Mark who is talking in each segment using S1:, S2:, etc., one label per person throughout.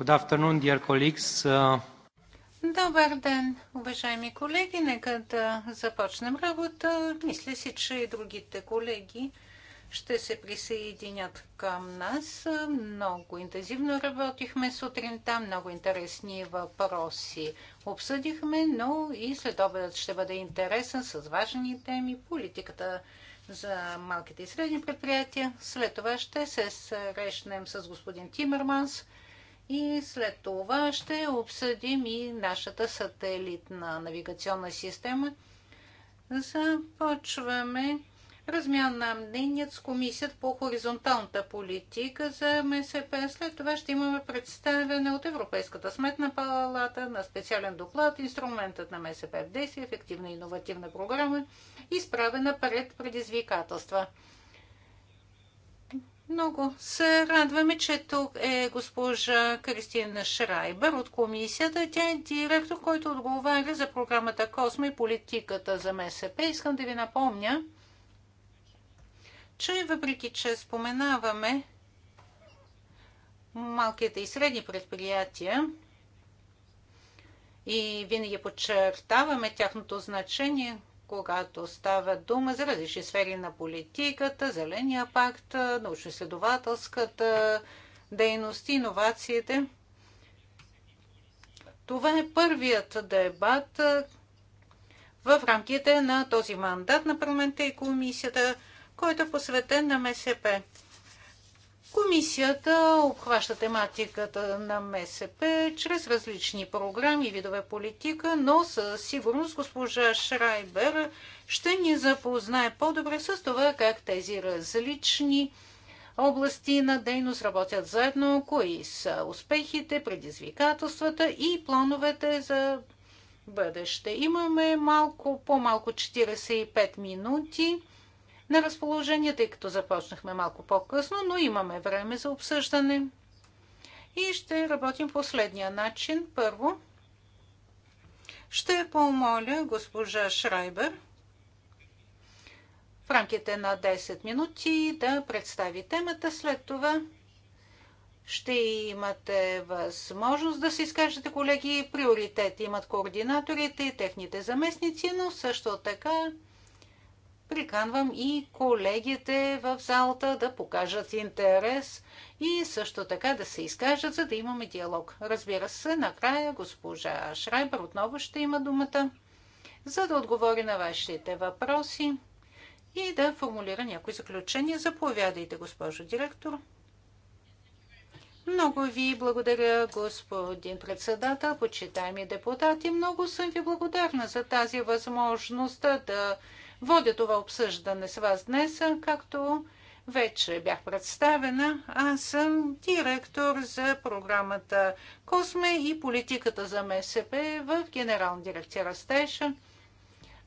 S1: Uh, Добър ден, уважаеми колеги. Нека да започнем работа. Мисля си, че и другите колеги ще се присъединят към нас. Много интензивно работихме сутринта, много интересни въпроси обсъдихме, но и следобедът ще бъде интересен с важни теми. Политиката за малките и средни предприятия. След това ще се срещнем с господин Тимерманс и след това ще обсъдим и нашата сателитна навигационна система. Започваме Размяна на мненият с комисията по хоризонталната политика за МСП. След това ще имаме представяне от Европейската сметна палата на специален доклад инструментът на МСП в действие, ефективна и иновативна програма, изправена пред предизвикателства. Много се радваме, че тук е госпожа Кристина Шрайбер от комисията. Тя е директор, който отговаря за програмата Косма и политиката за МСП. Искам да ви напомня, че въпреки, че споменаваме малките и средни предприятия и винаги подчертаваме тяхното значение, когато става дума за различни сфери на политиката, зеления пакт, научно-изследователската дейност, и иновациите. Това е първият дебат в рамките на този мандат на парламента и комисията който е посветен на МСП. Комисията обхваща тематиката на МСП чрез различни програми и видове политика, но със сигурност госпожа Шрайбер ще ни запознае по-добре с това как тези различни области на дейност работят заедно, кои са успехите, предизвикателствата и плановете за бъдеще. Имаме малко по-малко 45 минути на разположение, тъй като започнахме малко по-късно, но имаме време за обсъждане. И ще работим последния начин. Първо, ще помоля госпожа Шрайбер в рамките на 10 минути да представи темата. След това ще имате възможност да се изкажете, колеги. Приоритет имат координаторите и техните заместници, но също така Приканвам и колегите в залата да покажат интерес и също така да се изкажат, за да имаме диалог. Разбира се, накрая госпожа Шрайбер отново ще има думата, за да отговори на вашите въпроси и да формулира някои заключения. Заповядайте, госпожо директор. Много ви благодаря, господин председател, почитаеми депутати. Много съм ви благодарна за тази възможност да водя това обсъждане с вас днес, както вече бях представена. Аз съм директор за програмата Косме и политиката за МСП в Генерална дирекция Растеша.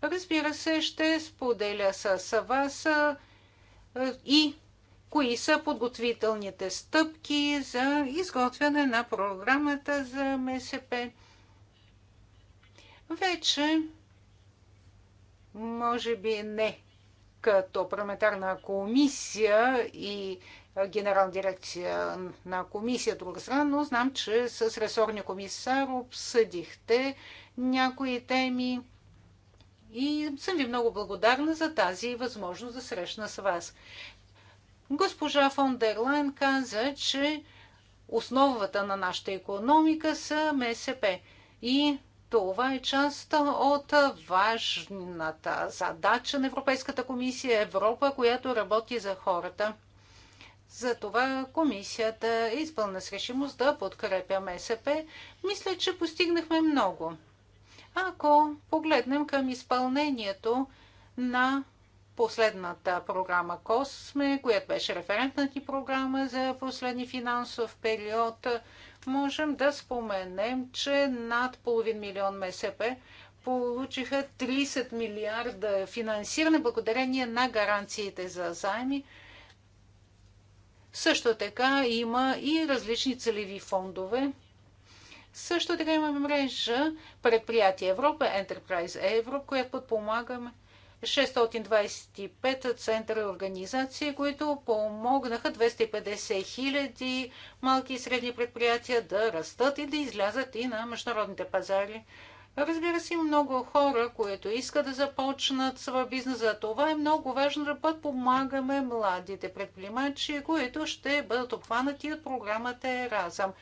S1: Разбира се, ще споделя с вас и кои са подготвителните стъпки за изготвяне на програмата за МСП. Вече може би не като парламентарна комисия и генерална дирекция на комисия, друга страна, но знам, че с ресорния комисар обсъдихте някои теми и съм ви много благодарна за тази възможност да срещна с вас. Госпожа фон Дерлайн каза, че основата на нашата економика са МСП. И това е част от важната задача на Европейската комисия Европа, която работи за хората. Затова комисията е изпълна с решимост да подкрепя МСП. Мисля, че постигнахме много. Ако погледнем към изпълнението на последната програма Косме, която беше референтната ни програма за последни финансов период, можем да споменем, че над половин милион МСП получиха 30 милиарда финансиране благодарение на гаранциите за заеми. Също така има и различни целеви фондове. Също така има мрежа предприятие Европа, Enterprise Europe, която подпомагаме 625 центъра и организации, които помогнаха 250 хиляди малки и средни предприятия да растат и да излязат и на международните пазари. Разбира се, много хора, които искат да започнат своя бизнес. За това е много важно да подпомагаме младите предприемачи, които ще бъдат обхванати от програмата Еразъм.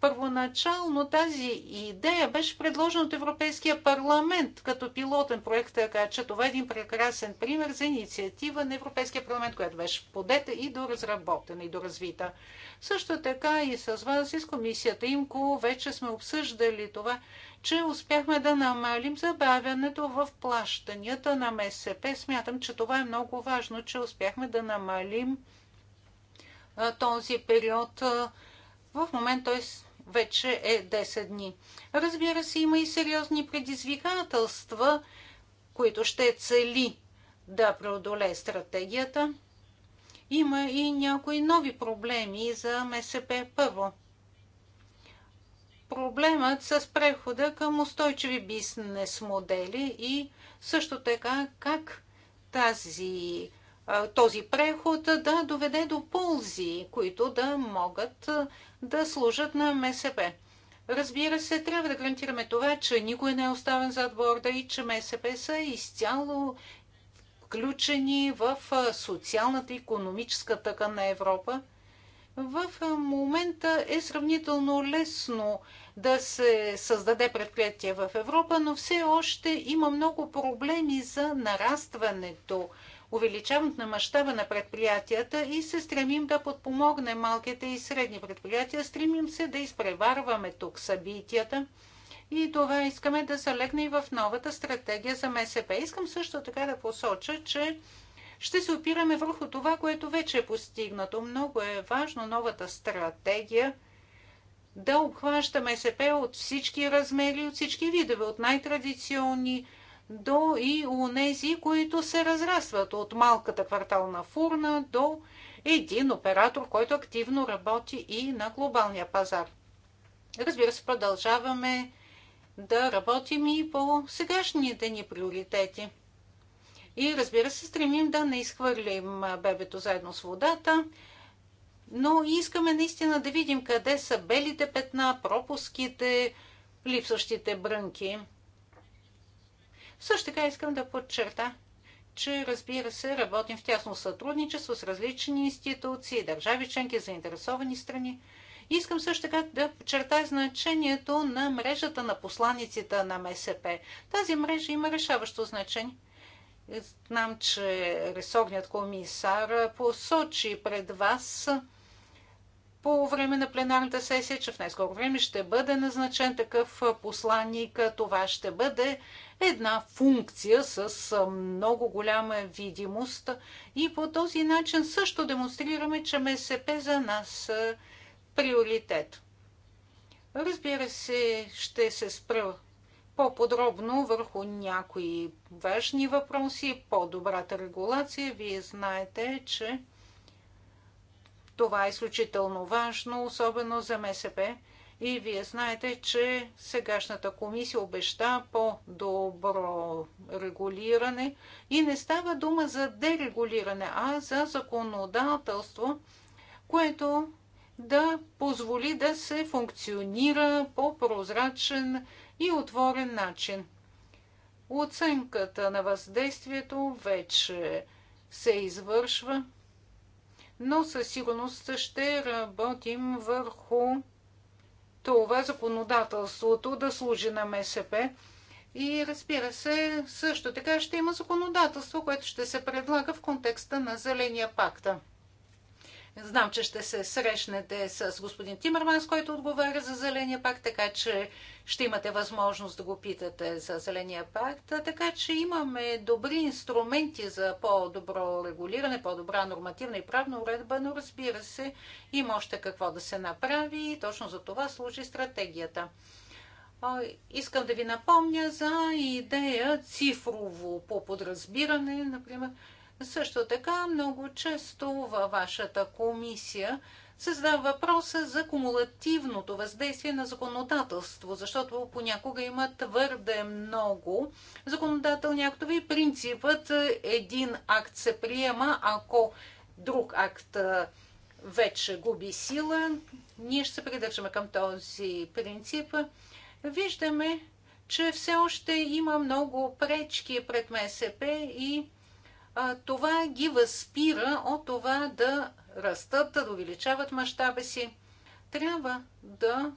S1: Първоначално тази идея беше предложена от Европейския парламент като пилотен проект, така че това е един прекрасен пример за инициатива на Европейския парламент, която беше подета и доразработена и доразвита. Също така и с вас, и с комисията ИМКО вече сме обсъждали това, че успяхме да намалим забавянето в плащанията на МСП. Смятам, че това е много важно, че успяхме да намалим този период. В момент той вече е 10 дни. Разбира се, има и сериозни предизвикателства, които ще цели да преодолее стратегията. Има и някои нови проблеми за МСП първо. Проблемът с прехода към устойчиви бизнес модели и също така как тази този преход да доведе до ползи, които да могат да служат на МСП. Разбира се, трябва да гарантираме това, че никой не е оставен зад борда и че МСП са изцяло включени в социалната и економическа тъка на Европа. В момента е сравнително лесно да се създаде предприятие в Европа, но все още има много проблеми за нарастването увеличаването на мащаба на предприятията и се стремим да подпомогнем малките и средни предприятия. Стремим се да изпреварваме тук събитията. И това искаме да залегне и в новата стратегия за МСП. Искам също така да посоча, че ще се опираме върху това, което вече е постигнато. Много е важно новата стратегия да обхваща МСП от всички размери, от всички видове, от най-традиционни до и у нези, които се разрастват от малката квартална фурна до един оператор, който активно работи и на глобалния пазар. Разбира се, продължаваме да работим и по сегашните ни приоритети. И разбира се, стремим да не изхвърлим бебето заедно с водата, но искаме наистина да видим къде са белите петна, пропуските, липсващите брънки. Също така искам да подчерта, че разбира се работим в тясно сътрудничество с различни институции, държави членки, заинтересовани страни. Искам също така да подчертая значението на мрежата на посланиците на МСП. Тази мрежа има решаващо значение. Знам, че ресорният комисар посочи пред вас по време на пленарната сесия, че в най-скоро време ще бъде назначен такъв посланник. Това ще бъде една функция с много голяма видимост и по този начин също демонстрираме, че МСП за нас е приоритет. Разбира се, ще се спра по-подробно върху някои важни въпроси, по-добрата регулация. Вие знаете, че това е изключително важно, особено за МСП. И вие знаете, че сегашната комисия обеща по-добро регулиране и не става дума за дерегулиране, а за законодателство, което да позволи да се функционира по прозрачен и отворен начин. Оценката на въздействието вече се извършва но със сигурност ще работим върху това законодателството да служи на МСП. И разбира се, също така ще има законодателство, което ще се предлага в контекста на Зеления пакта. Знам, че ще се срещнете с господин Тимърманс, който отговаря за Зеления пакт, така че ще имате възможност да го питате за Зеления пакт. Така че имаме добри инструменти за по-добро регулиране, по-добра нормативна и правна уредба, но разбира се, има още какво да се направи и точно за това служи стратегията. Искам да ви напомня за идея цифрово по подразбиране, например, също така много често във вашата комисия се задава въпроса за кумулативното въздействие на законодателство, защото понякога има твърде много законодателни актове и принципът един акт се приема, ако друг акт вече губи сила. Ние ще се придържаме към този принцип. Виждаме, че все още има много пречки пред МСП и това ги възпира от това да растат, да увеличават мащаба си. Трябва да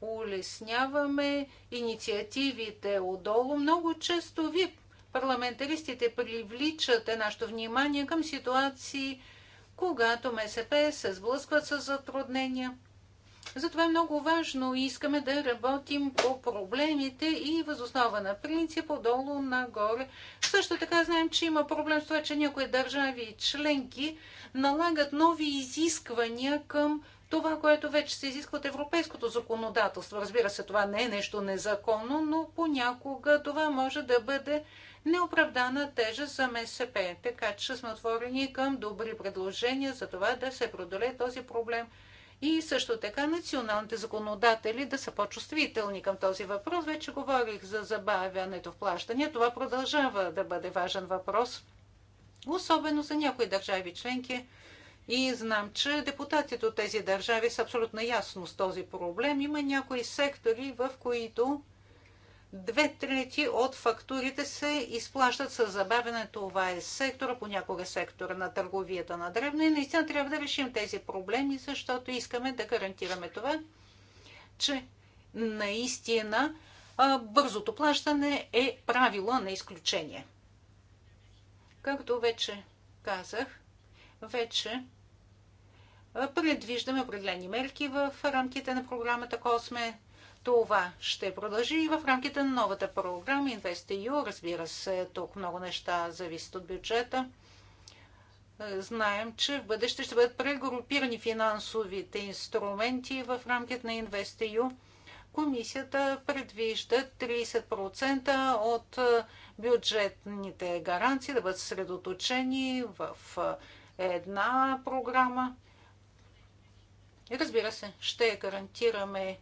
S1: улесняваме инициативите отдолу. Много често ви, парламентаристите, привличате нашето внимание към ситуации, когато МСП се сблъскват с затруднения. Затова е много важно и искаме да работим по проблемите и възоснова на принцип отдолу нагоре. Също така знаем, че има проблем с това, че някои държави и членки налагат нови изисквания към това, което вече се изисква от европейското законодателство. Разбира се, това не е нещо незаконно, но понякога това може да бъде неоправдана тежест за МСП. Така че сме отворени към добри предложения за това да се продоле този проблем и също така националните законодатели да са по-чувствителни към този въпрос. Вече говорих за забавянето в плащане. Това продължава да бъде важен въпрос, особено за някои държави членки. И знам, че депутатите от тези държави са абсолютно ясно с този проблем. Има някои сектори, в които Две трети от фактурите се изплащат с забавене. Това е сектора, понякога сектора на търговията на древно. И наистина трябва да решим тези проблеми, защото искаме да гарантираме това, че наистина бързото плащане е правило на изключение. Както вече казах, вече предвиждаме определени мерки в рамките на програмата Косме това ще продължи и в рамките на новата програма InvestEU. Разбира се, тук много неща зависят от бюджета. Знаем, че в бъдеще ще бъдат прегрупирани финансовите инструменти в рамките на InvestEU. Комисията предвижда 30% от бюджетните гаранции да бъдат средоточени в една програма. И разбира се, ще гарантираме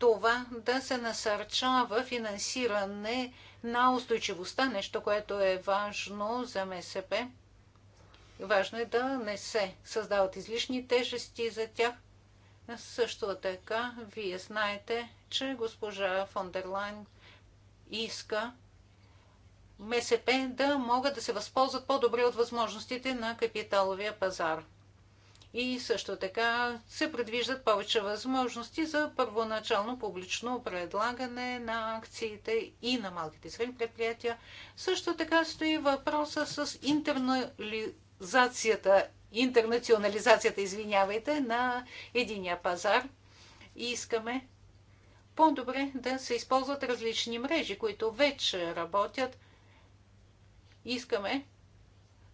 S1: това да се насърчава финансиране на устойчивостта, нещо, което е важно за МСП. Важно е да не се създават излишни тежести за тях. Също така, вие знаете, че госпожа Фондерлайн иска МСП да могат да се възползват по-добре от възможностите на капиталовия пазар. И също така се предвиждат повече възможности за първоначално публично предлагане на акциите и на малките и средни предприятия. Също така стои въпроса с интернализацията, интернационализацията, извинявайте, на единия пазар. И искаме по-добре да се използват различни мрежи, които вече работят. Искаме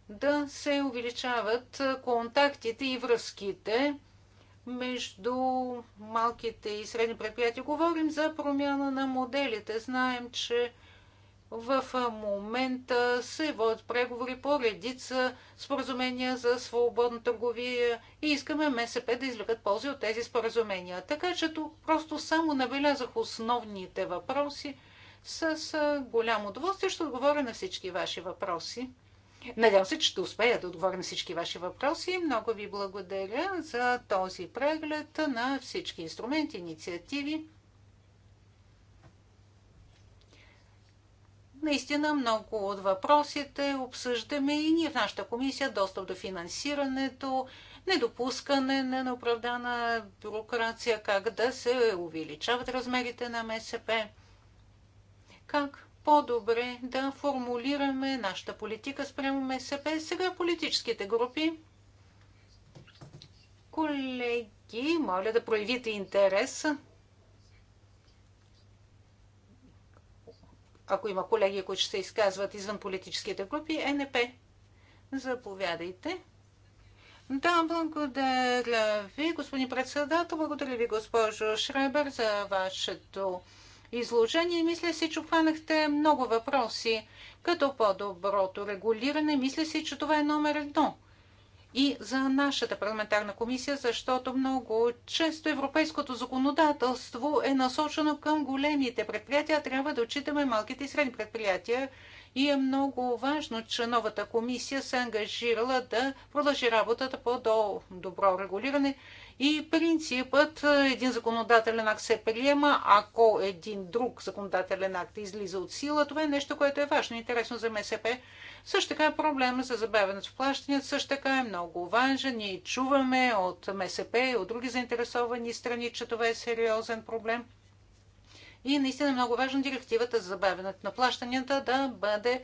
S1: да се увеличават контактите и връзките между малките и средни предприятия. Говорим за промяна на моделите. Знаем, че в момента се водят преговори по редица споразумения за свободна търговия и искаме МСП да извлекат ползи от тези споразумения. Така че тук просто само набелязах основните въпроси. С голямо удоволствие ще отговоря на всички ваши въпроси. Надявам се, че ще успея да отговоря на всички ваши въпроси. Много ви благодаря за този преглед на всички инструменти, инициативи. Наистина много от въпросите обсъждаме и ние в нашата комисия достъп до финансирането, недопускане на неоправдана бюрокрация, как да се увеличават размерите на МСП, как по-добре да формулираме нашата политика спрямо МСП. Сега политическите групи. Колеги, моля да проявите интерес. Ако има колеги, които ще се изказват извън политическите групи, е НП, заповядайте. Да, благодаря ви, господин председател. Благодаря ви, госпожо Шребер, за вашето изложение. Мисля си, че обхванахте много въпроси, като по-доброто регулиране. Мисля си, че това е номер едно. И за нашата парламентарна комисия, защото много често европейското законодателство е насочено към големите предприятия, трябва да отчитаме малките и средни предприятия. И е много важно, че новата комисия се ангажирала да продължи работата по добро регулиране и принципът е, един законодателен акт се приема, ако един друг законодателен акт излиза от сила, това е нещо, което е важно и интересно за МСП. Също така е проблема за забавянето в плащанията също така е много важен. Ние чуваме от МСП и от други заинтересовани страни, че това е сериозен проблем. И наистина е много важно директивата за забавянето на плащанията да бъде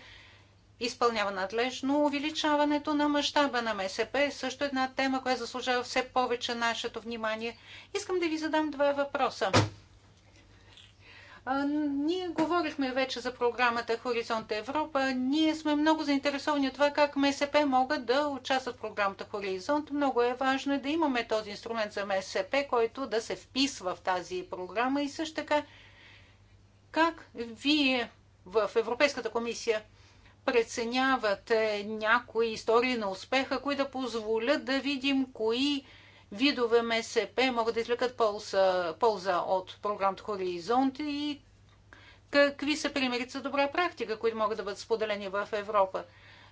S1: изпълнява надлежно. Увеличаването на мащаба на МСП е също една тема, която заслужава все повече нашето внимание. Искам да ви задам два въпроса. А, ние говорихме вече за програмата Хоризонт Европа. Ние сме много заинтересовани от това как МСП могат да участват в програмата Хоризонт. Много е важно да имаме този инструмент за МСП, който да се вписва в тази програма и също така как вие в Европейската комисия преценяват някои истории на успеха, които да позволят да видим кои видове МСП могат да извлекат полза, полза от програмата Хоризонт и какви са примерите за добра практика, които могат да бъдат споделени в Европа.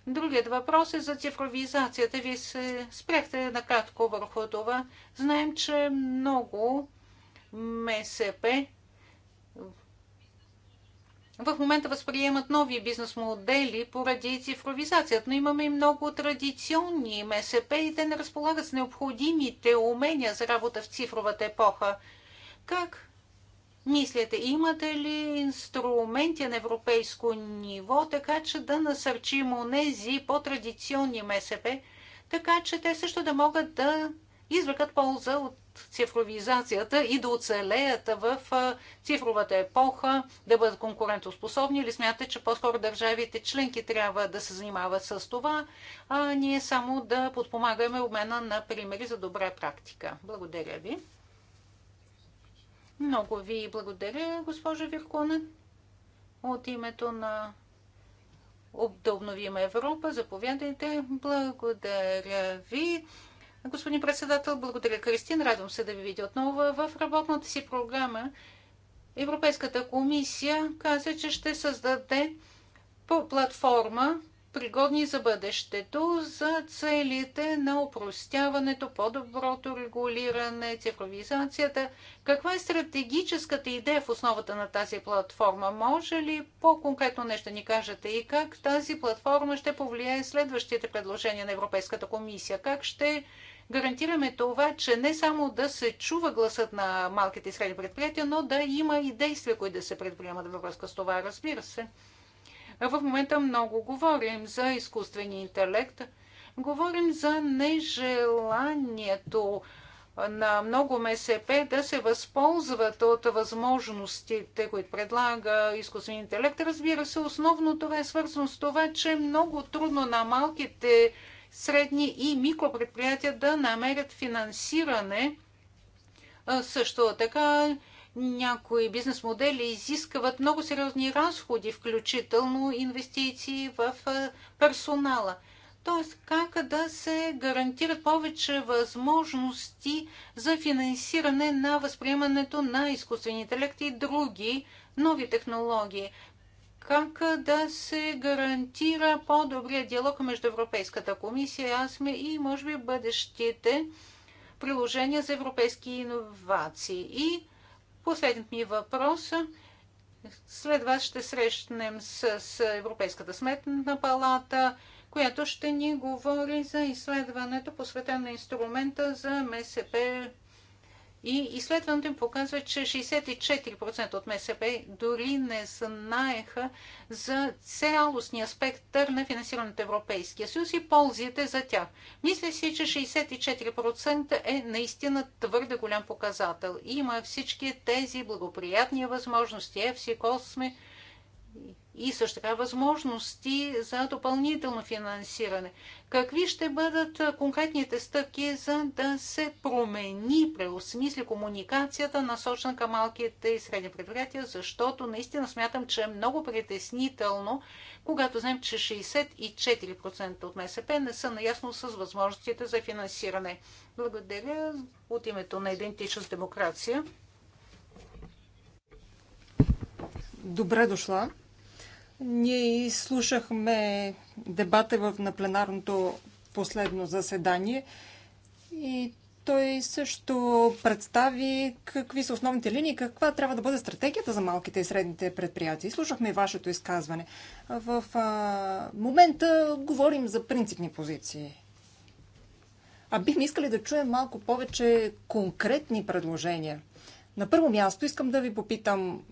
S1: Другият въпрос е за цифровизацията. Вие се спряхте накратко върху това. Знаем, че много МСП в момента възприемат нови бизнес модели поради цифровизацията, но имаме и много традиционни МСП и те не разполагат с необходимите умения за работа в цифровата епоха. Как мислите, имате ли инструменти на европейско ниво, така че да насърчим онези по-традиционни МСП, така че те също да могат да извлекат полза от цифровизацията и да оцелеят в цифровата епоха, да бъдат конкурентоспособни или смятате, че по-скоро държавите членки трябва да се занимават с това, а ние само да подпомагаме обмена на примери за добра практика. Благодаря ви. Много ви благодаря, госпожа Виркуна. От името на Обдобновим Европа, заповядайте. Благодаря ви господин председател. Благодаря, Кристин. Радвам се да ви видя отново в работната си програма. Европейската комисия каза, че ще създаде платформа пригодни за бъдещето, за целите на упростяването, по-доброто регулиране, цифровизацията. Каква е стратегическата идея в основата на тази платформа? Може ли по-конкретно нещо ни кажете и как тази платформа ще повлияе следващите предложения на Европейската комисия? Как ще гарантираме това, че не само да се чува гласът на малките и средни предприятия, но да има и действия, които да се предприемат във връзка с това, разбира се. В момента много говорим за изкуствения интелект, говорим за нежеланието на много МСП да се възползват от възможностите, които предлага изкуствен интелект. Разбира се, основно това е свързано с това, че е много трудно на малките средни и микропредприятия да намерят финансиране. Също така някои бизнес модели изискват много сериозни разходи, включително инвестиции в персонала. Тоест, как да се гарантират повече възможности за финансиране на възприемането на изкуствен интелект и други нови технологии. Как да се гарантира по-добрия диалог между Европейската комисия, АСМЕ и може би бъдещите приложения за европейски иновации. И последният ми въпрос след вас ще срещнем с Европейската сметна палата, която ще ни говори за изследването посветено на инструмента за МСП и изследването им показва, че 64% от МСП дори не знаеха за цялостния спектър на финансирането от Европейския съюз и ползите за тях. Мисля си, че 64% е наистина твърде голям показател. Има всички тези благоприятни възможности, ЕФСИ, косми и също така възможности за допълнително финансиране. Какви ще бъдат конкретните стъпки, за да се промени, преосмисли комуникацията, насочена към малките и средни предприятия, защото наистина смятам, че е много притеснително, когато знаем, че 64% от МСП не са наясно с възможностите за финансиране. Благодаря от името на идентичност демокрация.
S2: Добре дошла. Ние слушахме дебата в, на пленарното последно заседание и той също представи какви са основните линии, каква трябва да бъде стратегията за малките и средните предприятия. слушахме и вашето изказване. В а, момента говорим за принципни позиции. А бихме искали да чуем малко повече конкретни предложения. На първо място искам да ви попитам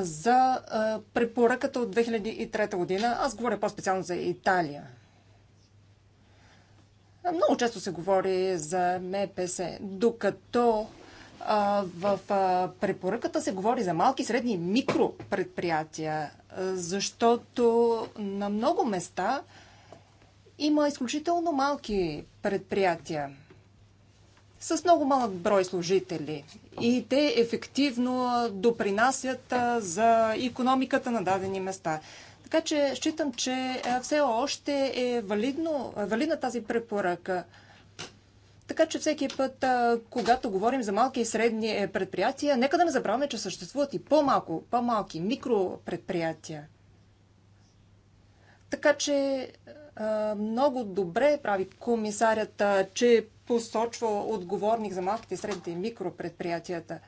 S2: за препоръката от 2003 година. Аз говоря по-специално за Италия. Много често се говори за МПС, докато в препоръката се говори за малки, средни и микропредприятия, защото на много места има изключително малки предприятия с много малък брой служители и те ефективно допринасят за економиката на дадени места. Така че считам, че все още е валидно, валидна тази препоръка. Така че всеки път, когато говорим за малки и средни е, предприятия, нека да не забравяме, че съществуват и по-малко, по-малки микропредприятия. Така че много добре прави комисарята, че посочва отговорник за малките, средните и микропредприятията.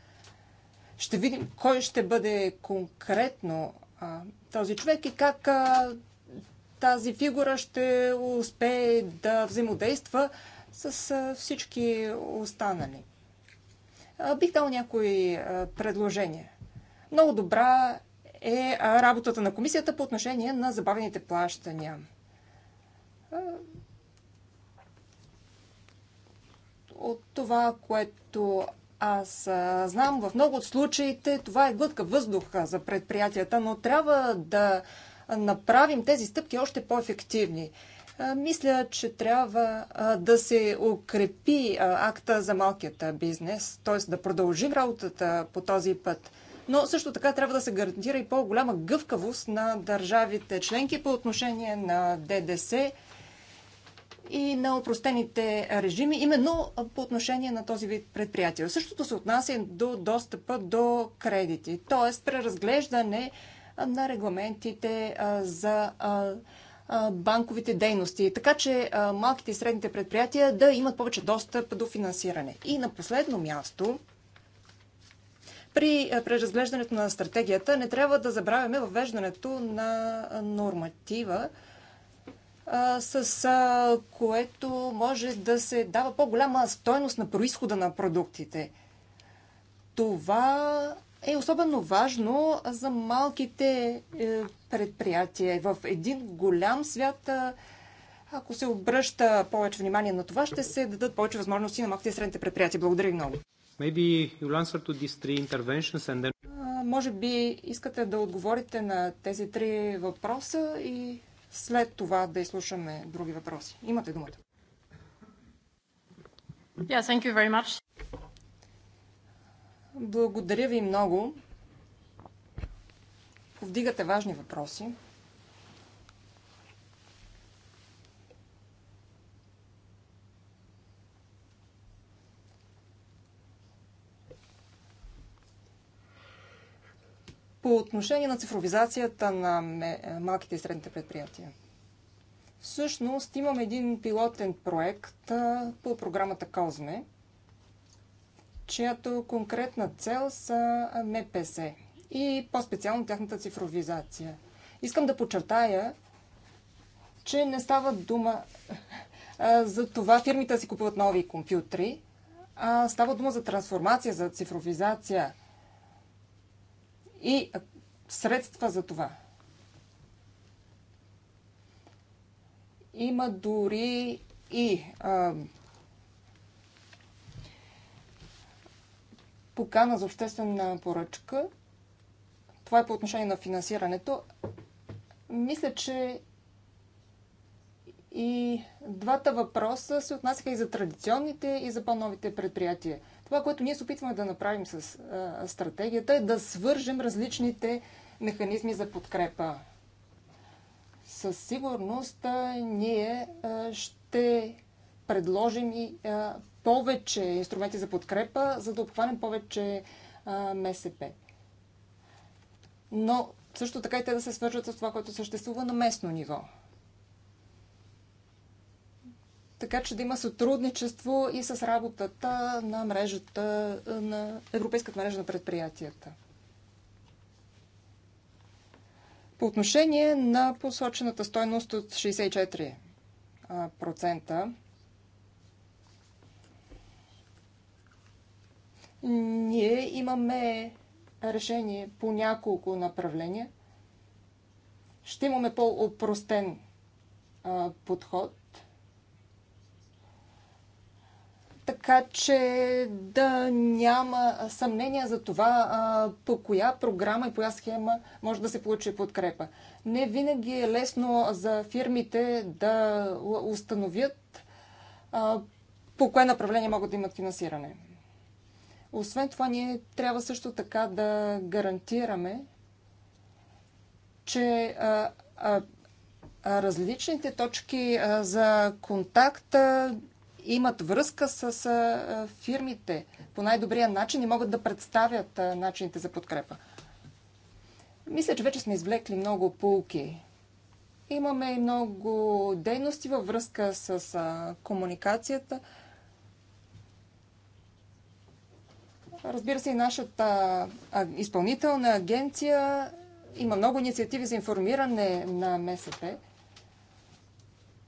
S2: Ще видим кой ще бъде конкретно а, този човек и как а, тази фигура ще успее да взаимодейства с а, всички останали. А, бих дал някои а, предложения. Много добра е работата на комисията по отношение на забавените плащания от това, което аз а, знам, в много от случаите това е глътка въздуха за предприятията, но трябва да направим тези стъпки още по-ефективни. Мисля, че трябва а, да се укрепи а, акта за малкият бизнес, т.е. да продължим работата по този път. Но също така трябва да се гарантира и по-голяма гъвкавост на държавите членки по отношение на ДДС и на упростените режими, именно по отношение на този вид предприятия. Същото се отнася до достъпа до кредити, т.е. преразглеждане на регламентите за банковите дейности, така че малките и средните предприятия да имат повече достъп до финансиране. И на последно място, при преразглеждането на стратегията не трябва да забравяме въвеждането на норматива, с което може да се дава по-голяма стойност на происхода на продуктите. Това е особено важно за малките е, предприятия. В един голям свят, ако се обръща повече внимание на това, ще се дадат повече възможности на малките и средните предприятия. Благодаря ви много.
S1: Then...
S2: Може би искате да отговорите на тези три въпроса и след това да изслушаме други въпроси. Имате думата. Yeah, thank you very much. Благодаря ви много. Повдигате важни въпроси. по отношение на цифровизацията на малките и средните предприятия. Всъщност имам един пилотен проект по програмата Козме, чиято конкретна цел са МПС и по-специално тяхната цифровизация. Искам да подчертая, че не става дума за това фирмите си купуват нови компютри, а става дума за трансформация, за цифровизация – и средства за това. Има дори и а, покана за обществена поръчка. Това е по отношение на финансирането. Мисля, че и двата въпроса се отнасяха и за традиционните, и за по-новите предприятия – това, което ние се опитваме да направим с а, стратегията е да свържем различните механизми за подкрепа. Със сигурност а, ние а, ще предложим и а, повече инструменти за подкрепа, за да обхванем повече а, МСП. Но също така и те да се свържат с това, което съществува на местно ниво така че да има сътрудничество и с работата на мрежата, на Европейската мрежа на предприятията. По отношение на посочената стойност от 64%, ние имаме решение по няколко направления. Ще имаме по-опростен подход така че да няма съмнение за това по коя програма и по коя схема може да се получи подкрепа. Не винаги е лесно за фирмите да установят по кое направление могат да имат финансиране. Освен това, ние трябва също така да гарантираме, че а, различните точки за контакт имат връзка с фирмите по най-добрия начин и могат да представят начините за подкрепа. Мисля, че вече сме извлекли много полки. Имаме и много дейности във връзка с комуникацията. Разбира се, и нашата изпълнителна агенция има много инициативи за информиране на МСП.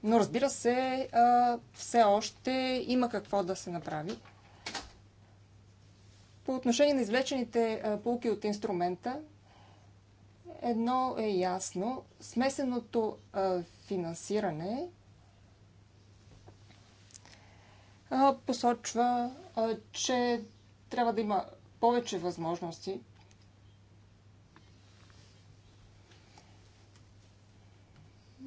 S2: Но разбира се, а, все още има какво да се направи. По отношение на извлечените а, полки от инструмента, едно е ясно. Смесеното а, финансиране посочва, че трябва да има повече възможности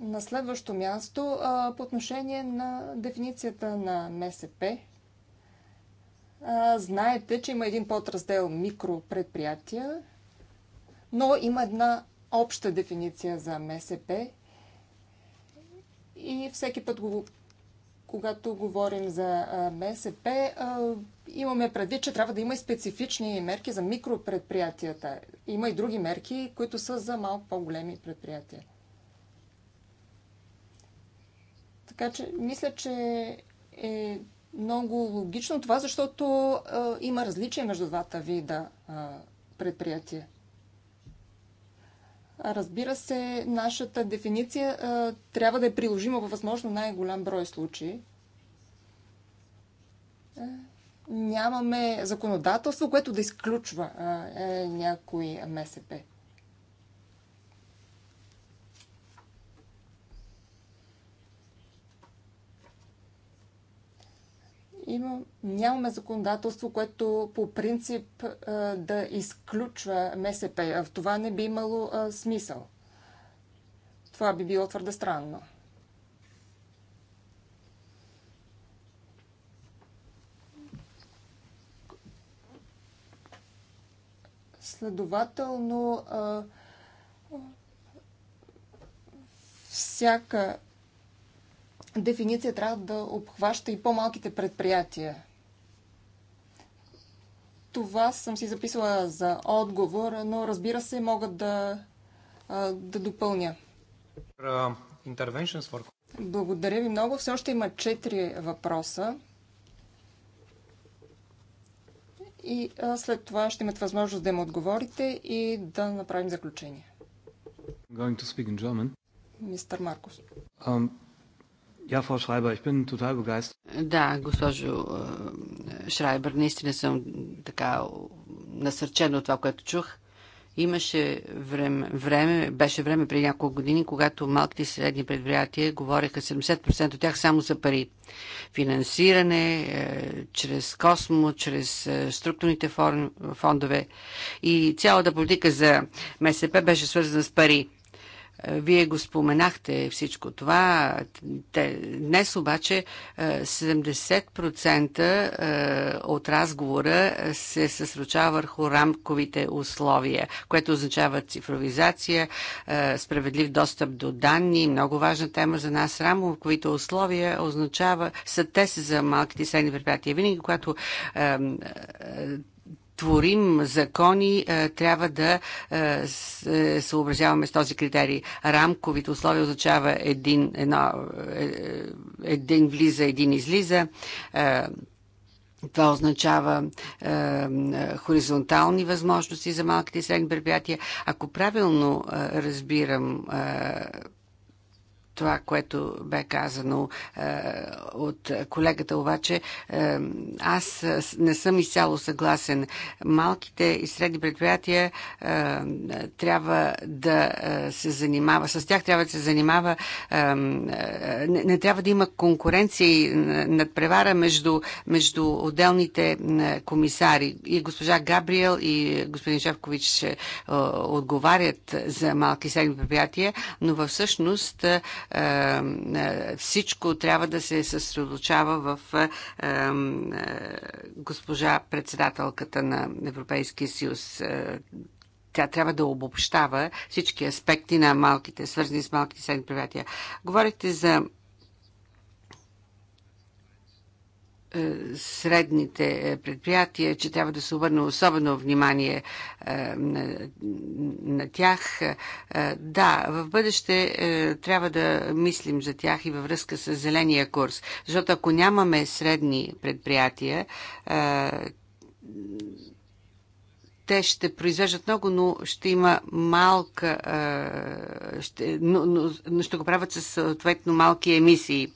S2: На следващо място, по отношение на дефиницията на МСП, знаете, че има един подраздел микропредприятия, но има една обща дефиниция за МСП и всеки път, когато говорим за МСП, имаме предвид, че трябва да има и специфични мерки за микропредприятията. Има и други мерки, които са за малко по-големи предприятия. Така че мисля, че е много логично това, защото а, има различия между двата вида а, предприятия. Разбира се, нашата дефиниция а, трябва да е приложима във възможно най-голям брой случаи. Нямаме законодателство, което да изключва а, е, някои МСП. има, нямаме законодателство, което по принцип да изключва МСП. В това не би имало смисъл. Това би било твърде странно. Следователно, всяка дефиниция трябва да обхваща и по-малките предприятия. Това съм си записала за отговор, но разбира се, мога да, да допълня. Е, Благодаря ви много. Все още има четири въпроса. И след това ще имат възможност да им отговорите и да направим заключение. Мистер Маркос.
S3: Um... Ja, Frau Schreiber, ich bin total begeistert. Да, госпожо е, Шрайбер, наистина съм така насърчена от това, което чух. Имаше време, време, беше време преди няколко години, когато малките и средни предприятия говореха 70% от тях само за пари. Финансиране, е, чрез Космо, чрез е, структурните фондове. И цялата политика за МСП беше свързана с пари. Е, вие го споменахте всичко това. Днес обаче 70% е, е, от разговора се съсрочава върху рамковите условия, което означава цифровизация, справедлив достъп до данни, много важна тема за нас. Рамковите условия означава са те за малките и средни предприятия. Винаги, когато творим закони, е, трябва да е, се съобразяваме с този критерий. Рамковите условия означава един, едно, е, един влиза, един излиза. Това означава е, хоризонтални възможности за малките и средни предприятия. Ако правилно е, разбирам е, това, което бе казано е, от колегата, обаче е, аз не съм изцяло съгласен. Малките и средни предприятия е, трябва да се занимава, с тях трябва да се занимава, не, не трябва да има конкуренция и надпревара между, между отделните комисари. И госпожа Габриел и господин Шевкович отговарят за малки и средни предприятия, но всъщност е, е, всичко трябва да се съсредоточава в е, госпожа председателката на Европейския съюз тя трябва да обобщава всички аспекти на малките, свързани с малките средни предприятия. Говорихте за Е, средните е, предприятия, че трябва да се обърне особено внимание е, на, на тях. Да, в бъдеще трябва да мислим за тях и във връзка с зеления курс. Защото ако нямаме средни предприятия, те ще произвеждат много, но ще има малка. Ще, но, но, но ще го правят с съответно малки емисии.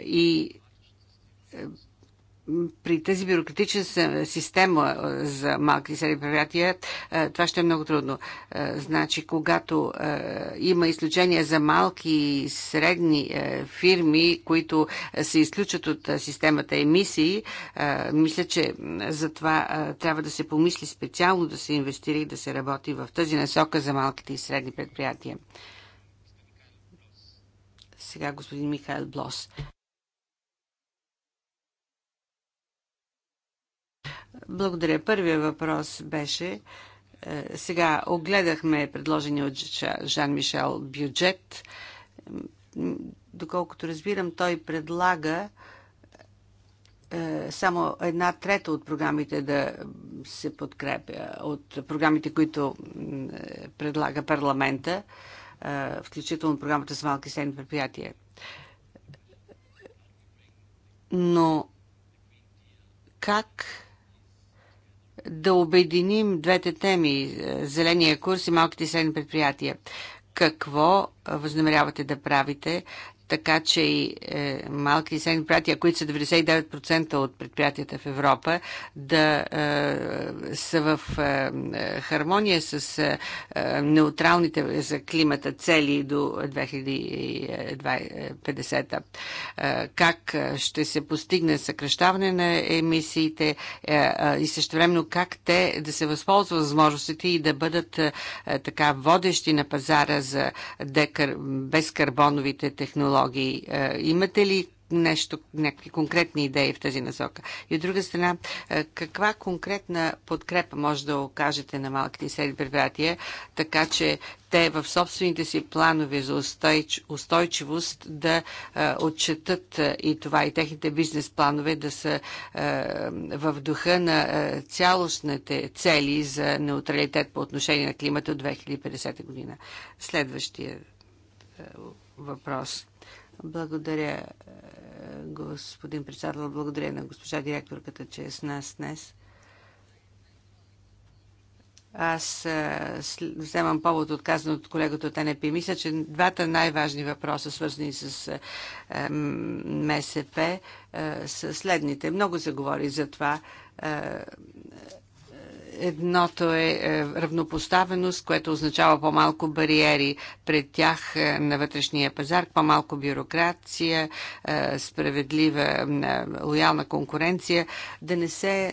S3: И при тази бюрократична система за малки и средни предприятия, това ще е много трудно. Значи, когато има изключения за малки и средни фирми, които се изключат от системата емисии, мисля, че за това трябва да се помисли специално да се инвестира и да се работи в тази насока за малките и средни предприятия. Сега господин Михаил Блос. Благодаря. Първият въпрос беше е, сега огледахме предложения от Жан Мишел бюджет. Доколкото разбирам, той предлага е, само една трета от програмите да се подкрепя, от програмите, които предлага парламента, е, включително програмата с малки и предприятия. Но как да обединим двете теми е, зеления курс и малките и средни предприятия. Какво е, възнамерявате да правите, така че и е, малки и средни предприятия, които са 99% от предприятията в Европа, да е, са в е, хармония с е, е неутралните за климата цели до 2050. Е, как е, ще се постигне съкръщаване на емисиите е, е, и същевременно как те да се възползват възможностите и да бъдат е, е, така водещи на пазара за декар... безкарбоновите технологии технологии. Е, имате ли нещо, някакви конкретни идеи в тази насока. И от друга страна, е, каква конкретна подкрепа може да окажете на малките и средни предприятия, така че те в собствените си планове за устойч, устойчивост да е, отчетат и това, и техните бизнес планове да са в духа на цялостните цели за неутралитет по отношение на климата от 2050 година. Следващия въпрос. Благодаря, е, господин председател. Благодаря на госпожа директорката, че е с нас днес. Аз е, вземам повод от казано от колегата от Мисля, че двата най-важни въпроса, свързани с е, МСП, са следните. Много се говори за това Едното е, е равнопоставеност, което означава по-малко бариери пред тях е, на вътрешния пазар, по-малко бюрокрация, е, справедлива, лоялна конкуренция, да не се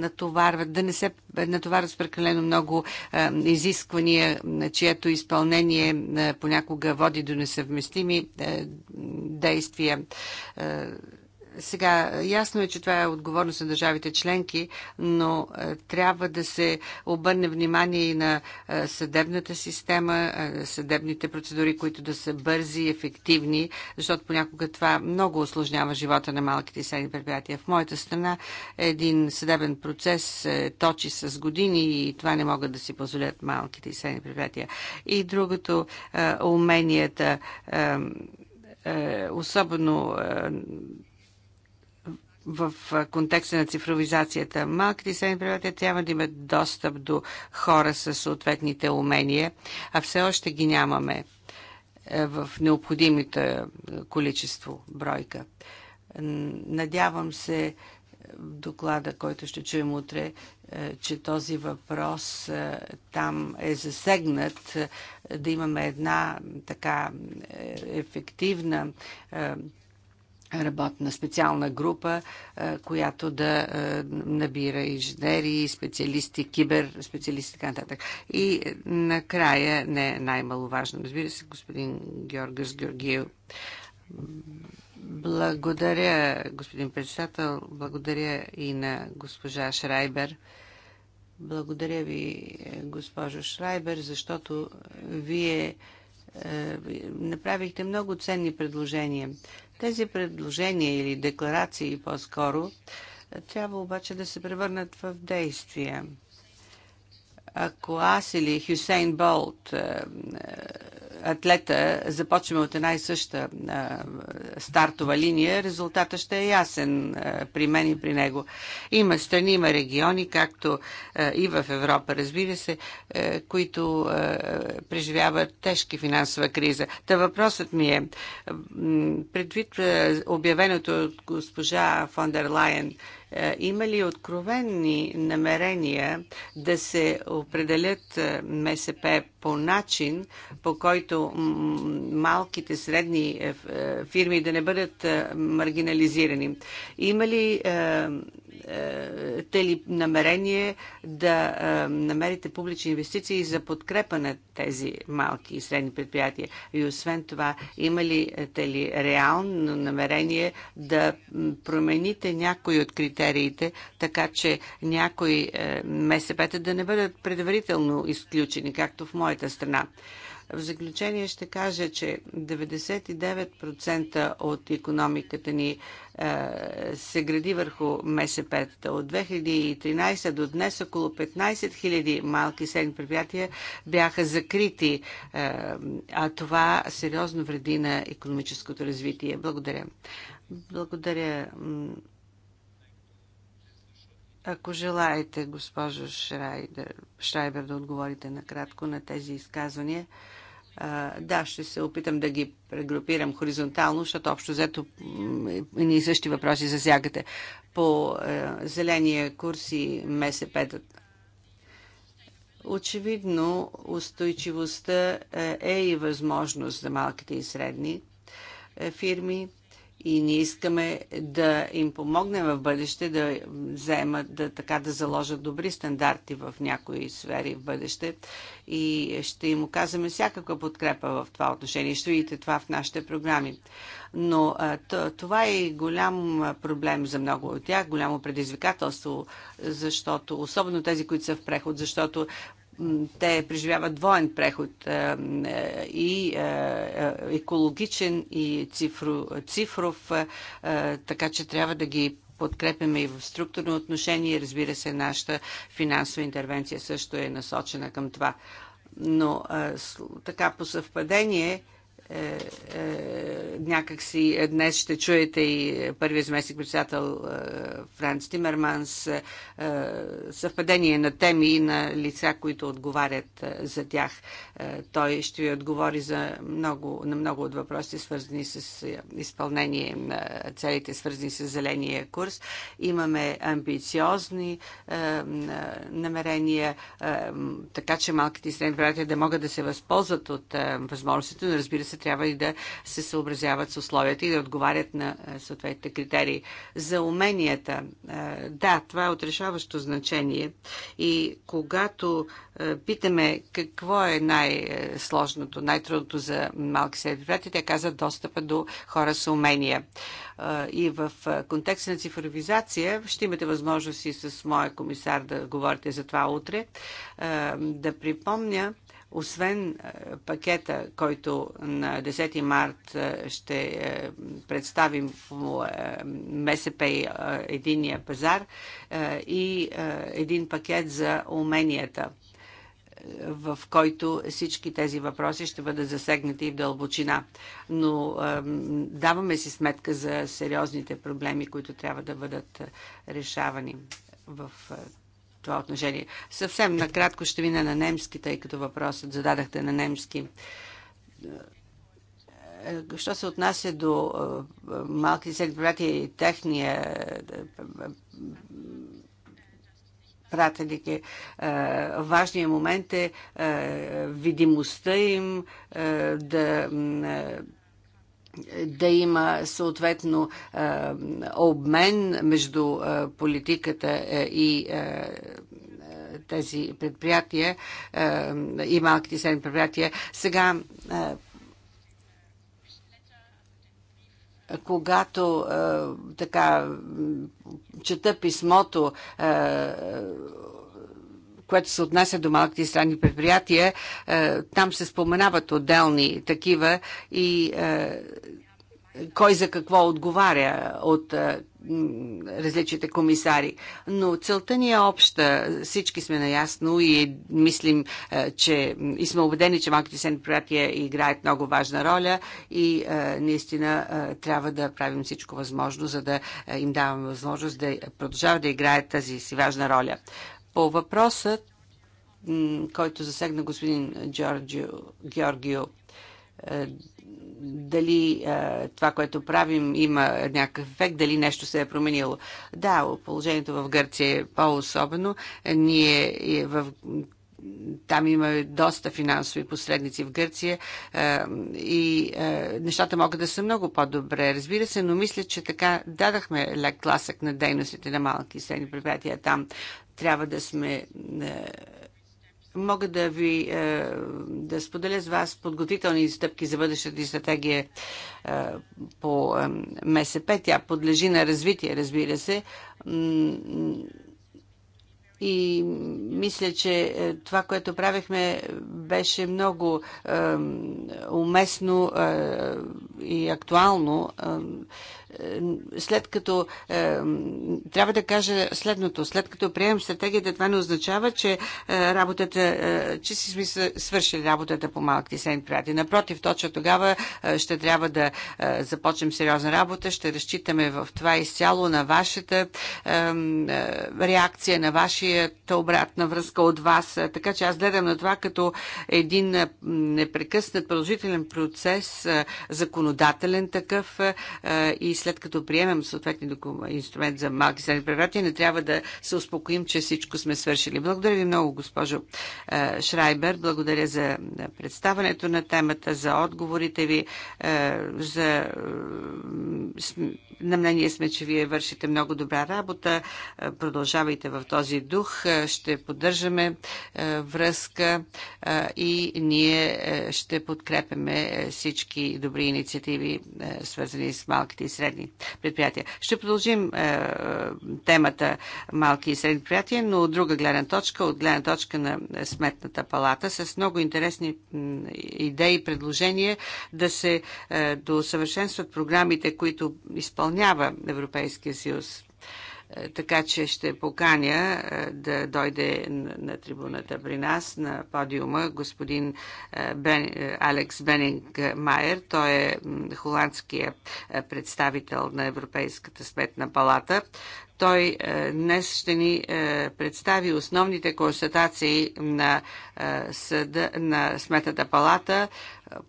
S3: натоварват, да не се натоварват с прекалено много изисквания, чието изпълнение понякога води до несъвместими действия сега, ясно е, че това е отговорност на държавите членки, но е, трябва да се обърне внимание и на е, съдебната система, е, съдебните процедури, които да са бързи и ефективни, защото понякога това много осложнява живота на малките и средни предприятия. В моята страна един съдебен процес точи с години и това не могат да си позволят малките и средни предприятия. И другото, уменията особено в контекста на цифровизацията. Малките и средни предприятия трябва да имат достъп до хора с съответните умения, а все още ги нямаме е, в необходимите е, количество бройка. Надявам се е, в доклада, който ще чуем утре, че този въпрос там е засегнат, да имаме една така ефективна работна специална група, е, която да е, набира инженери, специалисти, кибер специалисти и така нататък. И е, накрая, не най-маловажно, разбира се, господин Георгас Георгиев. Благодаря, господин председател, благодаря и на госпожа Шрайбер. Благодаря ви, госпожо Шрайбер, защото вие е, направихте много ценни предложения. Тези предложения или декларации по-скоро трябва обаче да се превърнат в действия. Ако аз или Хюсейн Болт е, е, атлета започваме от една и съща стартова линия, резултата ще е ясен при мен и при него. Има страни, има региони, както и в Европа, разбира се, които преживяват тежки финансова криза. Та въпросът ми е, предвид обявеното от госпожа дер Лайен, е, има ли откровенни намерения да се определят е, МСП по начин, по който малките, средни е, фирми да не бъдат маргинализирани? Има ли имате ли намерение да намерите публични инвестиции за подкрепа на тези малки и средни предприятия? И освен това, има ли те ли реално намерение да промените някои от критериите, така че някои МСП-та да не бъдат предварително изключени, както в моята страна? В заключение ще кажа, че 99% от економиката ни е, се гради върху МСП-тата. От 2013 до днес около 15 000 малки средни предприятия бяха закрити, е, а това сериозно вреди на економическото развитие. Благодаря. Благодаря. Ако желаете, госпожо Шрайбер, да отговорите накратко на тези изказвания да, ще се опитам да ги прегрупирам хоризонтално, защото общо взето едни същи въпроси засягате. По е, зеления курс и мсп Очевидно, устойчивостта е, е и възможност за малките и средни е, фирми и ние искаме да им помогнем в бъдеще да вземат, да, така да заложат добри стандарти в някои сфери в бъдеще и ще им оказваме всякаква подкрепа в това отношение. Ще видите това в нашите програми. Но това е голям проблем за много от тях, голямо предизвикателство, защото, особено тези, които са в преход, защото те преживяват двоен преход е, и е, е, екологичен и цифров, цифров така че трябва да ги подкрепяме и в структурно отношение. Разбира се, нашата финансова интервенция също е насочена към това. Но така по съвпадение е, е, някакси днес ще чуете и първият заместник председател е, Франц Тимерманс съвпадение на теми и на лица, които отговарят за тях. Той ще ви отговори за много, на много от въпросите, свързани с изпълнение на целите, свързани с зеления курс. Имаме амбициозни намерения, така че малките и средни предприятия да могат да се възползват от възможностите, но разбира се, трябва и да се съобразяват с условията и да отговарят на съответните критерии. За уменията, да, това е отрешаващо значение. И когато питаме какво е най-сложното, най-трудното за малки предприятия, те казват достъпа до хора с умения. И в контекста на цифровизация ще имате възможност и с моя комисар да говорите за това утре. Да припомня, освен е, пакета, който на 10 март е, ще е, представим в МСП единия пазар и един пакет за уменията в който всички тези въпроси ще бъдат засегнати в дълбочина. Но е, даваме си сметка за сериозните проблеми, които трябва да бъдат решавани в това отношение. Съвсем накратко ще мина на немски, тъй като въпросът зададахте на немски. Е, що се отнася до е, малки и средни предприятия и техния е, пратеник е. Важният момент е видимостта им да да има съответно обмен между политиката и тези предприятия и малките и средни предприятия. Сега когато така чета писмото което се отнася до малките и странни предприятия, е, там се споменават отделни такива и е, кой за какво отговаря от е, различните комисари. Но целта ни е обща. Всички сме наясно и мислим, че и сме убедени, че малките сен предприятия играят много важна роля и наистина трябва да правим всичко възможно, за да им даваме възможност да продължават да играят тази си важна роля. По въпросът, който засегна господин Георгио, Георгио дали е, това, което правим, има някакъв ефект, дали нещо се е променило. Да, положението в Гърция е по-особено. Ние е, в там има доста финансови посредници в Гърция и нещата могат да са много по-добре, разбира се, но мисля, че така дадахме лек класък на дейностите на малки и средни предприятия там. Трябва да сме мога да ви да споделя с вас подготвителни стъпки за бъдещата стратегия по МСП. Тя подлежи на развитие, разбира се. И мисля, че е, това, което правихме, беше много е, уместно е, и актуално. Е, е, след като е, трябва да кажа следното, след като приемем стратегията, това не означава, че е, работата, че си сме свършили работата по малките средни предприятия. Напротив, точно тогава ще трябва да започнем сериозна работа, ще разчитаме в това изцяло на вашата реакция, на вашата обратна връзка от вас. Така че аз гледам на това като един непрекъснат продължителен процес, законодателен такъв и след като приемем съответни инструмент за малки средни предприятия, не трябва да се успокоим, че всичко сме свършили. Благодаря ви много, госпожо е, Шрайбер. Благодаря за представането на темата, за отговорите ви, е, за е, на мнение сме, че вие вършите много добра работа. Продължавайте в този дух. Ще поддържаме връзка и ние ще подкрепяме всички добри инициативи, свързани с малките и средни средни предприятия. Ще продължим е, темата малки и средни предприятия, но от друга гледна точка, от гледна точка на Сметната палата, с много интересни идеи и предложения да се е, досъвършенстват програмите, които изпълнява Европейския съюз е, така че ще поканя е, да дойде на трибуната при нас, на подиума, господин е, Бен, Алекс Бенинг Майер. Той е холандският представител на Европейската сметна палата. Той е, днес ще ни е, представи основните констатации на, е, съда, на Сметната палата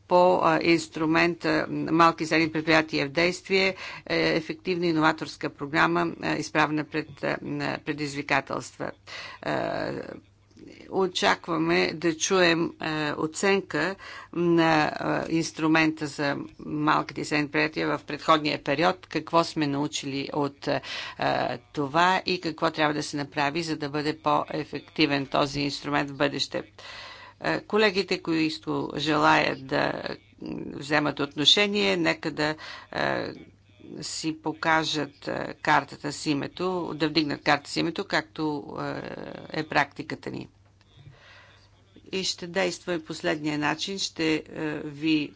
S3: по инструмент малки зелени предприятия в действие, ефективна иноваторска програма, изправена пред предизвикателства очакваме да чуем е, оценка на е, инструмента за малки и предприятия в предходния период, какво сме научили от е, това и какво трябва да се направи, за да бъде по-ефективен този инструмент в бъдеще. Колегите, които желаят да вземат отношение, нека да си покажат картата с името, да вдигнат карта с името, както е практиката ни и ще действа последния начин. Ще е, ви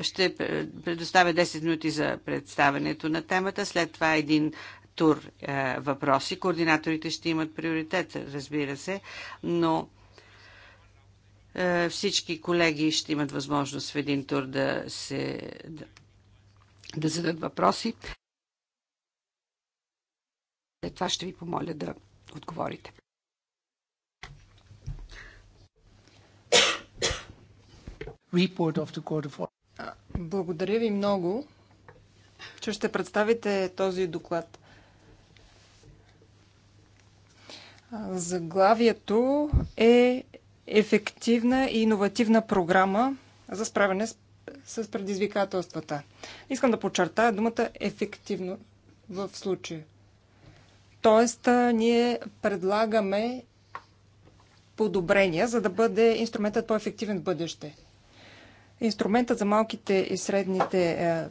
S3: ще предоставя 10 минути за представянето на темата. След това един тур е, въпроси. Координаторите ще имат приоритет, разбира се, но е, всички колеги ще имат възможност в един тур да се да зададат въпроси. След това ще ви помоля да отговорите.
S2: report of the Court of Благодаря ви много, че ще представите този доклад. Заглавието е ефективна и иновативна програма за справяне с, с предизвикателствата. Искам да подчертая думата ефективно в случая. Тоест, ние предлагаме подобрения, за да бъде инструментът по-ефективен в бъдеще. Инструмента за малките и средните е,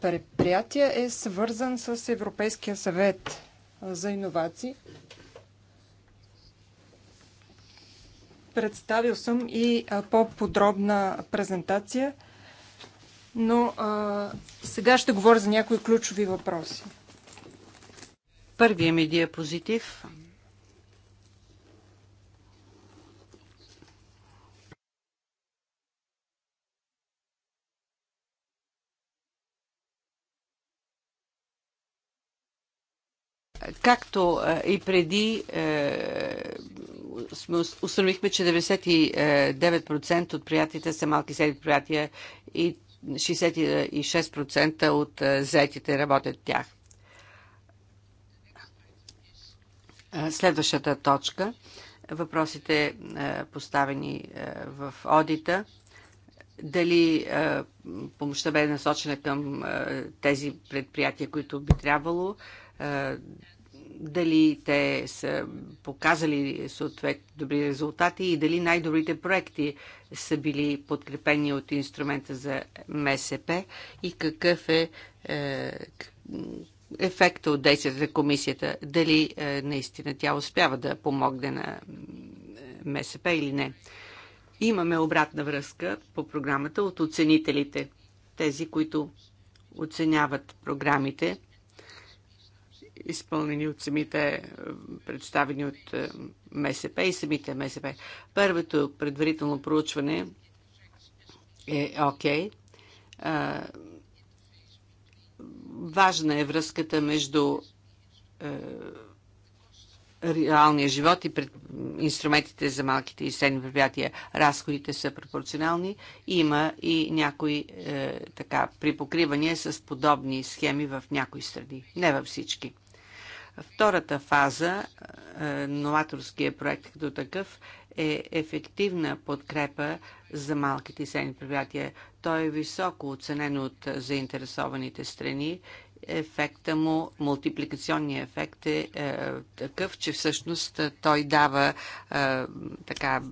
S2: предприятия е свързан с Европейския съвет за иновации. Представил съм и по-подробна презентация, но а, сега ще говоря за някои ключови въпроси.
S3: Първият ми диапозитив Както е, и преди е, установихме, че 99% от приятите са малки седи приятия и 66% от е, заетите работят тях. Следващата точка въпросите поставени в одита. Дали помощта бе насочена към тези предприятия, които би трябвало дали те са показали съответно добри резултати и дали най-добрите проекти са били подкрепени от инструмента за МСП и какъв е, е ефекта от действията на комисията. Дали е, наистина тя успява да помогне на е, МСП или не. Имаме обратна връзка по програмата от оценителите. Тези, които оценяват програмите изпълнени от самите е, представени от е, МСП и самите МСП. Първото предварително проучване е окей. Важна е връзката между е, реалния живот и пред инструментите за малките и средни предприятия разходите са пропорционални. Има и някои е, така припокривания с подобни схеми в някои страни, не във всички. Втората фаза, е, новаторския проект като такъв, е ефективна подкрепа за малките и средни предприятия. Той е високо оценен от заинтересованите страни. Ефекта му, мултипликационният ефект е, е такъв, че всъщност е, той дава е, така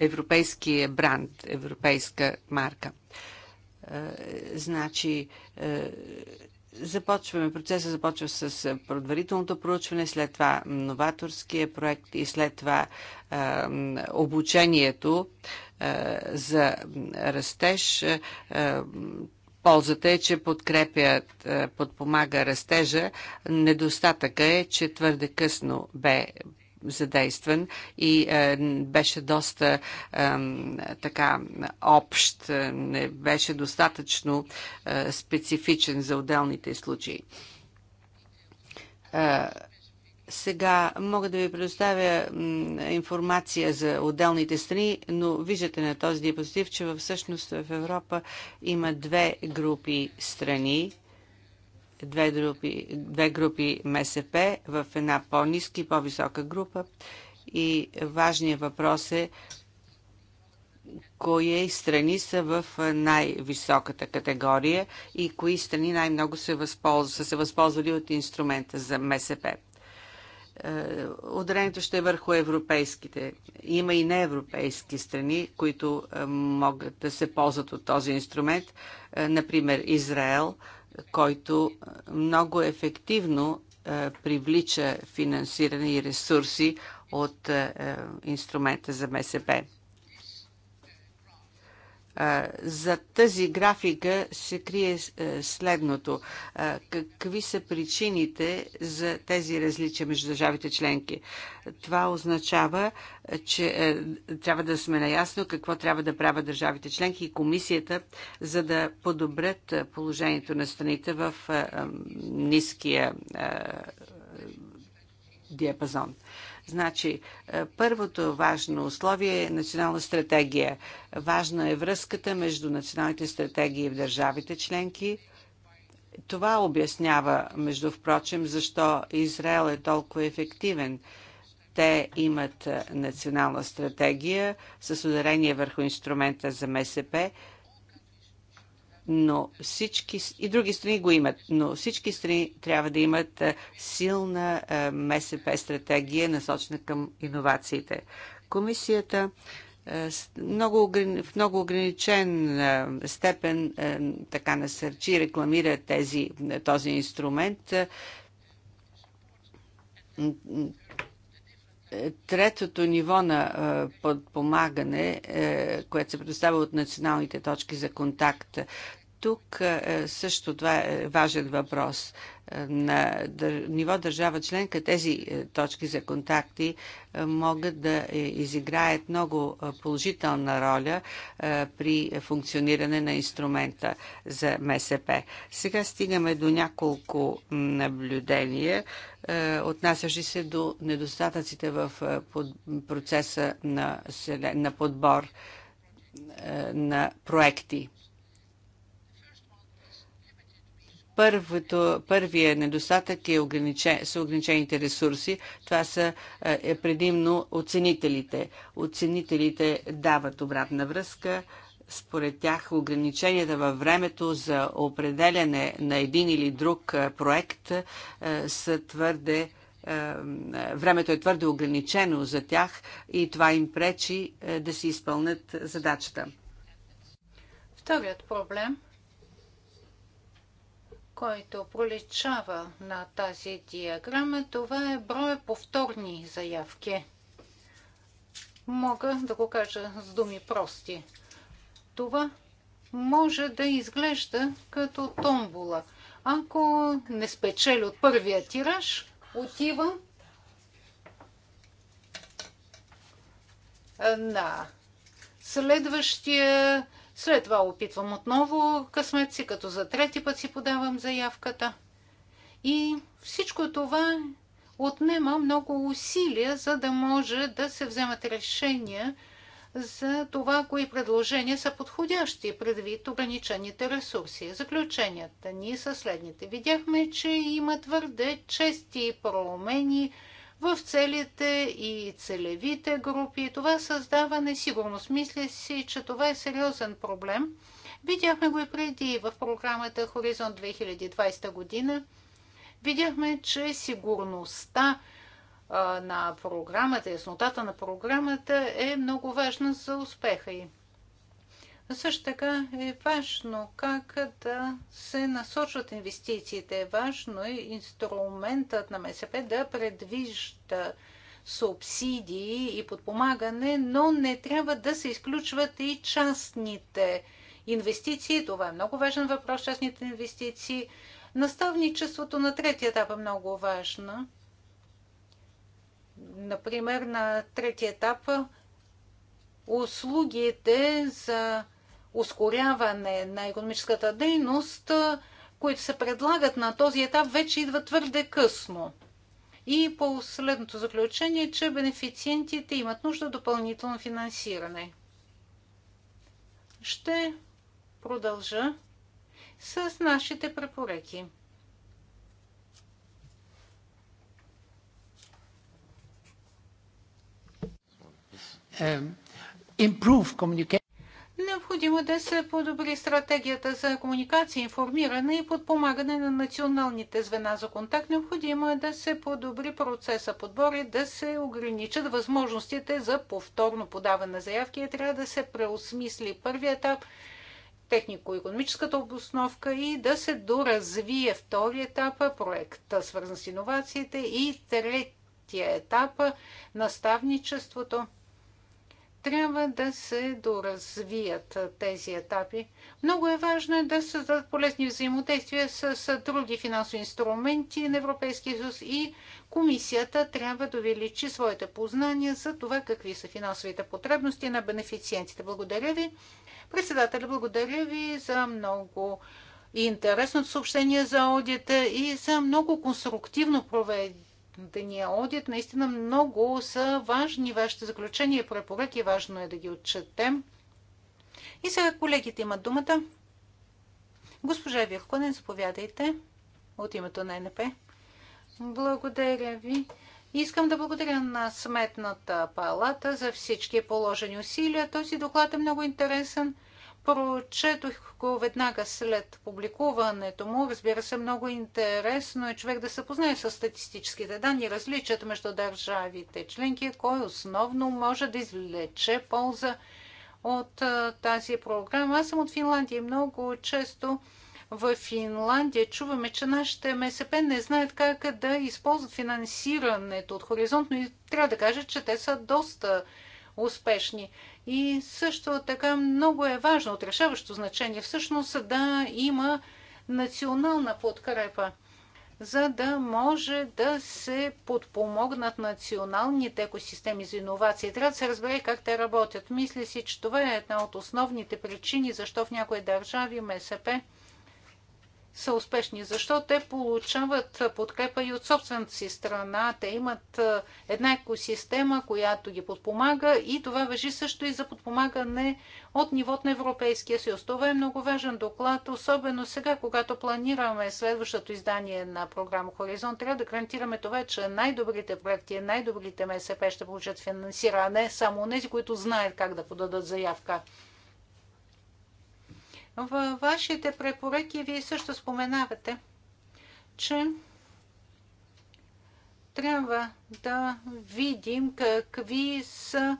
S3: европейския бранд, европейска марка. Е, значи, е, Започваме, процеса започва с предварителното проучване, след това новаторския проект и след това е, обучението е, за растеж. Е, ползата е, че подкрепят, е, подпомага растежа. Недостатъка е, че твърде късно бе задействан и е, беше доста е, така общ, е, не беше достатъчно е, специфичен за отделните случаи. Е, сега мога да ви предоставя информация за отделните страни, но виждате на този диапозитив, че всъщност в Европа има две групи страни, две групи, две групи МСП в една по низки и по-висока група. И важният въпрос е кои страни са в най-високата категория и кои страни най-много се възползва, са се възползвали от инструмента за МСП. Е, ударението ще е върху европейските. Има и неевропейски страни, които е, могат да се ползват от този инструмент. Е, например, Израел – който е, много ефективно е, привлича финансиране и ресурси от е, инструмента за МСП. За тази графика се крие следното. Какви са причините за тези различия между държавите членки? Това означава, че трябва да сме наясно какво трябва да правят държавите членки и комисията, за да подобрят положението на страните в ниския диапазон. Значи, е, първото важно условие е национална стратегия. Важна е връзката между националните стратегии в държавите членки. Това обяснява, между впрочем, защо Израел е толкова ефективен. Те имат е, национална стратегия с ударение върху инструмента за МСП, но всички и други страни го имат, но всички страни трябва да имат силна МСП стратегия, насочена към иновациите. Комисията много, в много ограничен степен така насърчи, рекламира тези, този инструмент. Третото ниво на подпомагане, е, което се предоставя от националните точки за контакт, тук е, е, също това е важен въпрос. Е, на ниво държава членка тези точки за контакти могат да изиграят много положителна роля при функциониране на инструмента за МСП. Сега стигаме до няколко наблюдения, отнасящи се до недостатъците в процеса на подбор на проекти Първото, първия недостатък е ограничен, са ограничените ресурси. Това са е, е предимно оценителите. Оценителите дават обратна връзка. Според тях ограниченията във времето за определяне на един или друг е, проект е, са твърде е, времето е твърде ограничено за тях и това им пречи да си изпълнят задачата.
S1: Вторият проблем – който проличава на тази диаграма, това е броя повторни заявки. Мога да го кажа с думи прости. Това може да изглежда като томбола. Ако не спечели от първия тираж, отива на следващия след това опитвам отново късмет си, като за трети път си подавам заявката. И всичко това отнема много усилия, за да може да се вземат решения за това, кои предложения са подходящи предвид ограничените ресурси. Заключенията ни са следните. Видяхме, че има твърде чести промени – в целите и целевите групи. Това създава несигурност. Мисля си, че това е сериозен проблем. Видяхме го и преди в програмата Хоризонт 2020 година. Видяхме, че сигурността на програмата, яснотата на програмата е много важна за успеха й. Също така е важно как да се насочват инвестициите. Е Важно е инструментът на МСП да предвижда субсидии и подпомагане, но не трябва да се изключват и частните инвестиции. Това е много важен въпрос, частните инвестиции. Наставничеството на третия етап е много важно. Например, на третия етап услугите за ускоряване на економическата дейност, които се предлагат на този етап, вече идват твърде късно. И последното заключение, че бенефициентите имат нужда от допълнително финансиране. Ще продължа с нашите препоръки. Um, improve communication. Необходимо е да се подобри стратегията за комуникация, информиране и подпомагане на националните звена за контакт. Необходимо е да се подобри процеса подбор и да се ограничат възможностите за повторно подаване на заявки. Трябва да се преосмисли първият етап, технико-економическата обосновка и да се доразвие втори етап, проекта свързан с иновациите и третия етап, наставничеството трябва да се доразвият тези етапи. Много е важно е да създадат полезни взаимодействия с, с други финансови инструменти на Европейския съюз и комисията трябва да увеличи своите познания за това какви са финансовите потребности на бенефициентите. Благодаря ви. Председателя, благодаря ви за много интересното съобщение за аудита и за много конструктивно проведение дния одят. Е Наистина много са важни вашите заключения и препоръки. Важно е да ги отчетем. И сега колегите имат думата. Госпожа Вирконен, заповядайте от името на НП. Благодаря ви. Искам да благодаря на Сметната палата за всички положени усилия. Този доклад е много интересен. Прочетох го веднага след публикуването му. Разбира се, много интересно е човек да се познае с статистическите данни, различията между държавите членки, кой основно може да извлече полза от тази програма. Аз съм от Финландия и много често в Финландия чуваме, че нашите МСП не знаят как да използват финансирането от хоризонт, но и трябва да кажа, че те са доста успешни. И също така много е важно, от решаващо значение всъщност да има национална подкрепа, за да може да се подпомогнат националните екосистеми за иновации. Трябва да се разбере как те работят. Мисля си, че това е една от основните причини, защо в някои държави МСП са успешни, защото те получават подкрепа и от собствената си страна. Те имат една екосистема, която ги подпомага и това въжи също и за подпомагане от нивото на Европейския съюз. Това е много важен доклад, особено сега, когато планираме следващото издание на програма Хоризонт. Трябва да гарантираме това, че най-добрите проекти, най-добрите МСП ще получат финансиране, само тези, които знаят как да подадат заявка. Във вашите препоръки вие също споменавате, че трябва да видим какви са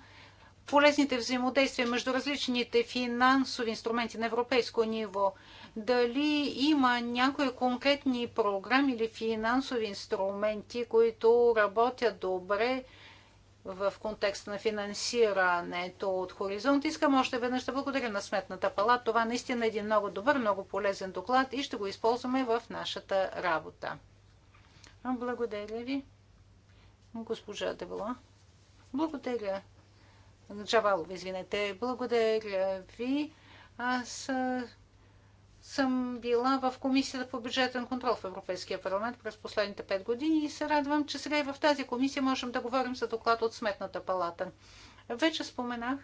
S1: полезните взаимодействия между различните финансови инструменти на европейско ниво. Дали има някои конкретни програми или финансови инструменти, които работят добре в контекста на финансирането от Хоризонт. Искам още веднъж да благодаря на Сметната палата. Това наистина е един много добър, много полезен доклад и ще го използваме в нашата работа. Благодаря ви, госпожа Девела. Благодаря. Джавалов, извинете. Благодаря ви. Аз съм била в Комисията по бюджетен контрол в Европейския парламент през последните 5 години и се радвам, че сега и в тази комисия можем да говорим за доклад от Сметната палата. Вече споменах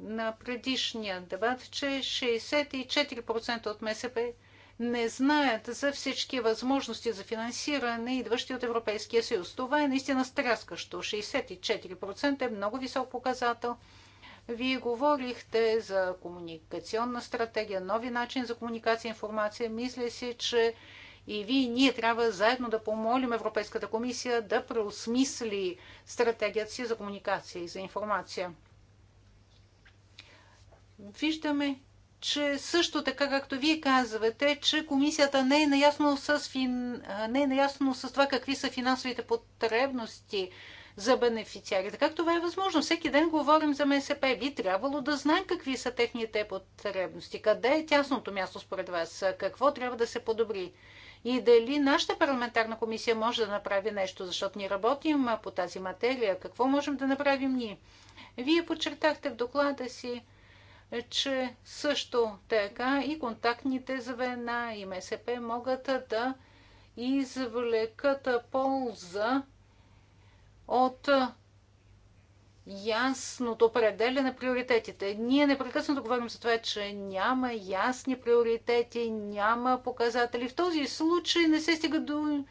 S1: на предишния дебат, че 64% от МСП не знаят за всички възможности за финансиране, идващи от Европейския съюз. Това е наистина стряскащо. 64% е много висок показател – вие говорихте за комуникационна стратегия, нови начин за комуникация и информация. Мисля си, че и вие, и ние трябва заедно да помолим Европейската комисия да преосмисли стратегията си за комуникация и за информация. Виждаме, че също така, както вие казвате, че комисията не е наясно с, фин... не е наясно с това какви са финансовите потребности за бенефициарите. Как това е възможно? Всеки ден говорим за МСП. Би трябвало да знаем какви са техните потребности. Къде е тясното място според вас? Какво трябва да се подобри? И дали нашата парламентарна комисия може да направи нещо, защото ние работим по тази материя. Какво можем да направим ние? Вие подчертахте в доклада си, че също така и контактните звена и МСП могат да извлекат полза от ясното определяне на приоритетите. Ние непрекъснато говорим за това, че няма ясни приоритети, няма показатели. В този случай не се стига до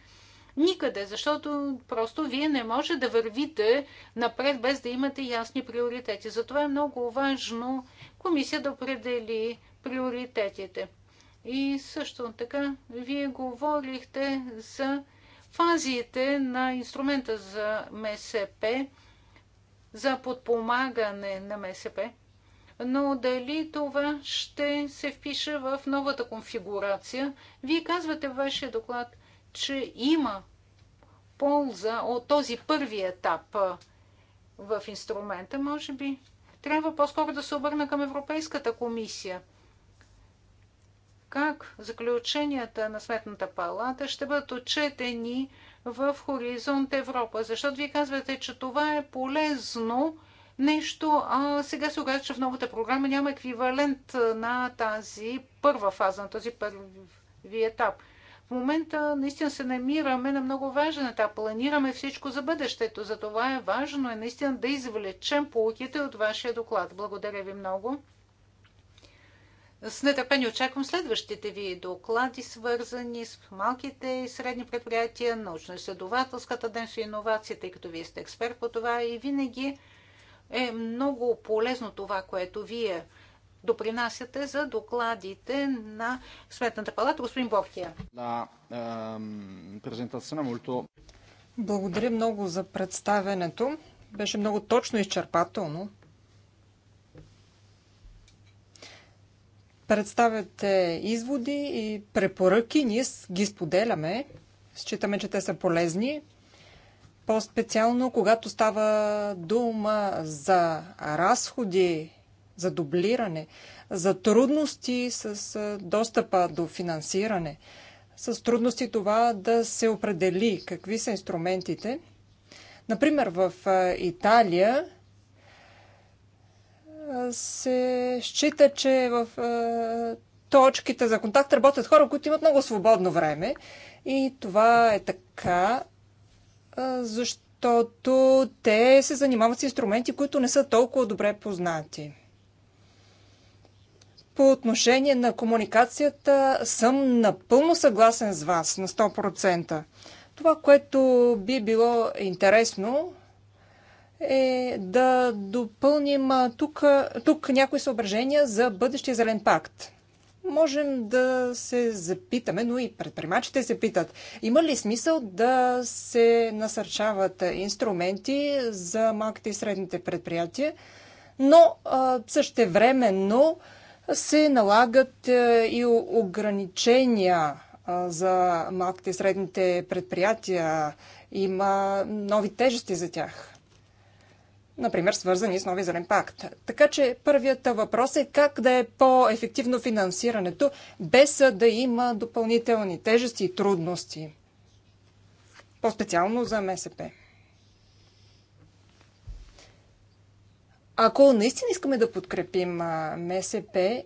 S1: никъде, защото просто вие не може да вървите напред без да имате ясни приоритети. Затова е много важно комисия да определи приоритетите. И също така, вие говорихте за фазите на инструмента за МСП, за подпомагане на МСП, но дали това ще се впише в новата конфигурация? Вие казвате в вашия доклад, че има полза от този първи етап в инструмента, може би трябва по-скоро да се обърна към Европейската комисия – как заключенията на Сметната палата ще бъдат отчетени в Хоризонт Европа. Защото вие казвате, че това е полезно нещо, а сега се оказва, че в новата програма няма еквивалент на тази първа фаза, на този първи етап. В момента наистина се намираме на много важен етап. Планираме всичко за бъдещето. За това е важно е наистина да извлечем полуките от вашия доклад. Благодаря ви много. С нетърпение очаквам следващите ви доклади, свързани с малките и средни предприятия, научно-изследователската ден и иновации, тъй като вие сте експерт по това и винаги е много полезно това, което вие допринасяте за докладите на Сметната палата. Господин Бовкия.
S2: Да, презентация на мулто. Благодаря много за представенето. Беше много точно и изчерпателно. представяте изводи и препоръки. Ние ги споделяме. Считаме, че те са полезни. По-специално, когато става дума за разходи, за дублиране, за трудности с достъпа до финансиране, с трудности това да се определи какви са инструментите. Например, в е, Италия се счита, че в е, точките за контакт работят хора, които имат много свободно време. И това е така, е, защото те се занимават с инструменти, които не са толкова добре познати. По отношение на комуникацията съм напълно съгласен с вас на 100%. Това, което би било интересно е да допълним тук, тук някои съображения за бъдещия зелен пакт. Можем да се запитаме, но и предприемачите се питат, има ли смисъл да се насърчават инструменти за малките и средните предприятия, но същевременно се налагат и ограничения за малките и средните предприятия. Има нови тежести за тях например, свързани с нови зелен пакт. Така че първият въпрос е как да е по-ефективно финансирането, без да има допълнителни тежести и трудности. По-специално за МСП. Ако наистина искаме да подкрепим МСП,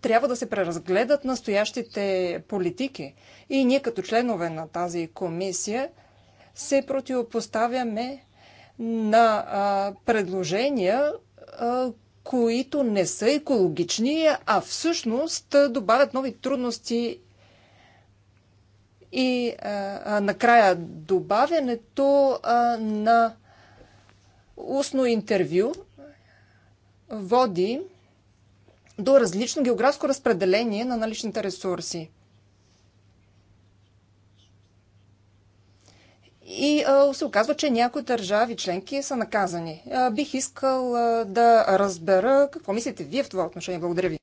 S2: трябва да се преразгледат настоящите политики. И ние като членове на тази комисия се противопоставяме на а, предложения, а, които не са екологични, а всъщност добавят нови трудности. И а, накрая добавянето а, на устно интервю води до различно географско разпределение на наличните ресурси. И а, се оказва, че някои държави членки са наказани. А, бих искал а, да разбера какво мислите вие в това отношение. Благодаря ви.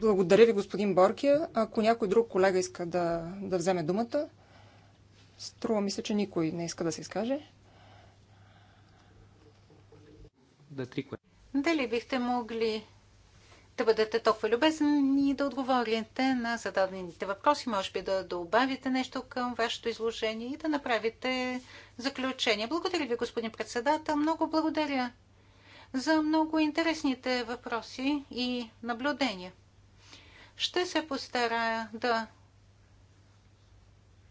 S2: Благодаря ви, господин Боркия. Ако някой друг колега иска да, да вземе думата, струва мисля, че никой не иска да се изкаже. Дали
S1: бихте могли да бъдете толкова любезни и да отговорите на зададените въпроси, може би да добавите нещо към вашето изложение и да направите заключение. Благодаря ви, господин председател. Много благодаря за много интересните въпроси и наблюдения. Ще се постарая да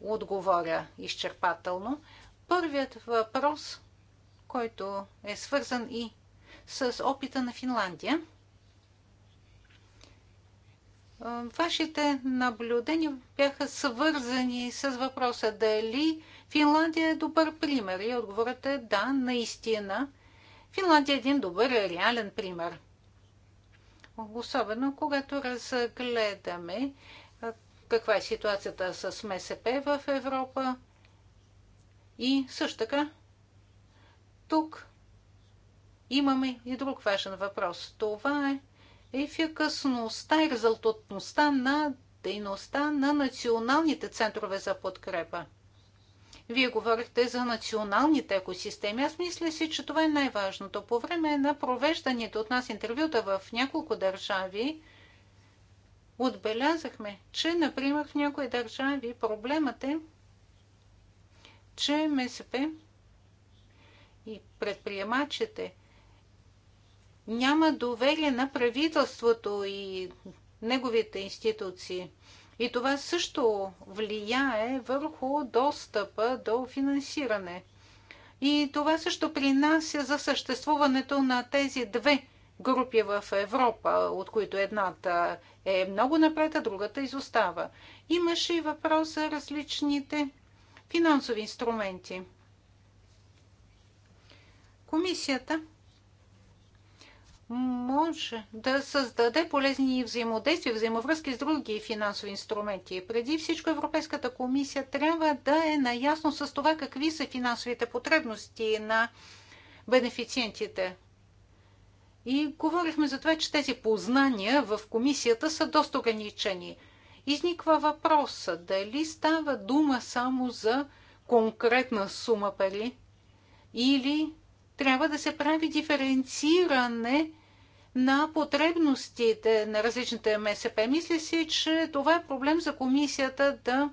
S1: отговоря изчерпателно. Първият въпрос, който е свързан и с опита на Финландия – Вашите наблюдения бяха свързани с въпроса дали Финландия е добър пример. И отговорът е да, наистина. Финландия е един добър, реален пример. Особено когато разгледаме каква е ситуацията с МСП в Европа и също така тук имаме и друг важен въпрос. Това е ефикасността и резултатността на дейността на националните центрове за подкрепа. Вие говорихте за националните екосистеми. Аз мисля си, че това е най-важното. По време на провеждането от нас интервюта в няколко държави, отбелязахме, че, например, в някои държави проблемът е, че МСП и предприемачите – няма доверие на правителството и неговите институции. И това също влияе върху достъпа до финансиране. И това също принася за съществуването на тези две групи в Европа, от които едната е много напред, а другата изостава. Имаше и въпрос за различните финансови инструменти. Комисията може да създаде полезни взаимодействия, взаимовръзки с други финансови инструменти. Преди всичко Европейската комисия трябва да е наясно с това какви са финансовите потребности на бенефициентите. И говорихме за това, че тези познания в комисията са доста ограничени. Изниква въпроса дали става дума само за конкретна сума пари или трябва да се прави диференциране на потребностите на различните МСП. Мисля си, че това е проблем за комисията да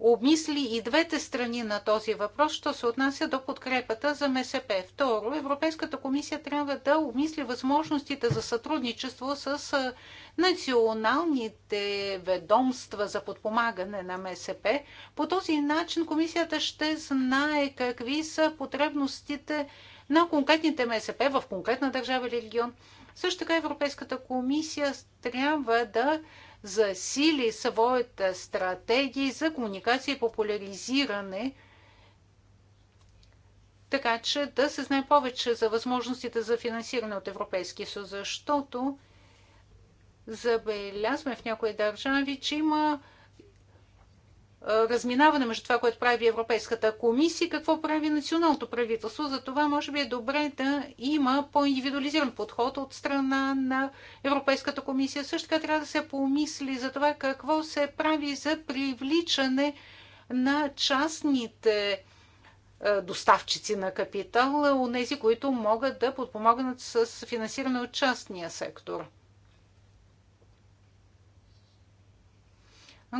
S1: обмисли и двете страни на този въпрос, що се отнася до подкрепата за МСП. Второ, Европейската комисия трябва да обмисли възможностите за сътрудничество с националните ведомства за подпомагане на МСП. По този начин комисията ще знае какви са потребностите на конкретните МСП в конкретна държава или регион. Също така Европейската комисия трябва да засили своята стратегия за комуникация и популяризиране, така че да се знае повече за възможностите за финансиране от Европейския съюз, защото забелязваме в някои държави, че има разминаване между това, което прави Европейската комисия и какво прави националното правителство. За това може би е добре да има по-индивидуализиран подход от страна на Европейската комисия. Също така трябва да се помисли за това какво се прави за привличане на частните доставчици на капитал, у нези, които могат да подпомогнат с финансиране от частния сектор.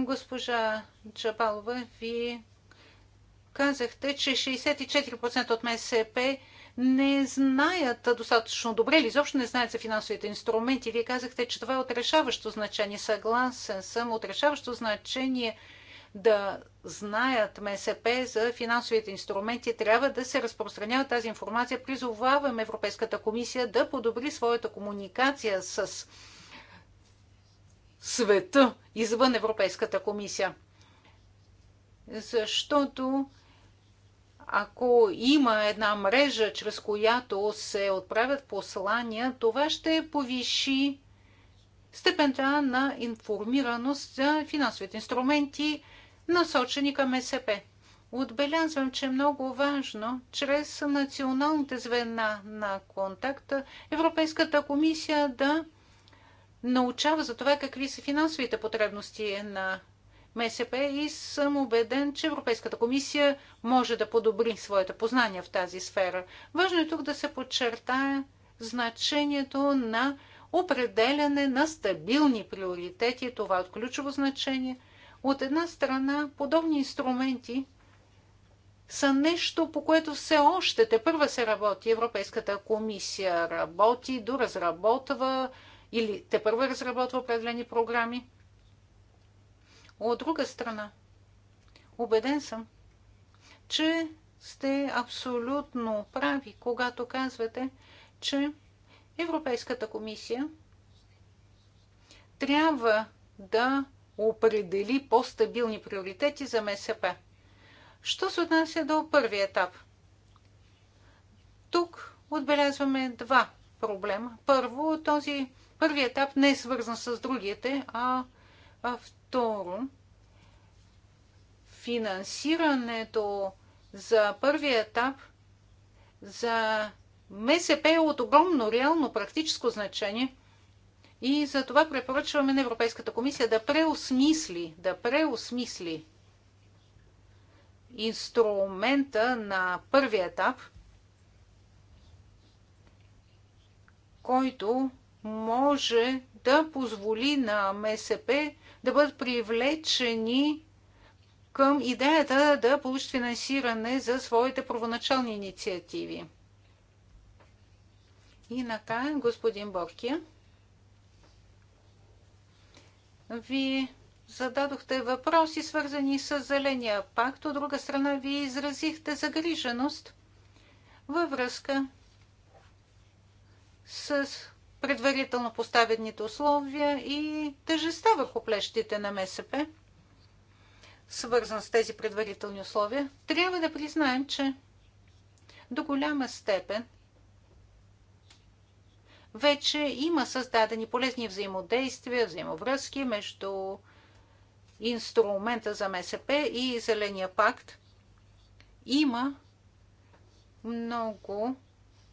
S1: Госпожа Джабалова, ви казахте, че 64% от МСП не знаят достатъчно добре или изобщо не знаят за финансовите инструменти. Вие казахте, че това е от решаващо значение. Съгласен съм, от решаващо значение да знаят МСП за финансовите инструменти. Трябва да се разпространява тази информация. Призоваваме Европейската комисия да подобри своята комуникация с света извън Европейската комисия. Защото ако има една мрежа, чрез която се отправят послания, това ще повиши степента на информираност за финансовите инструменти, насочени към СП. Отбелязвам, че е много важно, чрез националните звена на контакта, Европейската комисия да научава за това какви са финансовите потребности на МСП и съм убеден, че Европейската комисия може да подобри своите познания в тази сфера. Важно е тук да се подчертая значението на определяне на стабилни приоритети. Това е от ключово значение. От една страна, подобни инструменти са нещо, по което все още те първа се работи. Европейската комисия работи, доразработва или те първо е разработва определени програми. От друга страна, убеден съм, че сте абсолютно прави, когато казвате, че Европейската комисия трябва да определи по-стабилни приоритети за МСП. Що се отнася до първия етап? Тук отбелязваме два проблема. Първо, този Първият етап не е свързан с другите, а, а второ, финансирането за първия етап за МСП е от огромно реално практическо значение и за това препоръчваме на Европейската комисия да преосмисли, да преосмисли инструмента на първия етап, който може да позволи на МСП да бъдат привлечени към идеята да получат финансиране за своите първоначални инициативи. И накрая, господин Боркия, ви зададохте въпроси, свързани с Зеления пакт. От друга страна, ви изразихте загриженост във връзка с предварително поставените условия и тъжеста върху плещите на МСП, свързан с тези предварителни условия, трябва да признаем, че до голяма степен вече има създадени полезни взаимодействия, взаимовръзки между инструмента за МСП и Зеления пакт. Има много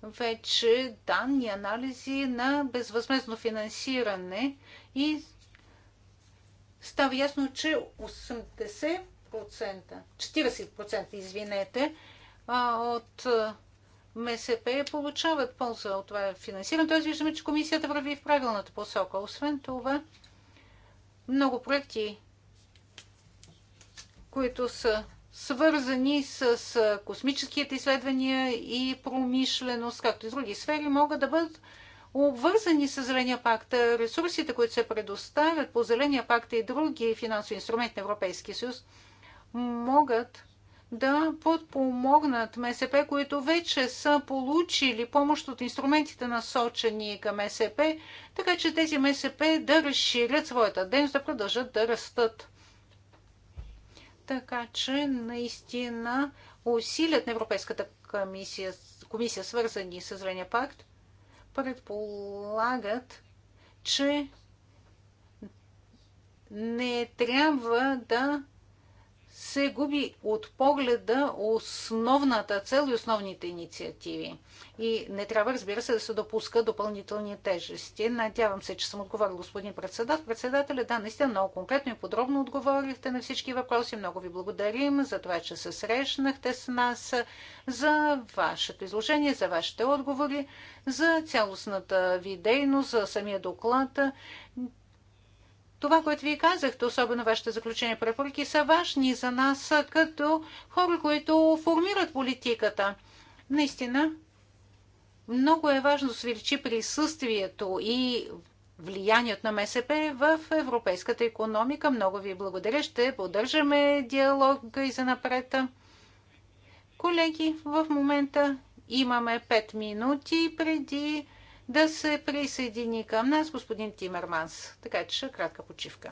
S1: вече данни, анализи на безвъзмезно финансиране и става ясно, че 80%, 40%, извинете, от МСП получават полза от това финансиране. Тоест виждаме, че комисията върви в правилната посока. Освен това, много проекти, които са свързани с космическите изследвания и промишленост, както и други сфери, могат да бъдат обвързани с Зеления пакт. Ресурсите, които се предоставят по Зеления пакт и други финансови инструменти на Европейския съюз, могат да подпомогнат МСП, които вече са получили помощ от инструментите насочени към МСП, така че тези МСП да разширят своята дейност, да продължат да растат така че наистина усилят на Европейската комисия, комисия свързани с Зеления пакт, предполагат, че не трябва да се губи от погледа основната цел и основните инициативи. И не трябва, разбира се, да се допуска допълнителни тежести. Надявам се, че съм отговорил, господин председател. Председателя, да, наистина много конкретно и подробно отговорихте на всички въпроси. Много ви благодарим за това, че се срещнахте с нас, за вашето изложение, за вашите отговори, за цялостната ви дейност, за самия доклад това, което вие казахте, особено вашите заключения препоръки, са важни за нас като хора, които формират политиката. Наистина, много е важно да се увеличи присъствието и влиянието на МСП в европейската економика. Много ви благодаря. Ще поддържаме диалога и за напред. Колеги, в момента имаме 5 минути преди да се присъедини към нас господин Тимерманс. Така че е кратка почивка.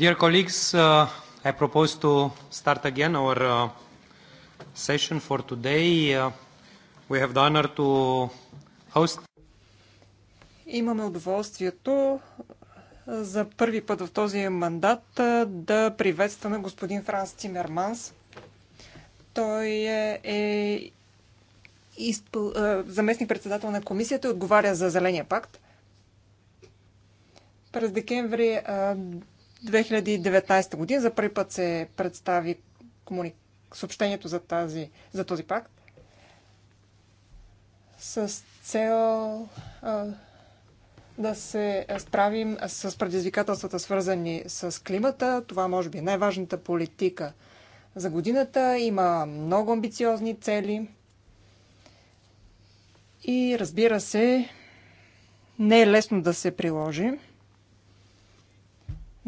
S1: Dear colleagues, uh, I propose to start again our uh, session for today. Uh, we have the honor to host.
S2: Имаме удоволствието за първи път в този мандат да приветстваме господин Франс Тимерманс. Той е, е изпъл... заместник-председател на комисията и отговаря за Зеления пакт. През декември 2019 година за първи път се представи комуни... съобщението за, тази, за този пакт с цел а, да се справим с предизвикателствата, свързани с климата. Това може би е най-важната политика за годината. Има много амбициозни цели. И разбира се, не е лесно да се приложи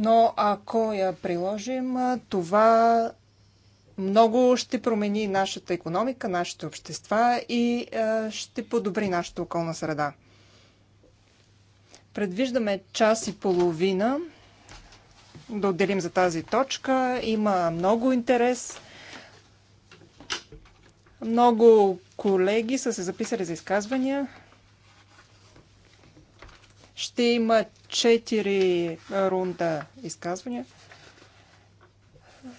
S2: но ако я приложим, това много ще промени нашата економика, нашите общества и ще подобри нашата околна среда. Предвиждаме час и половина да отделим за тази точка. Има много интерес. Много колеги са се записали за изказвания. Ще има четири рунда изказвания.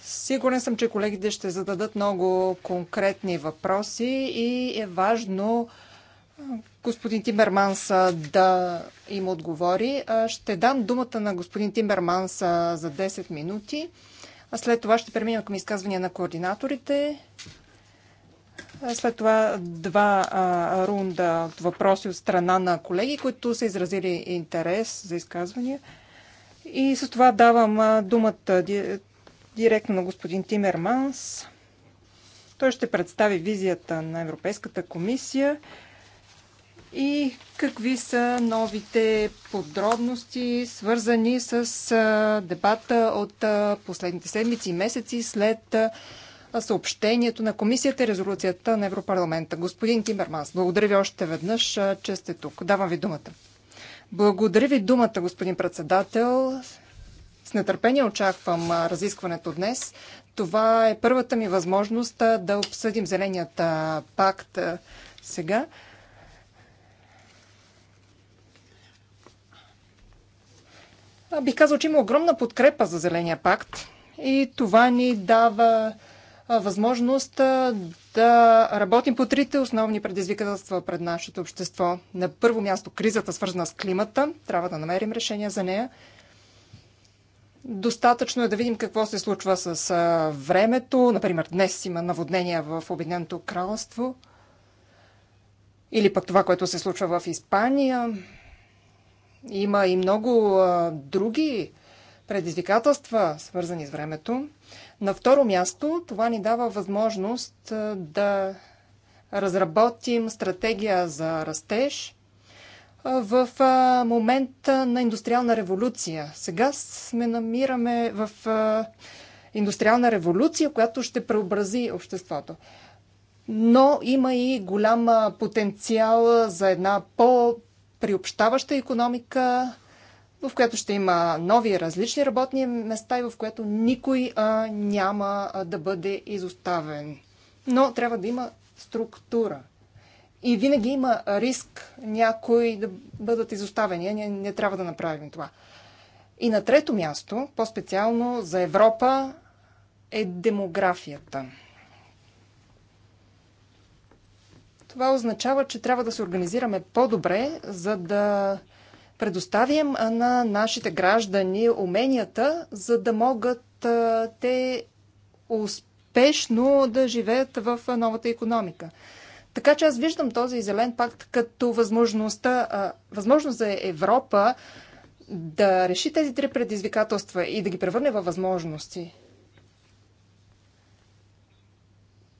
S2: Сигурен съм, че колегите ще зададат много конкретни въпроси и е важно господин Тимерманс да им отговори. Ще дам думата на господин Тимерманс за 10 минути. А след това ще преминем към изказвания на координаторите. След това два а, рунда от въпроси от страна на колеги, които са изразили интерес за изказвания. И с това давам а, думата ди, директно на господин Тимерманс. Той ще представи визията на Европейската комисия и какви са новите подробности, свързани с а, дебата от а, последните седмици и месеци след. А, съобщението на комисията и резолюцията на Европарламента. Господин Тимерманс, благодаря ви още веднъж, че сте тук. Давам ви думата. Благодаря ви думата, господин председател. С нетърпение очаквам разискването днес. Това е първата ми възможност да обсъдим Зеленият пакт сега. Бих казал, че има огромна подкрепа за Зеления пакт и това ни дава възможност да работим по трите основни предизвикателства пред нашето общество. На първо място кризата, свързана с климата. Трябва да намерим решение за нея. Достатъчно е да видим какво се случва с времето. Например, днес има наводнения в Обединеното кралство. Или пък това, което се случва в Испания. Има и много други предизвикателства, свързани с времето. На второ място, това ни дава възможност да разработим стратегия за растеж в момента на индустриална революция. Сега сме намираме в индустриална революция, която ще преобрази обществото. Но има и голям потенциал за една по-приобщаваща економика, в която ще има нови различни работни места и в което никой а, няма а, да бъде изоставен. Но трябва да има структура. И винаги има риск някои да бъдат изоставени. Ние не трябва да направим това. И на трето място, по-специално за Европа, е демографията. Това означава, че трябва да се организираме по-добре, за да предоставим на нашите граждани уменията, за да могат те успешно да живеят в новата економика. Така че аз виждам този зелен пакт като възможността, възможност за Европа да реши тези три предизвикателства и да ги превърне във възможности.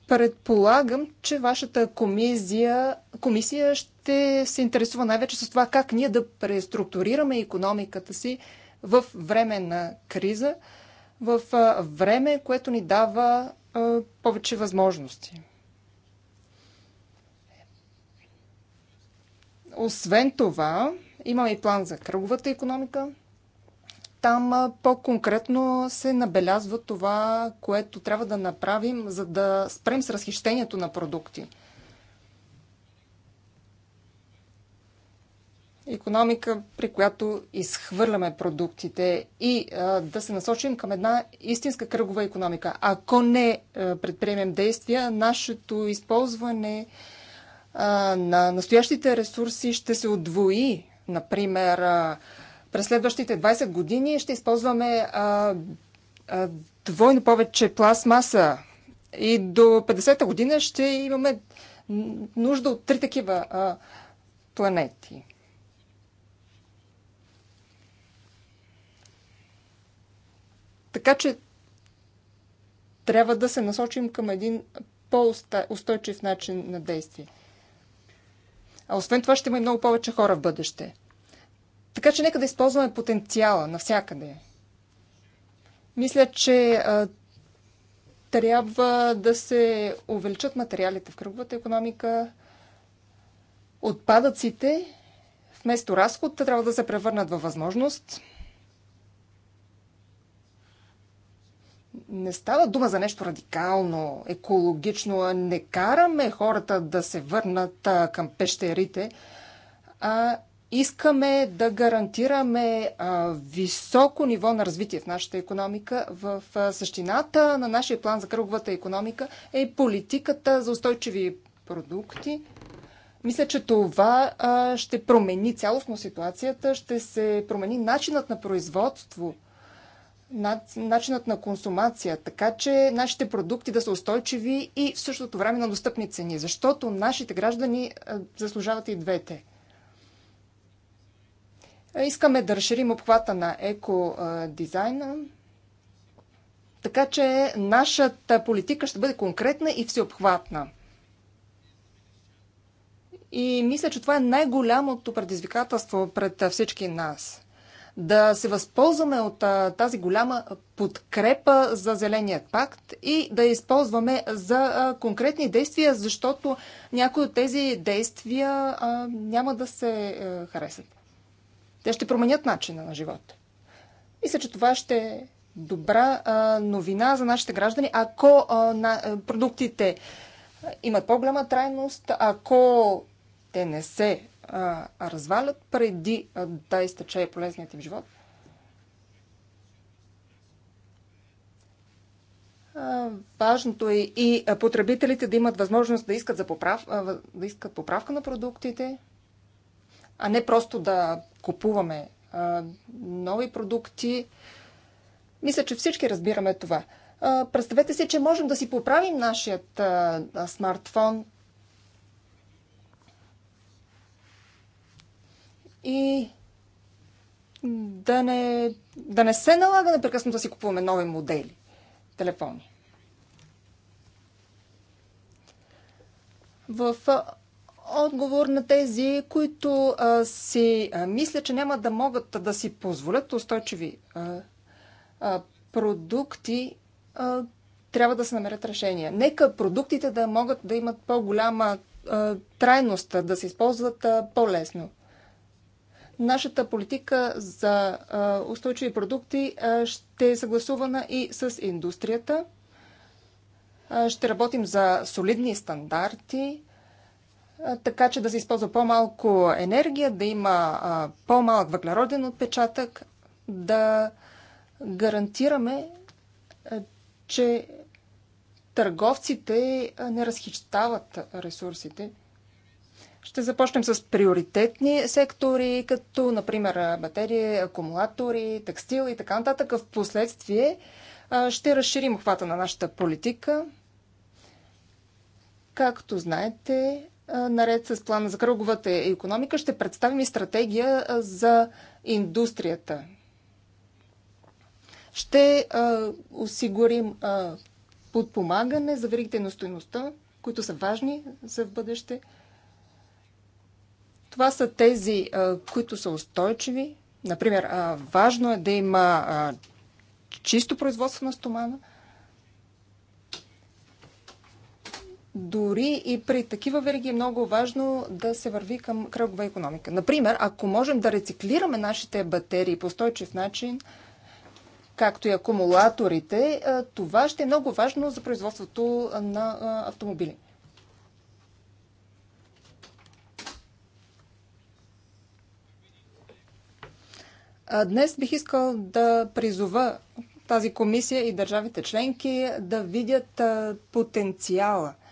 S2: Предполагам, че вашата комисия, комисия ще се интересува най-вече с това как ние да преструктурираме економиката си в време на криза, в време, което ни дава повече възможности. Освен това, имаме и план за кръговата економика – там по-конкретно се набелязва това, което трябва да направим, за да спрем с разхищението на продукти. Економика, при която изхвърляме продуктите и а, да се насочим към една истинска кръгова економика. Ако не а, предприемем действия, нашето използване а, на настоящите ресурси ще се отвои. Например, а, през следващите 20 години ще използваме а, а, двойно повече пластмаса и до 50-та година ще имаме нужда от три такива а, планети. Така че трябва да се насочим към един по-устойчив начин на действие. А освен това ще има и много повече хора в бъдеще. Така че нека да използваме потенциала навсякъде. Мисля, че а, трябва да се увеличат материалите в кръговата економика. Отпадъците вместо разход трябва да се превърнат във възможност. Не става дума за нещо радикално, екологично. Не караме хората да се върнат към пещерите, а искаме да гарантираме а, високо ниво на развитие в нашата економика, в а, същината на нашия план за кръговата економика е политиката за устойчиви продукти. Мисля, че това а, ще промени цялостно ситуацията, ще се промени начинът на производство, начинът на консумация, така че нашите продукти да са устойчиви и в същото време на достъпни цени, защото нашите граждани заслужават и двете. Искаме да разширим обхвата на екодизайна, така че нашата политика ще бъде конкретна и всеобхватна. И мисля, че това е най-голямото предизвикателство пред всички нас. Да се възползваме от тази голяма подкрепа за Зеления пакт и да използваме за конкретни действия, защото някои от тези действия няма да се харесат. Те ще променят начина на живот. Мисля, че това ще е добра а, новина за нашите граждани, ако а, на, а, продуктите имат по-голяма трайност, ако те не се а, развалят преди а, да изтече полезният им живот. Важното е и потребителите да имат възможност да искат, за поправ... да искат поправка на продуктите, а не просто да купуваме а, нови продукти. Мисля, че всички разбираме това. А, представете си, че можем да си поправим нашият а, а, смартфон. И да не, да не се налага непрекъснато да си купуваме нови модели телефони. В отговор на тези, които а, си а, мисля, че няма да могат да си позволят устойчиви а, а, продукти, а, трябва да се намерят решения. Нека продуктите да могат да имат по-голяма трайност, да се използват по-лесно. Нашата политика за устойчиви продукти ще е съгласувана и с индустрията. Ще работим за солидни стандарти така че да се използва по-малко енергия, да има по-малък въглероден отпечатък, да гарантираме, че търговците не разхищават ресурсите. Ще започнем с приоритетни сектори, като, например, батерии, акумулатори, текстил и така нататък. В последствие ще разширим хвата на нашата политика. Както знаете, наред с плана за кръговата економика, ще представим и стратегия за индустрията. Ще а, осигурим а, подпомагане за веригите на стоеността, които са важни за в бъдеще. Това са тези, а, които са устойчиви. Например, а, важно е да има а, чисто производство на стомана – дори и при такива вериги е много важно да се върви към кръгова економика. Например, ако можем да рециклираме нашите батерии по устойчив начин, както и акумулаторите, е, това ще е много важно за производството на е, автомобили. Днес бих искал да призова тази комисия и държавите членки да видят е, потенциала –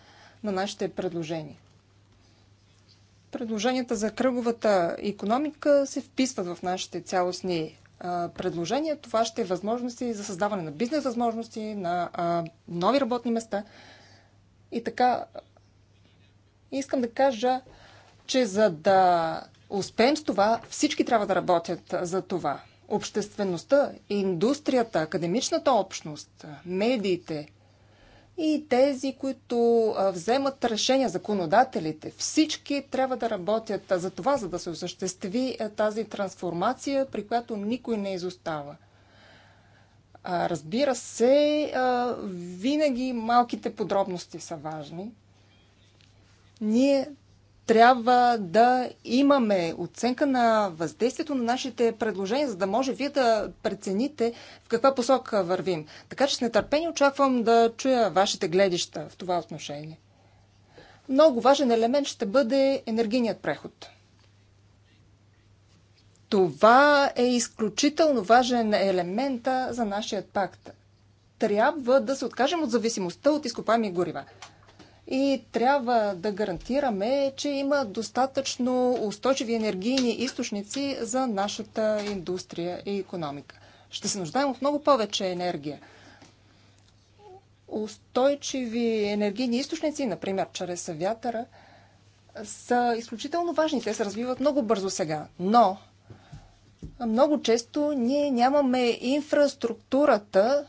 S2: на нашите предложения. Предложенията за кръговата економика се вписват в нашите цялостни предложения. Това ще е възможности за създаване на бизнес възможности, на нови работни места. И така, искам да кажа, че за да успеем с това, всички трябва да работят за това. Обществеността, индустрията, академичната общност, медиите, и тези, които вземат решения, законодателите. Всички трябва да работят за това, за да се осъществи тази трансформация, при която никой не изостава. Разбира се, винаги малките подробности са важни. Ние трябва да имаме оценка на въздействието на нашите предложения, за да може вие да прецените в каква посока вървим. Така че с нетърпение очаквам да чуя вашите гледища в това отношение. Много важен елемент ще бъде енергийният преход. Това е изключително важен елемент за нашия пакт. Трябва да се откажем от зависимостта от изкопами горива и трябва да гарантираме, че има достатъчно устойчиви енергийни източници за нашата индустрия и економика. Ще се нуждаем от много повече енергия. Устойчиви енергийни източници, например чрез вятъра, са изключително важни. Те се развиват много бързо сега. Но много често ние нямаме инфраструктурата,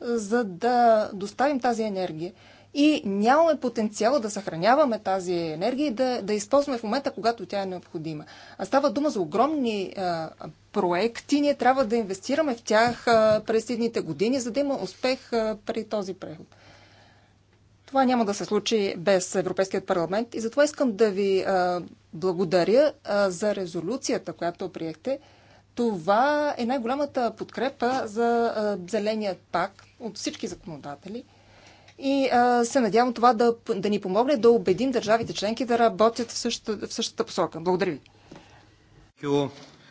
S2: за да доставим тази енергия и нямаме потенциала да съхраняваме тази енергия и да, да използваме в момента, когато тя е необходима. А става дума за огромни а, проекти, ние трябва да инвестираме в тях а, през едните години, за да има успех а, при този преход. Това няма да се случи без Европейският парламент и затова искам да ви а, благодаря а, за резолюцията, която приехте. Това е най-голямата подкрепа за а, Зеления пак от всички законодатели – и а, се надявам това да, да ни помогне да убедим държавите членки да работят в същата, в същата посока. Благодаря ви.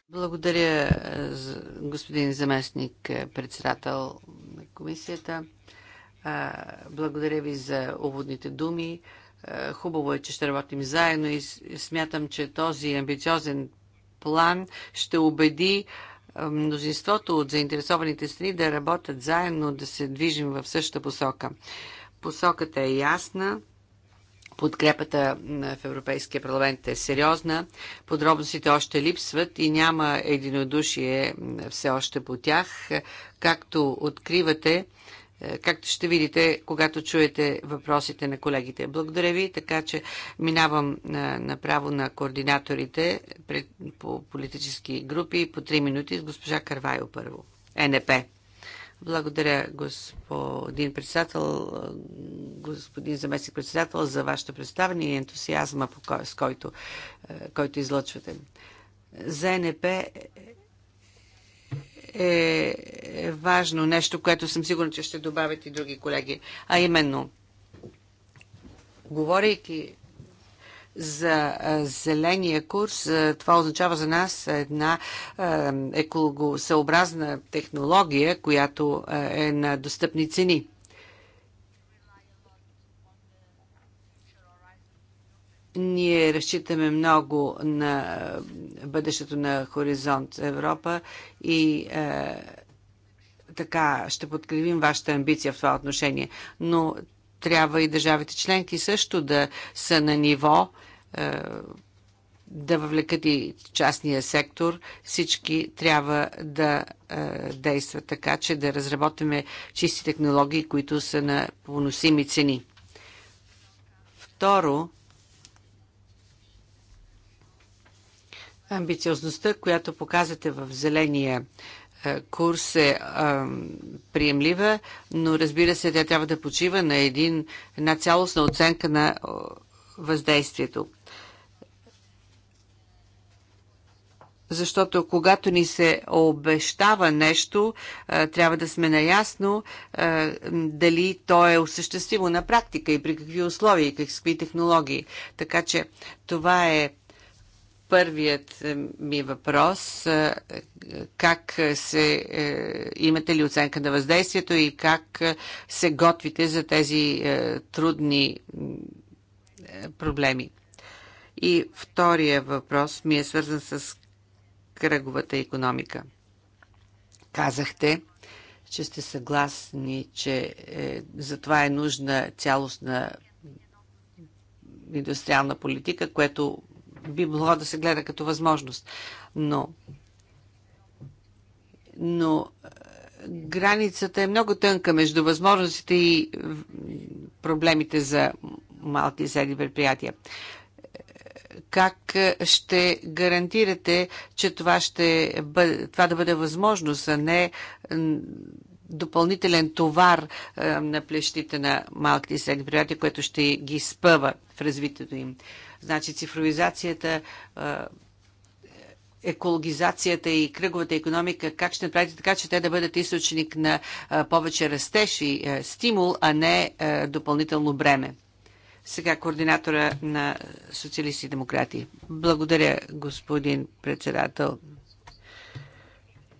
S3: Благодаря, е, господин заместник е, председател на комисията. Е, благодаря ви за уводните думи. Хубаво е, че ще работим заедно и смятам, че този амбициозен план ще убеди мнозинството от заинтересованите страни да работят заедно, да се движим в същата посока. Посоката е ясна. Подкрепата в Европейския парламент е сериозна. Подробностите още липсват и няма единодушие все още по тях. Както откривате, е, както ще видите, когато чуете въпросите на колегите. Благодаря ви, така че минавам е, направо на координаторите по политически групи по 3 минути с госпожа Карвайо първо. Е НП. Благодаря, господин председател, господин заместник председател, за вашето представяне и ентусиазма, с който, който излъчвате. За НП е, е важно нещо, което съм сигурна, че ще добавят и други колеги. А именно, говорейки за зеления курс, това означава за нас една екологосъобразна технология, която е на достъпни цени. Ние разчитаме много на бъдещето на Хоризонт Европа и е, така ще подкрепим вашата амбиция в това отношение. Но трябва и държавите членки също да са на ниво, е, да въвлекат и частния сектор. Всички трябва да е, действат така, че да разработиме чисти технологии, които са на поносими цени. Второ, Амбициозността, която показвате в зеления е, курс е а, е, приемлива, но разбира се, тя трябва да почива на един, една цялостна оценка на въздействието. Защото когато ни се обещава нещо, е, трябва да сме наясно дали то е осъществимо на практика и при какви условия и какви технологии. Така че това е Първият е, ми въпрос е, как се е, имате ли оценка на въздействието и как се готвите за тези трудни проблеми? И втория въпрос ми е свързан с кръговата економика. Казахте, че сте съгласни, че е, за това е нужна цялостна индустриална политика, което би могло да се гледа като възможност. Но, но е, границата е много тънка между възможностите и е, проблемите за малки и средни предприятия. Е, как ще гарантирате, че това, ще бъде, това да бъде възможност, а не допълнителен товар на плещите на малките и средни предприятия, което ще ги спъва в развитието им? Значи цифровизацията екологизацията и кръговата економика, как ще направите така, че те да бъдат източник на повече растеж и стимул, а не допълнително бреме. Сега координатора на социалисти и демократи. Благодаря, господин председател.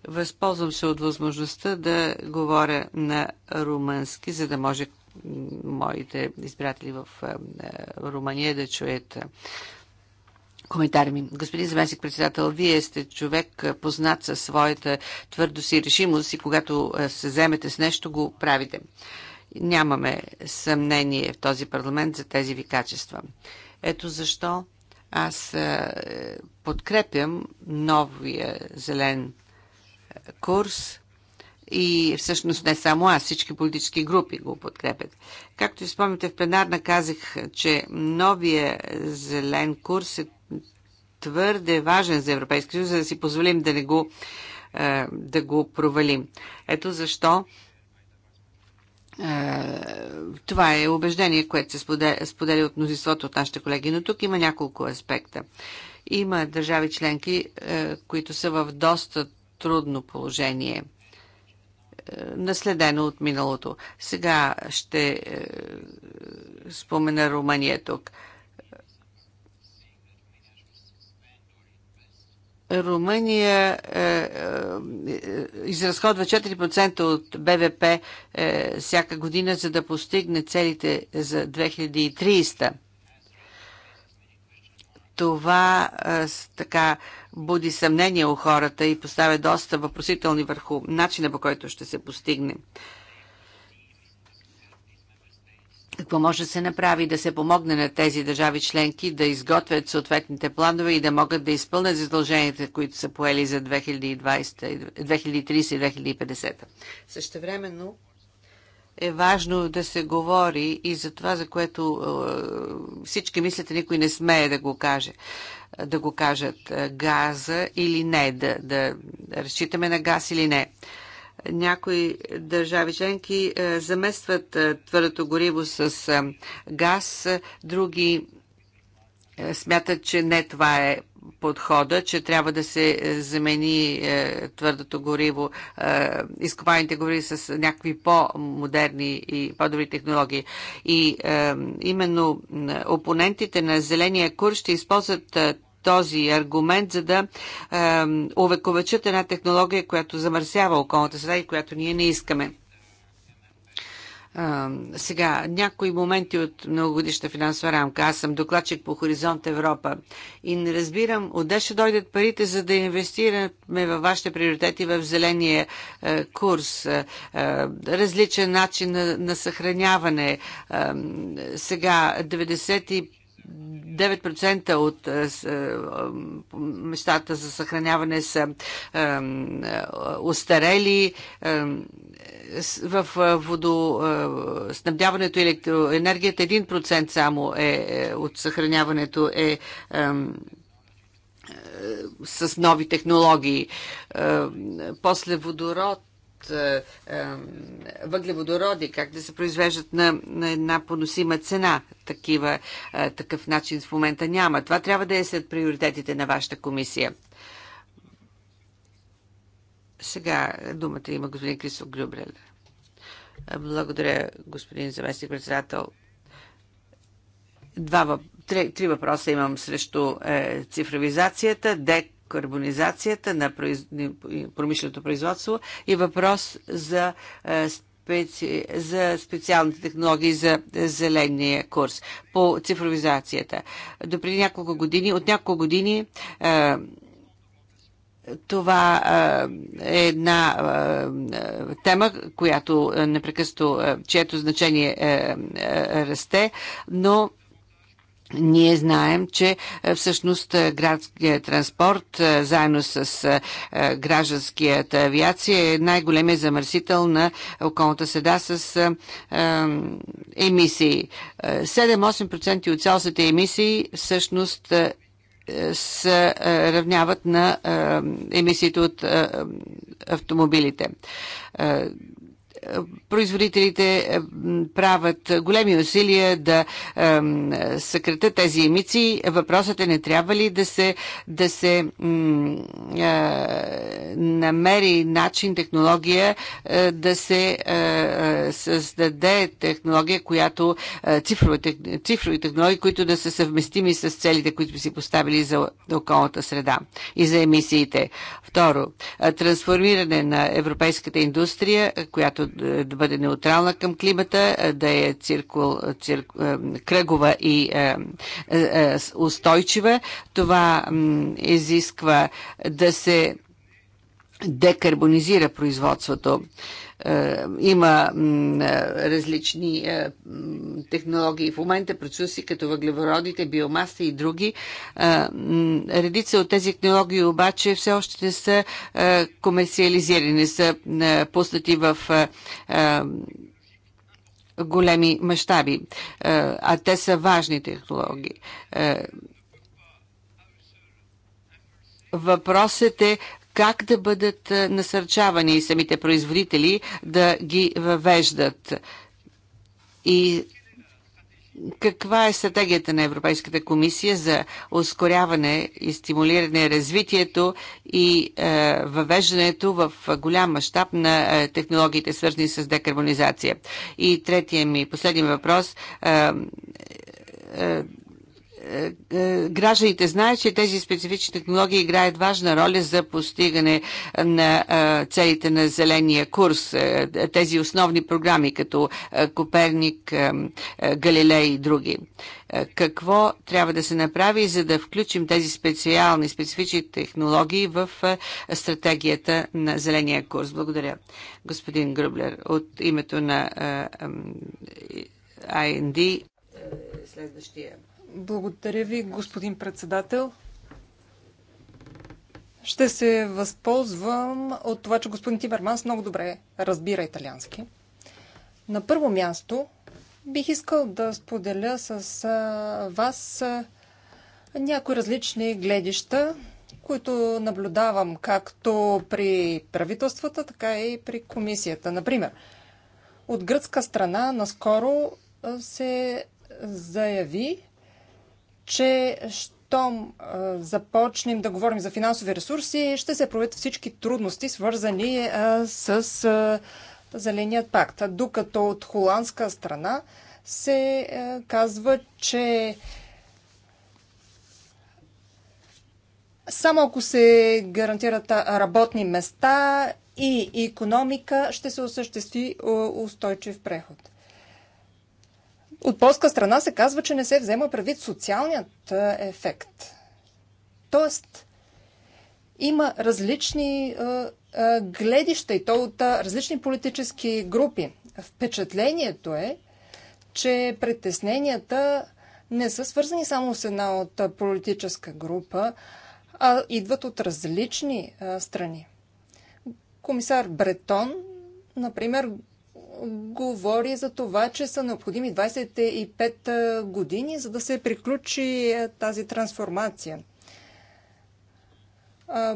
S3: Възползвам се от възможността да говоря на румънски, за да може моите избиратели в е, е, Румъния да чуят е, Коментари ми. Господин заместник председател, вие сте човек познат със своята твърдост и решимост и когато се вземете с нещо, го правите. Нямаме съмнение в този парламент за тези ви качества. Ето защо аз подкрепям новия зелен курс, и всъщност не само аз, всички политически групи го подкрепят. Както и в пленарна казах, че новия зелен курс е твърде важен за Европейския съюз, за да си позволим да не го, е, да го провалим. Ето защо е, това е убеждение, което се споделя, от мнозинството от нашите колеги, но тук има няколко аспекта. Има държави членки, е, които са в доста трудно положение – наследено от миналото. Сега ще е, спомена Румъния тук. Румъния е, е, изразходва 4% от БВП е, всяка година, за да постигне целите за 2300. Това е, така буди съмнение у хората и поставя доста въпросителни върху начина по който ще се постигне. Какво може да се направи да се помогне на тези държави членки да изготвят съответните планове и да могат да изпълнят задълженията, които са поели за 2020, 2030 и 2050? Същевременно е важно да се говори и за това, за което е, всички мислят, никой не смее да го каже да го кажат е, газа или не, да, да разчитаме на газ или не някои държави членки е, заместват твърдото гориво с газ, други смятат, че не това е подхода, че трябва да се е, замени е, твърдото гориво, е, изкопаните гори с някакви по-модерни и по-добри технологии. И е, именно опонентите на зеления курс ще използват е, този аргумент, за да е, увековечат една технология, която замърсява околната среда и която ние не искаме. А, сега, някои моменти от многогодишна финансова рамка. Аз съм докладчик по Хоризонт Европа и не разбирам отде ще дойдат парите, за да инвестираме във вашите приоритети в зеления е, курс, е, е различен начин на, на съхраняване. Е, сега, 95 9% от е, е, местата за съхраняване са е, устарели. В водоснабдяването и електроенергията 1% само е от съхраняването е с нови технологии. После водород е, е, въглеводороди, как да се произвеждат на, на една поносима цена. Такива, е, такъв начин в момента няма. Това трябва да е след приоритетите на вашата комисия. Сега думата има господин Крисо Грюбрел. Е, благодаря, господин заместник председател. Два, три, три въпроса имам срещу е, цифровизацията. ДЕК карбонизацията на промишленото производство и въпрос за, е, за специалните технологии за зеления курс по цифровизацията. До преди няколко години, от няколко години е, това е, е една тема, която непрекъсто чието значение расте, но ние знаем, че е, всъщност е, градският транспорт, е, заедно с гражданският авиация, е най-големият замърсител на околната седа с емисии. 7-8% от цялостните емисии всъщност се равняват на емисиите от автомобилите производителите правят големи усилия да съкратят тези емисии. Въпросът е не трябва ли да се, да се намери начин, технология, да се създаде технология, която цифрови, цифрови технологии, които да са съвместими с целите, които си поставили за околната среда и за емисиите. Второ, трансформиране на европейската индустрия, която е, да бъде неутрална към климата, е, да е циркул, цирк, е, кръгова и устойчива. Това изисква да се декарбонизира производството. Е, има е, различни е, технологии в момента, процеси като въглеводородите, биомаса и други. Редица от тези технологии обаче все още не са комерциализирани, не са пуснати в големи мащаби, а те са важни технологии. Въпросът е как да бъдат насърчавани самите производители да ги въвеждат? И каква е стратегията на Европейската комисия за ускоряване и стимулиране развитието и е, въвеждането в голям мащаб на е, технологиите, свързани с декарбонизация? И третия ми, последния въпрос. Е, е, е, е, гражданите знаят, че тези специфични технологии играят важна роля за постигане на е, целите на зеления курс. Тези основни програми, като Коперник, Галилей и други. Какво трябва да се направи, за да включим тези специални, специфични технологии в стратегията на зеления курс? Благодаря. Господин Грублер, от името на
S2: IND следващия благодаря ви, господин председател. Ще се възползвам от това, че господин Тиберманс много добре разбира италиански. На първо място бих искал да споделя с вас някои различни гледища, които наблюдавам както при правителствата, така и при комисията. Например, от гръцка страна наскоро се заяви, че щом започнем да говорим за финансови ресурси, ще се проявят всички трудности, свързани с Зеленият пакт. Докато от холандска страна се казва, че само ако се гарантират работни места и економика, ще се осъществи устойчив преход. От полска страна се казва, че не се взема предвид социалният е, ефект. Тоест, има различни е, е, гледища и то от различни политически групи. Впечатлението е, че притесненията не са свързани само с една от политическа група, а идват от различни страни. Комисар Бретон, например, говори за това, че са необходими 25 години, за да се приключи тази трансформация.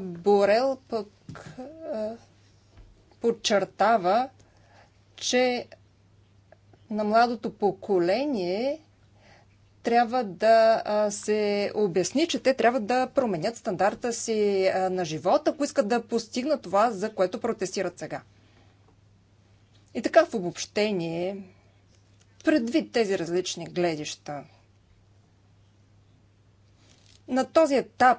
S2: Борел пък подчертава, че на младото поколение трябва да се обясни, че те трябва да променят стандарта си на живота, ако искат да постигнат това, за което протестират сега. И така в обобщение, предвид тези различни гледища, на този етап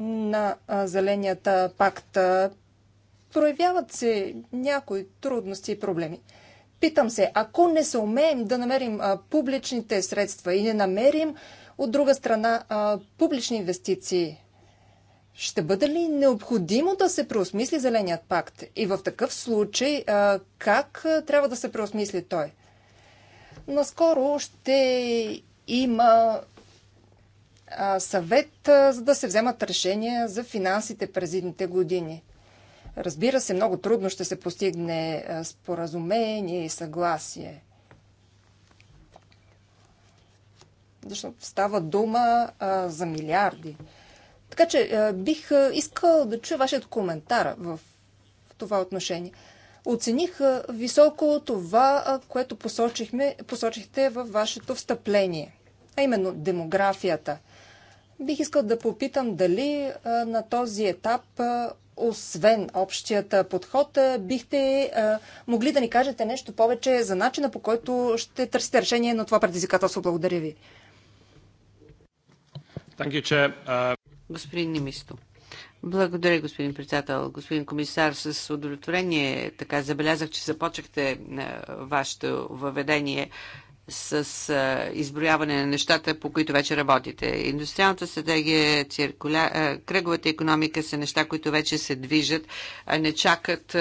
S2: на Зеленията пакт проявяват се някои трудности и проблеми. Питам се, ако не се умеем да намерим публичните средства и не намерим от друга страна публични инвестиции, ще бъде ли необходимо да се преосмисли Зеленият пакт? И в такъв случай, как трябва да се преосмисли той? Наскоро ще има съвет, за да се вземат решения за финансите през едните години. Разбира се, много трудно ще се постигне споразумение и съгласие. Защото става дума за милиарди. Така че е, бих е, искал да чуя вашият коментар в това отношение. Оцених е, високо това, което посочихме, посочихте във вашето встъпление, а именно демографията. Бих искал да попитам дали на този етап, освен общият подход, бихте могли да ни кажете нещо повече за начина по който ще търсите решение на това предизвикателство. Благодаря ви.
S1: Uh,
S3: Господин Нимисто.
S2: Благодаря, господин председател. Господин
S3: комисар, с удовлетворение така забелязах, че започнахте е, вашето въведение с е, изброяване на нещата, по които вече работите. Индустриалната стратегия, циркуля... Е, кръговата економика са неща, които вече се движат, а не чакат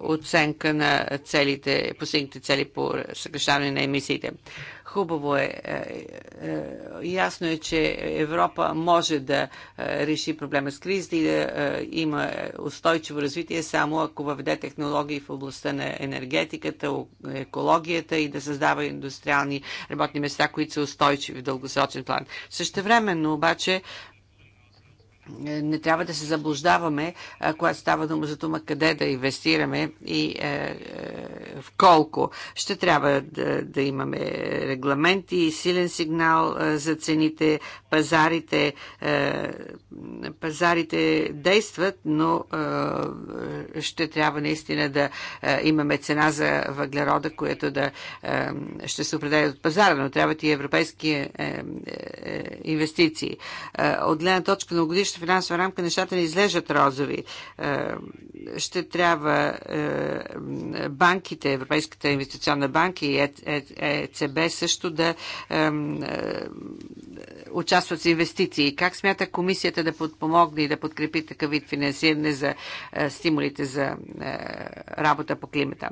S3: оценка на целите, последните цели по съкрещаване на емисиите. Хубаво е, е, е. Ясно е, че Европа може да е, реши проблема с кризата и да има устойчиво развитие само ако въведе технологии в областта на енергетиката, екологията и да създава индустриални работни места, които са устойчиви в дългосрочен план. Същевременно обаче е, не трябва да се заблуждаваме, когато става дума за това къде да инвестираме и е, е, в колко. Ще трябва да, да имаме регламенти и силен сигнал е, за цените. Пазарите, е, пазарите действат, но ще трябва наистина да имаме цена за въглерода, която да ще се определя от пазара, но трябват и европейски инвестиции. От гледна точка на годишната многодишна финансова рамка нещата не излежат розови. Е, ще трябва е, банките, Европейската инвестиционна банка и ЕЦБ е, също да участват с инвестиции. Как смята комисията да подпомогне и да подкрепи такъв вид финансиране за стимулите за работа по климата?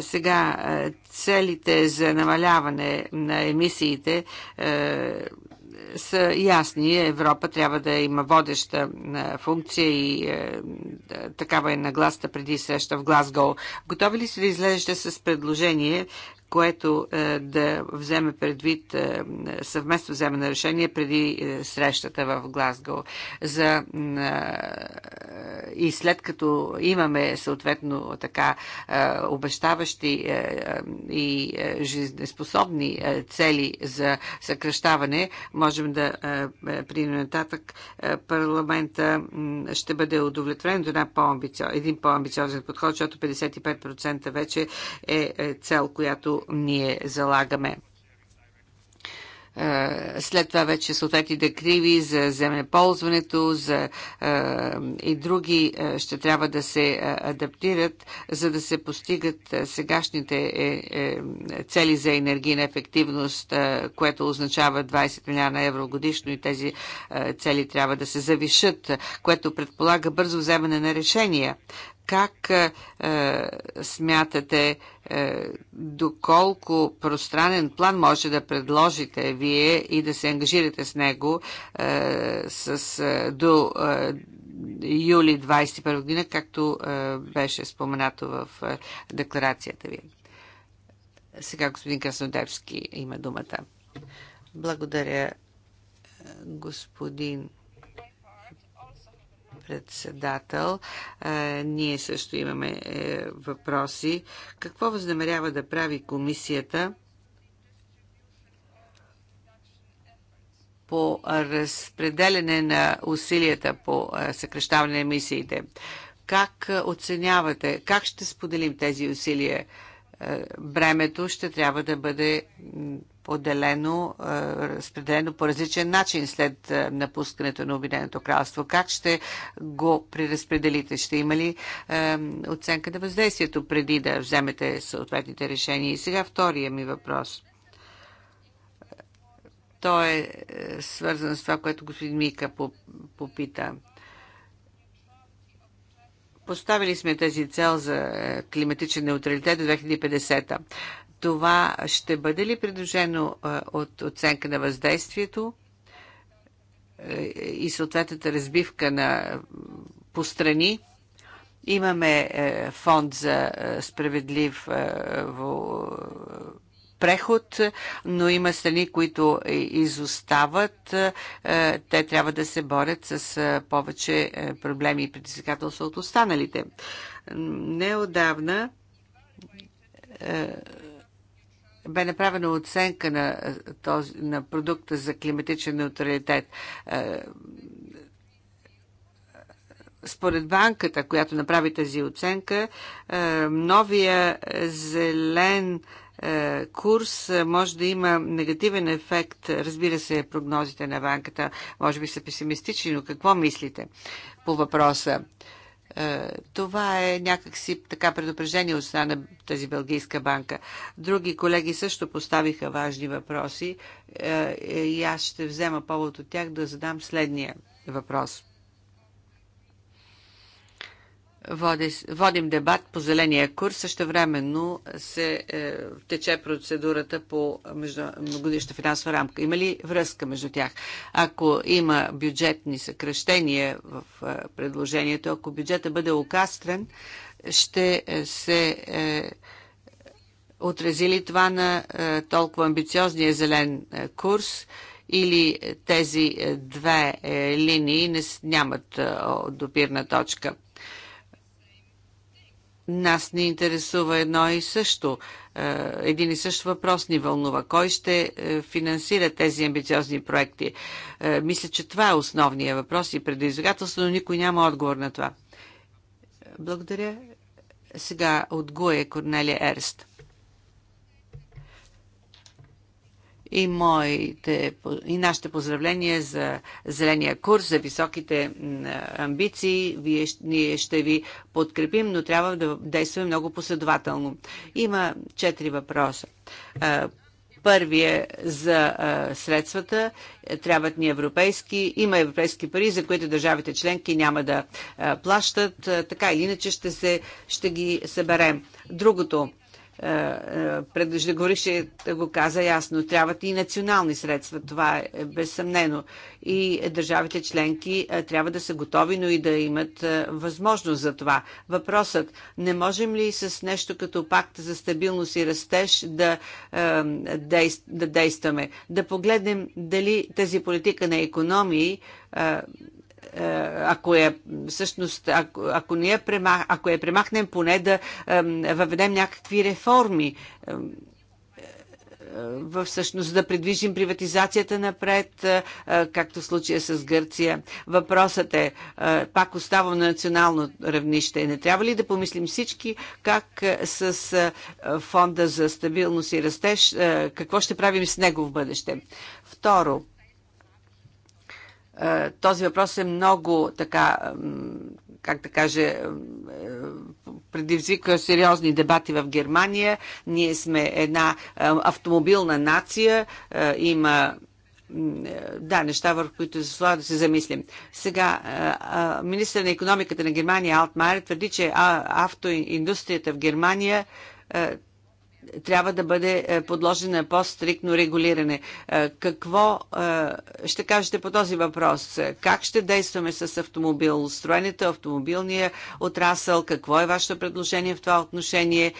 S3: Сега целите за намаляване на емисиите са ясни. Европа трябва да има водеща функция и такава е нагласта преди среща в Глазго. Готови ли сте да излезете с предложение което е, да вземе предвид е, съвместно вземе на решение преди е, срещата в Глазго. За, и след като имаме съответно така обещаващи и жизнеспособни цели за съкръщаване, можем да при нататък парламента ще бъде удовлетворен до една по един по-амбициозен подход, защото 55% вече е цел, която ние залагаме е, след това вече да криви за земеползването за, е, и други е, ще трябва да се адаптират, за да се постигат сегашните цели за енергийна ефективност, което означава 20 милиона евро годишно и тези цели трябва да се завишат, което предполага бързо вземане на решения как е, е, смятате, е, доколко пространен план може да предложите вие и да се ангажирате с него е, с, е, до е, юли 21 година, както е, беше споменато в е, декларацията ви. Сега господин Краснодевски има думата. Благодаря, е, господин председател. Е, ние също имаме е, въпроси. Какво възнамерява да прави комисията по разпределене на усилията по е, съкрещаване на емисиите? Как оценявате, как ще споделим тези усилия? Бремето ще трябва да бъде отделено, е, разпределено по различен начин след е, напускането на Обединеното кралство. Как ще го преразпределите? Ще има ли е, оценка на въздействието преди да вземете съответните решения? И сега втория ми въпрос. Той е свързан с това, което господин Мика попита. Поставили сме тази цел за климатичен неутралитет до 2050. Това ще бъде ли придружено от оценка на въздействието и съответната разбивка на по страни? Имаме е, фонд за е, справедлив е, преход, но има страни, които изостават. Те трябва да се борят с повече проблеми и предизвикателства от останалите. Неодавна бе направена оценка на, е, този, на продукта за климатичен неутралитет. Е, според банката, която направи тази оценка, е, новия зелен курс може да има негативен ефект. Разбира се, прогнозите на банката може би са песимистични, но какво мислите по въпроса? Е, това е някакси така предупреждение от страна на тази Белгийска банка. Други колеги също поставиха важни въпроси е, и аз ще взема повод от тях да задам следния въпрос водим дебат по зеления курс, също времено се е, тече процедурата по многогодишна финансова рамка. Има ли връзка между тях? Ако има бюджетни съкръщения в е, предложението, ако бюджета бъде окастрен, ще е, се е, отрази ли това на е, толкова амбициозния зелен е, курс? или тези е, две е, линии нямат допирна точка нас ни интересува едно и също. Е, един и същ въпрос ни вълнува. Кой ще е, финансира тези амбициозни проекти? Е, мисля, че това е основният въпрос и предизвикателство, но никой няма отговор на това. Благодаря. Сега от Гуе Корнелия Ерст. и, моите, и нашите поздравления за зеления курс, за високите амбиции. Вие, ние ще ви подкрепим, но трябва да действаме много последователно. Има четири въпроса. Първият е за средствата. Трябват ни европейски. Има европейски пари, за които държавите членки няма да плащат. така или иначе ще, се, ще ги съберем. Другото е, е, преждеговорившият го каза ясно. Трябват и национални средства, това е безсъмнено. И държавите членки е, трябва да са готови, но и да имат възможност за това. Въпросът, не можем ли с нещо като пакт за стабилност и растеж да, да действаме? Да погледнем дали тази политика на економии е, ако, я, е, всъщност, ако, ако, не я премах, ако я премахнем, поне да е, въведем някакви реформи всъщност да придвижим приватизацията напред, както в случая с Гърция. Въпросът е, пак остава на национално равнище, не трябва ли да помислим всички как с фонда за стабилност и растеж, какво ще правим с него в бъдеще? Второ, е, този въпрос е много така, как да каже, предизвика сериозни дебати в Германия. Ние сме една е, автомобилна нация. Е, има да, неща, върху които се да се замислим. Сега, министър на економиката на Германия Алтмайер твърди, че автоиндустрията в Германия трябва да бъде е, подложен на по-стриктно регулиране. Е, какво е, ще кажете по този въпрос? Как ще действаме с автомобилостроенето, автомобилния отрасъл? Какво е вашето предложение в това отношение?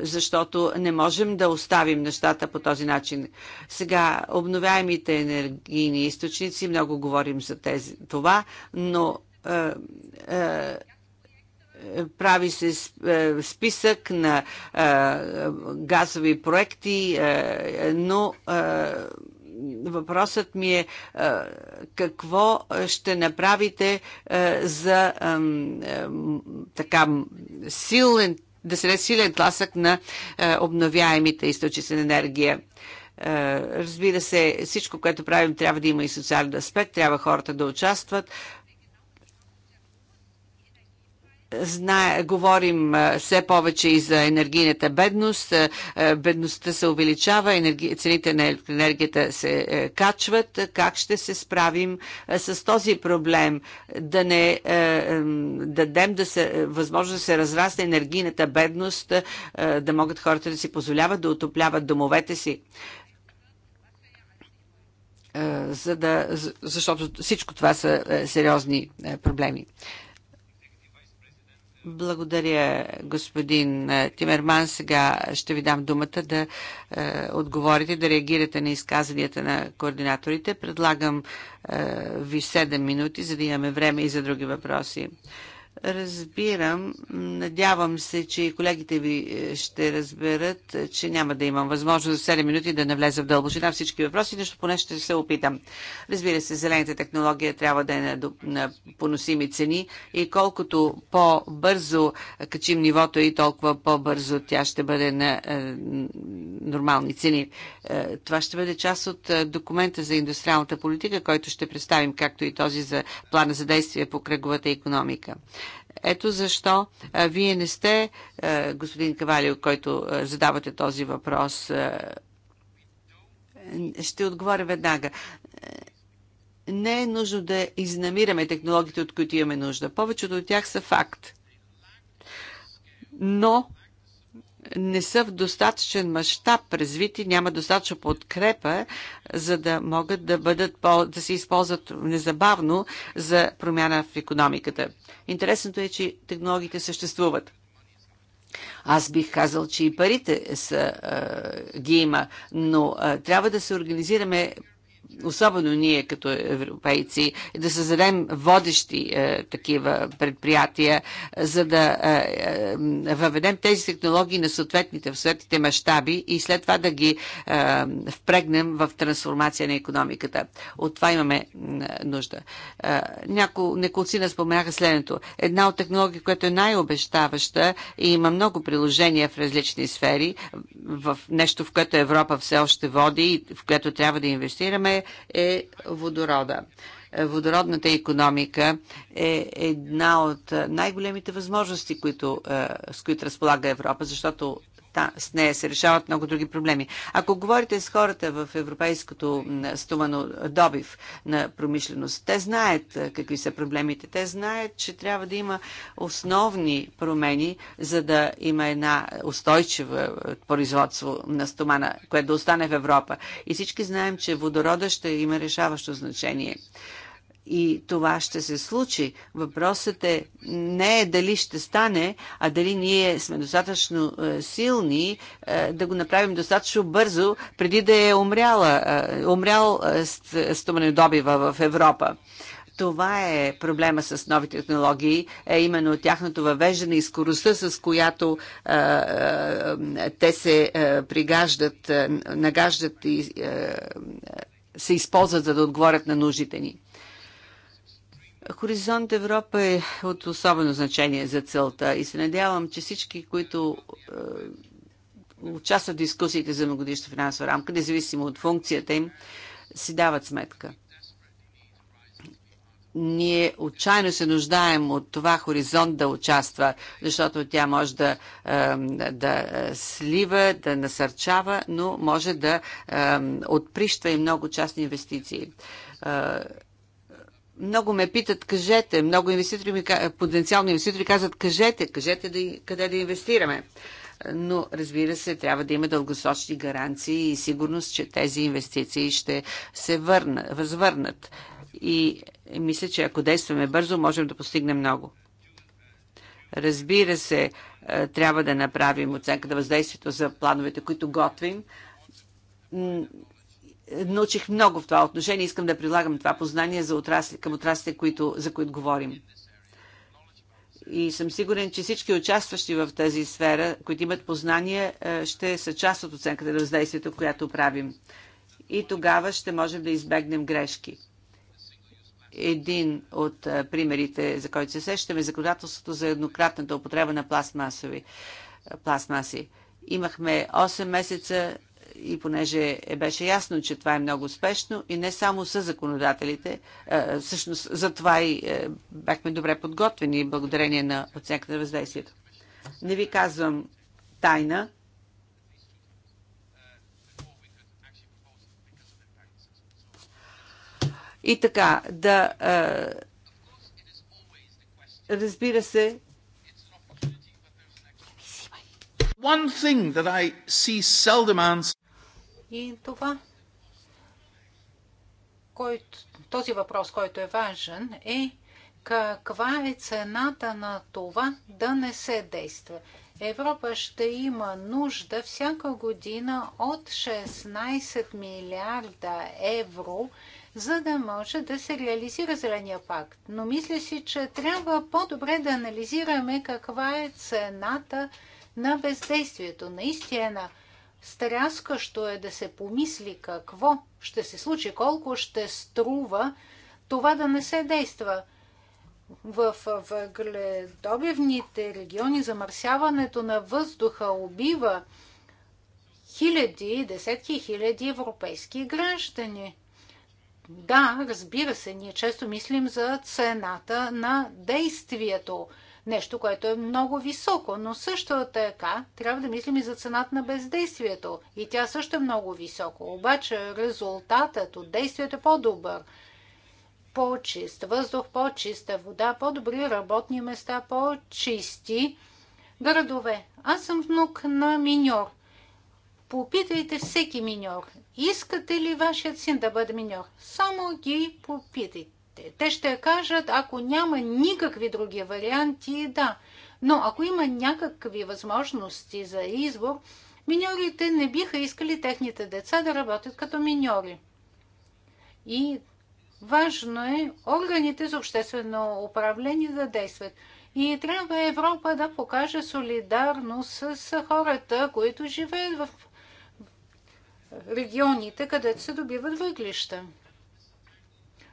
S3: Защото не можем да оставим нещата по този начин. Сега, обновяемите енергийни източници, много говорим за тези, това, но прави се е, списък на е, газови проекти, е, но въпросът ми е какво ще направите за така силен, да се силен тласък на обновяемите източници на енергия. Разбира се, всичко, което правим, трябва да има и социален аспект, трябва хората да участват. Знае, говорим все повече и за енергийната бедност. Бедността се увеличава, енерги... цените на енергията се е, качват. Как ще се справим с този проблем? Да не е, е, дадем да се, възможност да се разрасне енергийната бедност, да могат хората да си позволяват да отопляват домовете си за да, защото всичко това са сериозни проблеми. Благодаря, господин е, Тимерман. Сега ще ви дам думата да е, отговорите, да реагирате на изказанията на координаторите. Предлагам е, ви 7 минути, за да имаме време и за други въпроси. Разбирам, надявам се, че и колегите ви е, ще разберат, е, че няма да имам възможност за 7 минути да навлеза в дълбочина всички въпроси, нещо поне ще се опитам. Разбира се, зелената технология трябва да е на, на поносими цени и колкото по-бързо качим нивото и толкова по-бързо тя ще бъде на е, нормални цени. Е, това ще бъде част от е, документа за индустриалната политика, който ще представим, както и този за плана за действие по кръговата економика. Ето защо а, вие не сте, а, господин Кавалио, който а, задавате този въпрос. А, ще отговоря веднага. Не е нужно да изнамираме технологиите, от които имаме нужда. Повечето от тях са факт. Но не са в достатъчен мащаб развити, няма достатъчно подкрепа, за да могат да, бъдат, да се използват незабавно за промяна в економиката. Интересното е, че технологиите съществуват. Аз бих казал, че и парите са, а, ги има, но а, трябва да се организираме особено ние като европейци, да създадем водещи е, такива предприятия, за да е, е, въведем тези технологии на съответните в съответните мащаби и след това да ги е, впрегнем в трансформация на економиката. От това имаме е, нужда. Е, няко, неколцина споменаха следното. Една от технологии, която е най-обещаваща и има много приложения в различни сфери, в нещо, в което Европа все още води и в което трябва да инвестираме, е водорода. Водородната економика е една от най-големите възможности, които, е, с които разполага Европа, защото та, с нея се решават много други проблеми. Ако говорите с хората в европейското стомано добив на промишленост, те знаят какви са проблемите. Те знаят, че трябва да има основни промени, за да има една устойчива производство на стомана, което да остане в Европа. И всички знаем, че водорода ще има решаващо значение и това ще се случи. Въпросът е не е дали ще стане, а дали ние сме достатъчно е, силни е, да го направим достатъчно бързо, преди да е умряла, е, умрял стоманедобива в Европа. Това е проблема с новите технологии, е именно тяхното въвеждане и скоростта, с която е, е, те се е, пригаждат, е, нагаждат и е, се използват, за да отговорят на нуждите ни. Хоризонт Европа е от особено значение за целта и се надявам, че всички, които е, участват в дискусиите за многодишна финансова рамка, независимо от функцията им, си дават сметка. Ние отчаяно се нуждаем от това хоризонт да участва, защото тя може да, е, да слива, да насърчава, но може да е, отприщва и много частни инвестиции много ме питат, кажете, много инвеститори ми, потенциални инвеститори казват, кажете, кажете да, къде да инвестираме. Но, разбира се, трябва да има дългосрочни гаранции и сигурност, че тези инвестиции ще се върна, възвърнат. И мисля, че ако действаме бързо, можем да постигнем много. Разбира се, трябва да направим оценка на въздействието за плановете, които готвим научих много в това отношение. Искам да прилагам това познание за отрасли, към отраслите, които, за които говорим. И съм сигурен, че всички участващи в тази сфера, които имат познания, е, ще са част от оценката на въздействието, която правим. И тогава ще можем да избегнем грешки. Един от е, примерите, за който се сещаме, е законодателството за еднократната употреба на пластмасови, е, пластмаси. Имахме 8 месеца и понеже е беше ясно, че това е много успешно и не само с законодателите, всъщност за това и бяхме добре подготвени благодарение на оценката на въздействието. Не ви казвам тайна, И така, да. разбира се.
S1: One thing that I see seldom answer. И това, който, този въпрос, който е важен, е каква е цената на това да не се действа. Европа ще има нужда всяка година от 16 милиарда евро, за да може да се реализира Зеления пакт. Но мисля си, че трябва по-добре да анализираме каква е цената на бездействието. Наистина, стряскащо е да се помисли какво ще се случи, колко ще струва това да не се действа. В въгледобивните региони замърсяването на въздуха убива хиляди, десетки хиляди европейски граждани. Да, разбира се, ние често мислим за цената на действието – Нещо, което е много високо, но също така трябва да мислим и за цената на бездействието. И тя също е много високо. Обаче резултатът от действието е по-добър. По-чист въздух, по-чиста вода, по-добри работни места, по-чисти градове. Аз съм внук на миньор. Попитайте всеки миньор. Искате ли вашият син да бъде миньор? Само ги попитайте. Те ще кажат, ако няма никакви други варианти, да. Но ако има някакви възможности за избор, миньорите не биха искали техните деца да работят като миньори. И важно е органите за обществено управление да действат. И трябва Европа да покаже солидарност с хората, които живеят в регионите, където се добиват въглища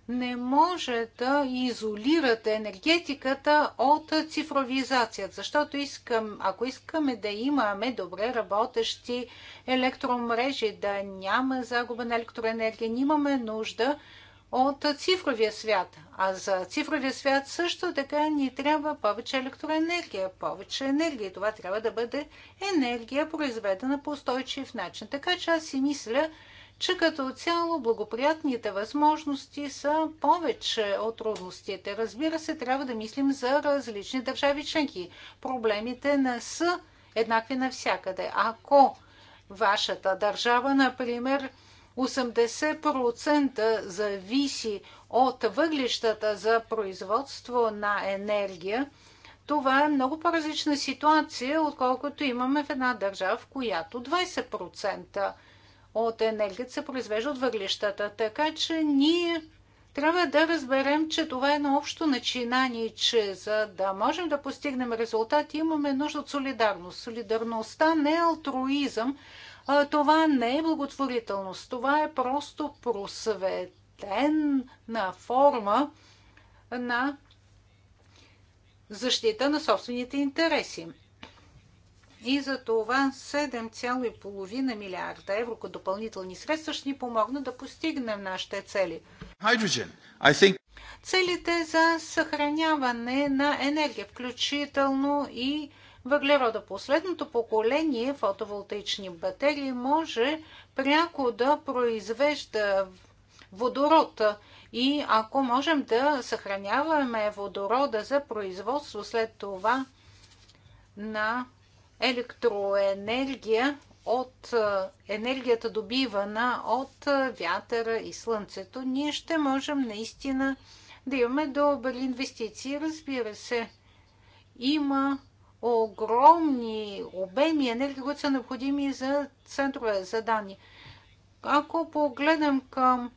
S1: не може да изолирате енергетиката от цифровизацията, защото искам, ако искаме да имаме добре работещи електромрежи, да няма загуба на електроенергия, ние имаме нужда от цифровия свят. А за цифровия свят също така ни трябва повече електроенергия, повече енергия. Това трябва да бъде енергия, произведена по устойчив начин. Така че аз си мисля, че като цяло благоприятните възможности са повече от трудностите. Разбира се, трябва да мислим за различни държави членки. Проблемите не са еднакви навсякъде. Ако вашата държава, например, 80% зависи от въглищата за производство на енергия, това е много по-различна ситуация, отколкото имаме в една държава, в която 20% от енергията се произвежда от въглищата. Така че ние трябва да разберем, че това е едно общо начинание, че за да можем да постигнем резултати, имаме нужда от солидарност. Солидарността не е алтруизъм, това не е благотворителност, това е просто просветена форма на защита на собствените интереси и за това 7,5 милиарда евро като допълнителни средства ще ни помогнат да постигнем нашите цели. Think... Целите за съхраняване на енергия, включително и въглерода. Последното поколение фотоволтаични батерии може пряко да произвежда водород. И ако можем да съхраняваме водорода за производство след това на електроенергия от е, енергията добивана от е, вятъра и слънцето, ние ще можем наистина да имаме добри инвестиции. Разбира се, има огромни обеми енергия, които са необходими за центрове за данни. Ако погледнем към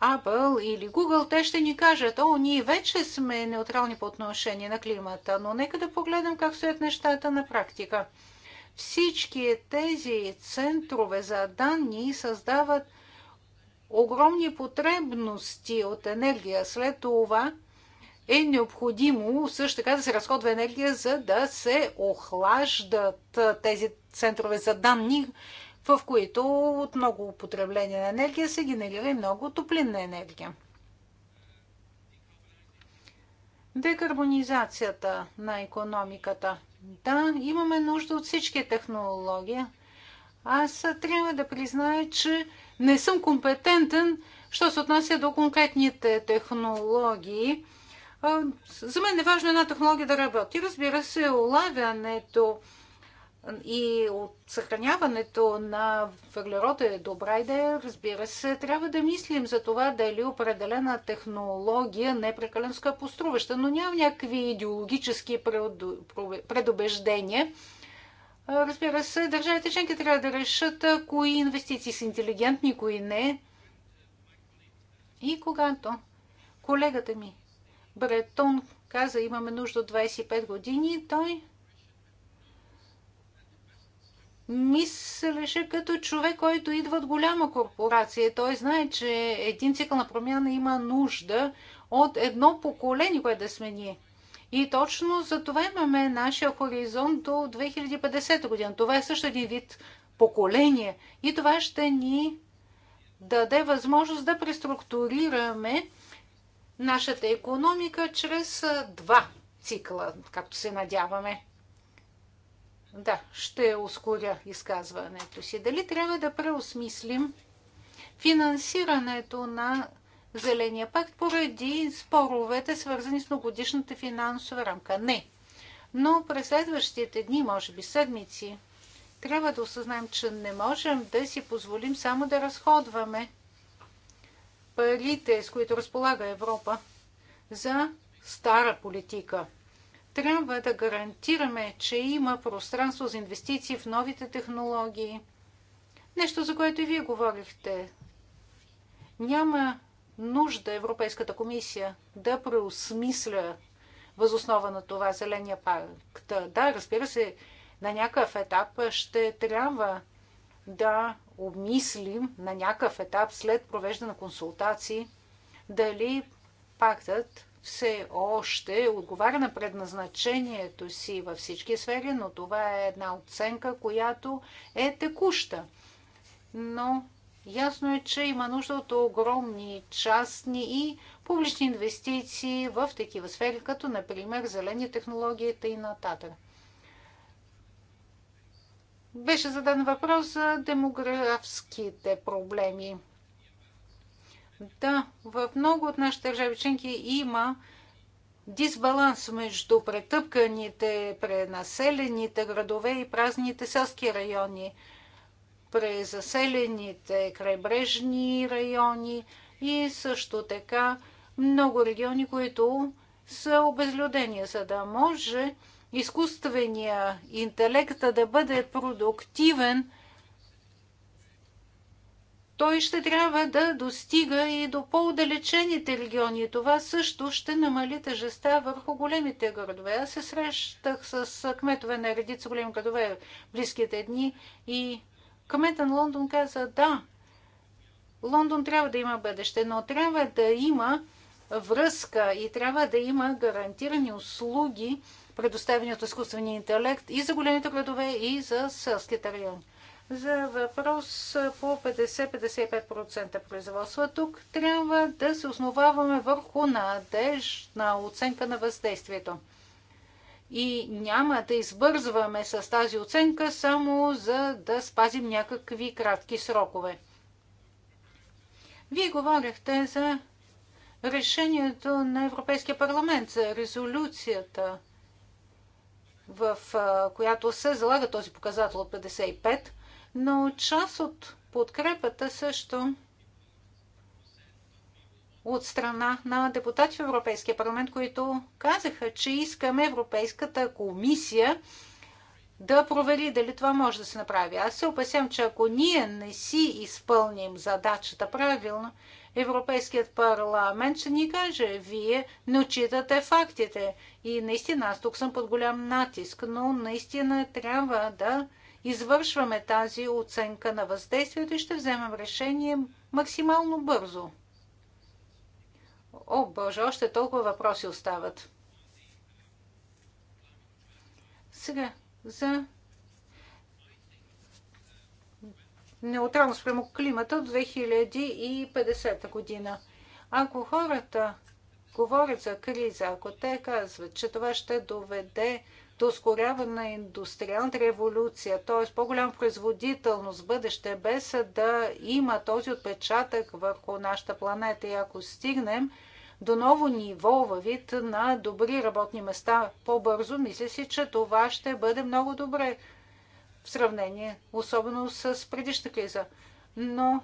S1: Apple или Google, те ще ни кажат, о, ние вече сме неутрални по отношение на климата, но нека да погледнем как стоят нещата на практика. Всички тези центрове за данни създават огромни потребности от енергия. След това е необходимо също така да се разходва енергия, за да се охлаждат тези центрове за данни, в които от много употребление на енергия се генерира и много топлинна енергия. Декарбонизацията на економиката. Да, имаме нужда от всички технологии. Аз трябва да призная, че не съм компетентен, що се отнася до конкретните технологии. За мен е важно една технология да работи. Разбира се, улавянето и от съхраняването на въглерода е добра идея. Разбира се, трябва да мислим за това дали определена технология не е прекалено скъпоструваща, но няма някакви идеологически предубеждения. Разбира се, държавите членки трябва да решат кои инвестиции са интелигентни, кои не. И когато колегата ми Бретон каза, имаме нужда от 25 години, той мислеше като човек, който идва от голяма корпорация. Той знае, че един цикъл на промяна има нужда от едно поколение, което да смени. И точно за това имаме нашия хоризонт до 2050 година. Това е също един вид поколение. И това ще ни даде възможност да преструктурираме нашата економика чрез два цикла, както се надяваме. Да, ще ускоря изказването си. Дали трябва да преосмислим финансирането на Зеления пакт поради споровете, свързани с многодишната финансова рамка? Не. Но през следващите дни, може би седмици, трябва да осъзнаем, че не можем да си позволим само да разходваме парите, с които разполага Европа, за стара политика – трябва да гарантираме, че има пространство за инвестиции в новите технологии. Нещо, за което и вие говорихте. Няма нужда Европейската комисия да преосмисля възоснова на това зеления пакт. Да, разбира се, на някакъв етап ще трябва да обмислим на някакъв етап след провеждане на консултации дали пактът все още отговаря на предназначението си във всички сфери, но това е една оценка, която е текуща. Но ясно е, че има нужда от огромни частни и публични инвестиции в такива сфери, като например зелени технологии и нататък. Беше зададен въпрос за демографските проблеми. Да, в много от нашите държави членки има дисбаланс между претъпканите, пренаселените градове и празните селски райони, презаселените крайбрежни райони и също така много региони, които са обезлюдени, за да може изкуствения интелект да бъде продуктивен той ще трябва да достига и до по-удалечените региони. Това също ще намали тъжеста върху големите градове. Аз се срещах с кметове на редица големи градове в близките дни и кмета на Лондон каза, да, Лондон трябва да има бъдеще, но трябва да има връзка и трябва да има гарантирани услуги, предоставени от изкуствения интелект и за големите градове, и за селските райони за въпрос по 50-55% производства. Тук трябва да се основаваме върху надежна оценка на въздействието. И няма да избързваме с тази оценка само за да спазим някакви кратки срокове. Вие говорихте за решението на Европейския парламент, за резолюцията, в която се залага този показател от 55 но част от подкрепата също от страна на депутати в Европейския парламент, които казаха, че искаме Европейската комисия да провери дали това може да се направи. Аз се опасям, че ако ние не си изпълним задачата правилно, Европейският парламент ще ни каже, вие не отчитате фактите. И наистина, аз тук съм под голям натиск, но наистина трябва да извършваме тази оценка на въздействието и ще вземем решение максимално бързо. О, Боже, още толкова въпроси остават. Сега, за неутрално спрямо климата от 2050 година. Ако хората говорят за криза, ако те казват, че това ще доведе до ускоряване на индустриалната революция, т.е. по-голяма производителност в бъдеще, без да има този отпечатък върху нашата планета. И ако стигнем до ново ниво във вид на добри работни места по-бързо, мисля си, че това ще бъде много добре в сравнение, особено с предишната криза. Но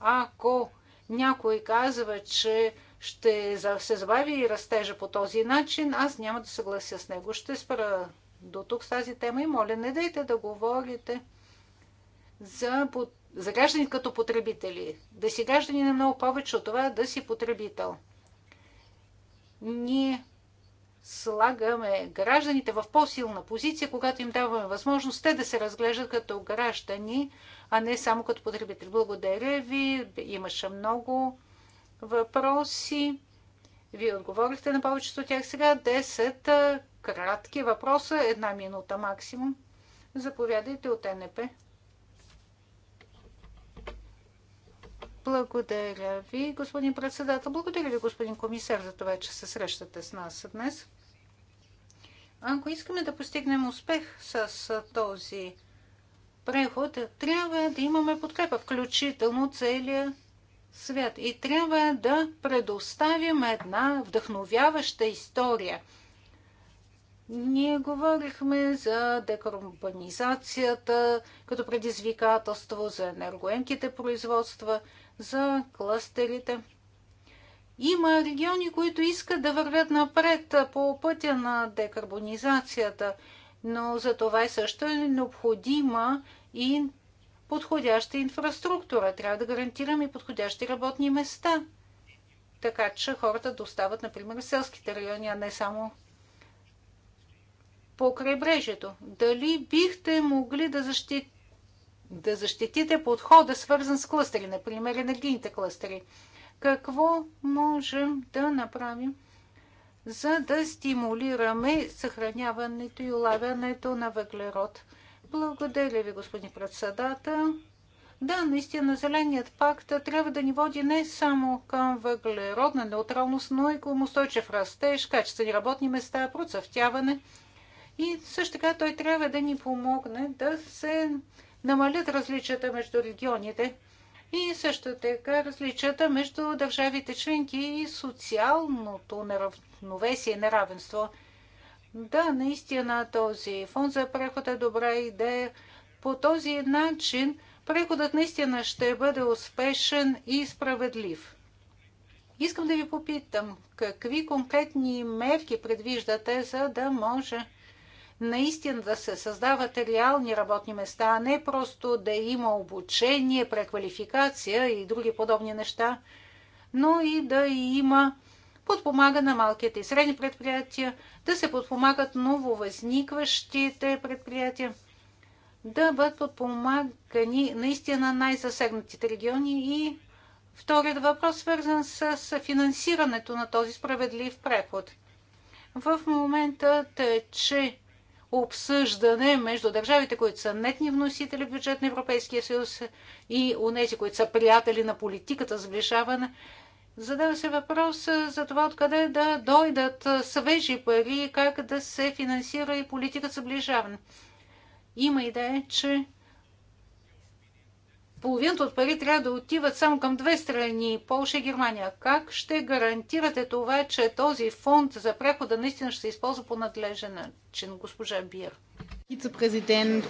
S1: ако някой казва, че ще се забави и растежа по този начин, аз няма да съглася с него. Ще спра до тук с тази тема и моля, не дайте да говорите за, за граждани като потребители. Да си гражданин е много повече от това да си потребител. Ние слагаме гражданите в по-силна позиция, когато им даваме възможност те да се разглеждат като граждани, а не само като потребители. Благодаря ви. Имаше много въпроси. Вие отговорихте на повечето от тях сега. 10 кратки въпроса, една минута максимум. Заповядайте от НП. Благодаря ви, господин председател. Благодаря ви, господин комисар, за това, че се срещате с нас днес. Ако искаме да постигнем успех с този преход, трябва да имаме подкрепа, включително целия свят. И трябва да предоставим една вдъхновяваща история. Ние говорихме за декарбонизацията като предизвикателство, за енергоемките производства, за кластерите. Има региони, които искат да вървят напред по пътя на декарбонизацията, но за това е също е необходима и подходяща инфраструктура, трябва да гарантираме подходящи работни места, така че хората да остават, например, в селските райони, а не само по крайбрежието. Дали бихте могли да, защити... да защитите подхода, свързан с клъстери, например, енергийните клъстери? Какво можем да направим, за да стимулираме съхраняването и улавянето на въглерод? Благодаря ви, господин председател. Да, наистина Зеленият пакт трябва да ни води не само към въглеродна неутралност, но и към устойчив растеж, качествени работни места, процъфтяване. И също така той трябва да ни помогне да се намалят различията между регионите и също така различията между държавите членки и социалното неравновесие и неравенство – да, наистина този фонд за преход е добра идея. По този начин преходът наистина ще бъде успешен и справедлив. Искам да ви попитам, какви конкретни мерки предвиждате, за да може наистина да се създават реални работни места, а не просто да има обучение, преквалификация и други подобни неща, но и да има подпомага на малките и средни предприятия, да се подпомагат нововъзникващите предприятия, да бъдат подпомагани наистина най-засегнатите региони и вторият въпрос свързан с финансирането на този справедлив преход. В момента тече обсъждане между държавите, които са нетни вносители в бюджет на Европейския съюз и у нези, които са приятели на политиката сближаване, Задава се въпрос за това откъде да дойдат свежи пари и как да се финансира и политика съближаване. Има идея, че половината от пари трябва да отиват само към две страни Полша и Германия. Как ще гарантирате това, че този фонд за прехода наистина ще се използва по надлежен начин, госпожа Биер? Вицепрезидент,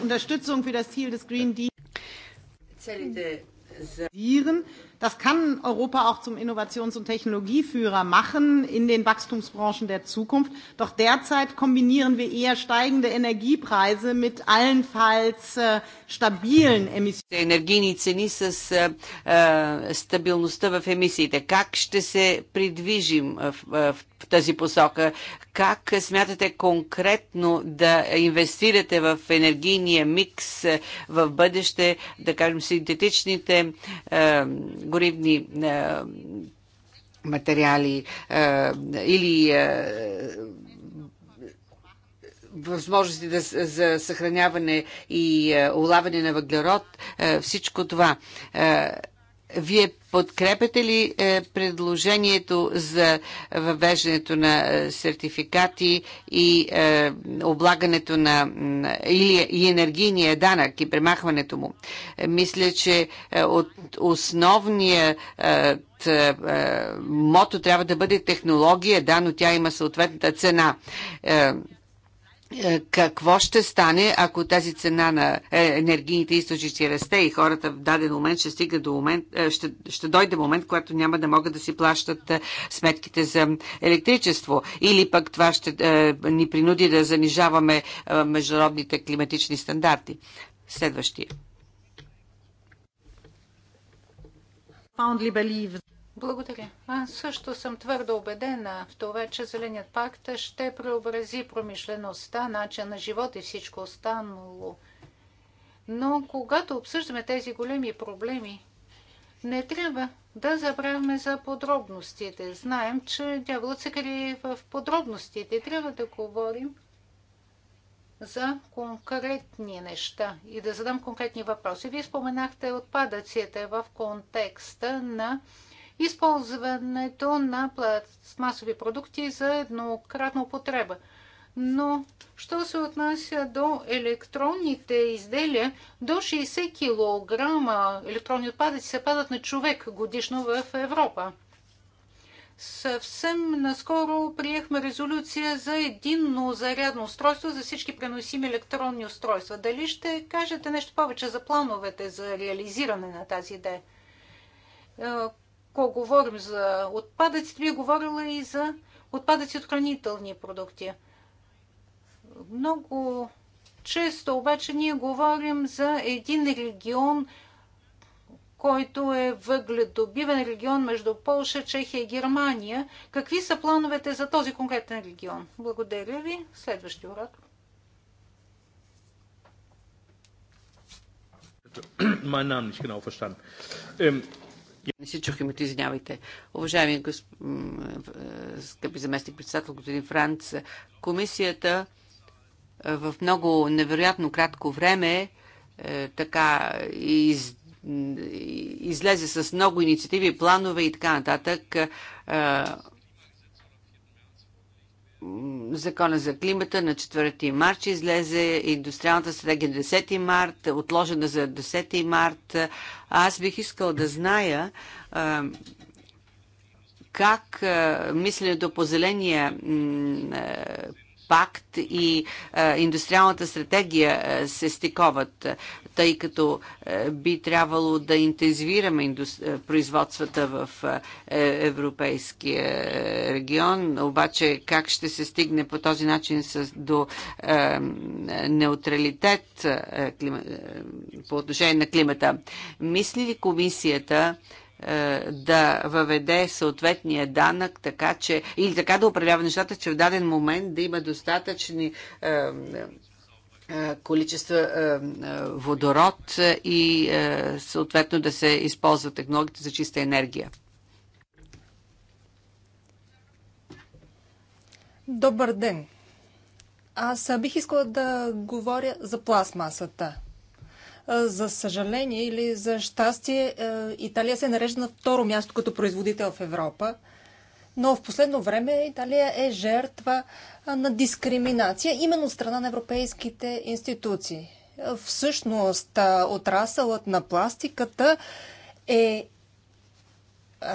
S1: Целите sieren. Das kann Europa auch zum Innovations- und Technologieführer machen in den Wachstumsbranchen der Zukunft. Doch derzeit kombinieren wir eher steigende Energiepreise mit allenfalls stabilen Emissionen. Енергийни цени с
S3: а, стабилността в емисиите. Как ще се придвижим в, в в тази посока. Как смятате конкретно да инвестирате в енергийния микс е, в бъдеще, да кажем, синтетичните е, горивни е, материали е, или е, възможности да, за съхраняване и е, улавяне на въглерод, е, всичко това. Е, вие подкрепяте ли е, предложението за въвеждането на е, сертификати и е, облагането на или и енергийния данък и премахването му? Мисля, че от основния мото трябва да бъде технология, да, но тя има съответната цена. Е, какво ще стане, ако тази цена на е, енергийните източници расте и хората в даден момент ще стига до момент, е, ще, ще дойде момент, когато няма да могат да си плащат сметките за електричество. Или пък това ще ни принуди да занижаваме международните климатични стандарти. Следващия.
S1: Благодаря. Аз също съм твърдо убедена в това, че Зеленият пакт ще преобрази промишлеността, начин на живот и всичко останало. Но когато обсъждаме тези големи проблеми, не трябва да забравяме за подробностите. Знаем, че дяволът се крие в подробностите. Трябва да говорим за конкретни неща и да задам конкретни въпроси. Вие споменахте отпадъците в контекста на използването на пластмасови продукти за еднократна употреба. Но, що се отнася до електронните изделия, до 60 кг електронни отпадъци се падат на човек годишно в Европа. Съвсем наскоро приехме резолюция за единно зарядно устройство за всички преносими електронни устройства. Дали ще кажете нещо повече за плановете за реализиране на тази идея? Е, ако говорим за отпадъците, би говорила и за отпадъци от хранителни продукти. Много често обаче ние говорим за един регион, който е въгледобивен регион между Полша, Чехия и Германия. Какви са плановете за този конкретен регион? Благодаря ви. следващи урок. Mein Name nicht genau verstanden.
S3: Ähm, не си чух името, извинявайте. Уважаеми госп... Е, скъпи заместник председател, господин Франц, комисията е, в много невероятно кратко време е, така из... излезе с много инициативи, планове и така нататък закона за климата на 4 март излезе индустриалната стратегия на 10 март, отложена за 10 март. Аз бих искал да зная как мисленето по зеления пакт и индустриалната стратегия се стиковат тъй като е, би трябвало да интензивираме е, производствата в е, европейския регион, обаче как ще се стигне по този начин до неутралитет по отношение на климата? Мисли ли комисията да въведе съответния данък, така че, или така да управлява нещата, че в даден момент да има достатъчни количества водород и съответно да се използват технологиите за чиста енергия.
S2: Добър ден! Аз бих искала да говоря за пластмасата. За съжаление или за щастие, Италия се нарежда на второ място като производител в Европа – но в последно време Италия е жертва на дискриминация именно от страна на европейските институции. Всъщност, отрасълът на пластиката е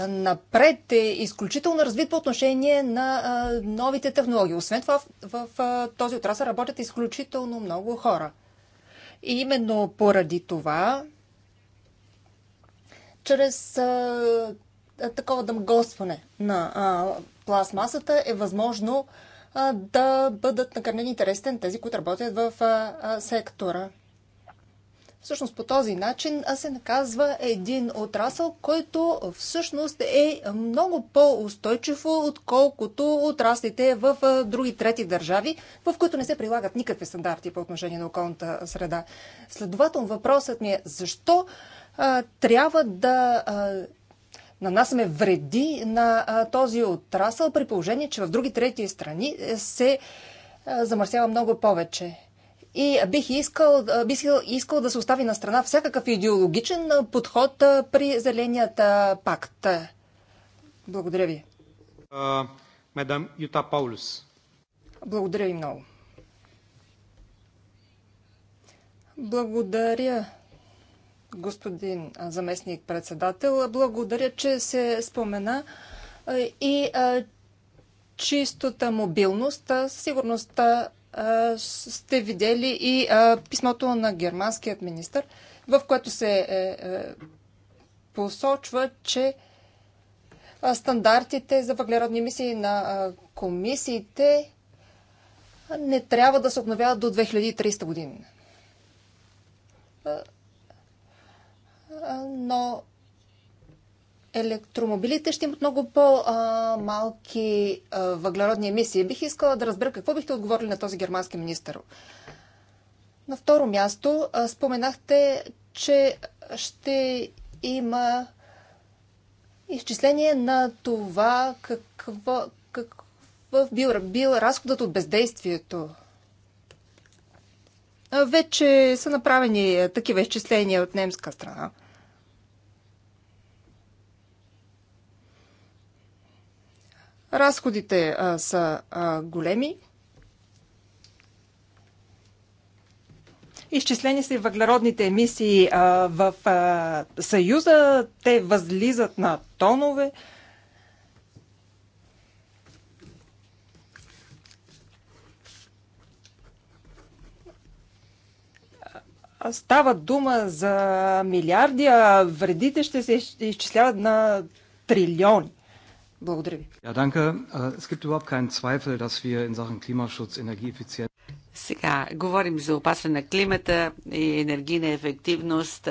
S2: напред е изключително развит по отношение на а, новите технологии. Освен това, в, в, в този отрасъл работят изключително много хора. И именно поради това, чрез а, такова дъмгосване на а, пластмасата е възможно а, да бъдат накърнени интересите на тези, които работят в а, а, сектора. Всъщност по този начин се наказва един отрасъл, който всъщност е много по-устойчиво, отколкото отраслите в други трети държави, в които не се прилагат никакви стандарти по отношение на околната среда. Следователно въпросът ми е защо а, трябва да а, нанасяме вреди на този отрасъл, при положение, че в други трети страни е, се замърсява много повече. И бих искал, бих искал да се остави на страна всякакъв идеологичен подход при Зеленият пакт. Благодаря ви.
S1: медам Юта Паулюс.
S2: Благодаря ви много. Благодаря господин заместник председател. Благодаря, че се спомена и чистата мобилност. Сигурността сте видели и писмото на германският министр, в което се е, е, посочва, че стандартите за въглеродни мисии на комисиите не трябва да се обновяват до 2300 години но електромобилите ще имат много по-малки въглеродни емисии. Бих искала да разбера какво бихте отговорили на този германски министър. На второ място споменахте, че ще има изчисление на това какво, какво бил, бил разходът от бездействието. Вече са направени такива изчисления от немска страна. Разходите а, са а, големи. Изчислени са и въглеродните емисии а, в а, Съюза. Те възлизат на тонове. Става дума за милиарди, а вредите ще се изчисляват на трилиони. Благодаря ви. Ja, danke. Äh, es
S3: gibt überhaupt keinen Zweifel, dass wir in Sachen Klimaschutz, Energieeffizienz сега говорим за опасване на климата и енергийна ефективност.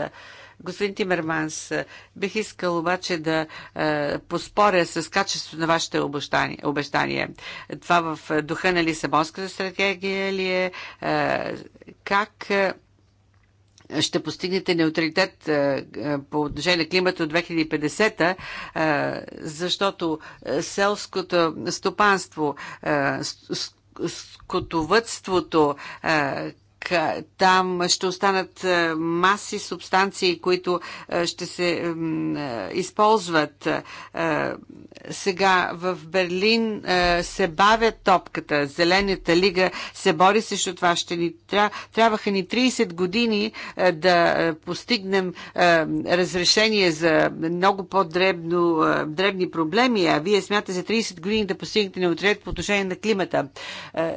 S3: Господин Тимерманс, бих искал обаче да е, поспоря с качеството на вашите обещания. обещания. Това в духа на Лисабонската стратегия ли е? е как е, ще постигнете неутралитет по отношение на климата от 2050, защото селското стопанство, скотовътството, там ще останат маси субстанции, които ще се използват. Сега в Берлин се бавят топката. Зелената лига се бори срещу това. Ще ни, трябваха ни 30 години да постигнем разрешение за много по-дребни проблеми, а вие смятате за 30 години да постигнете неутралитет по отношение на климата.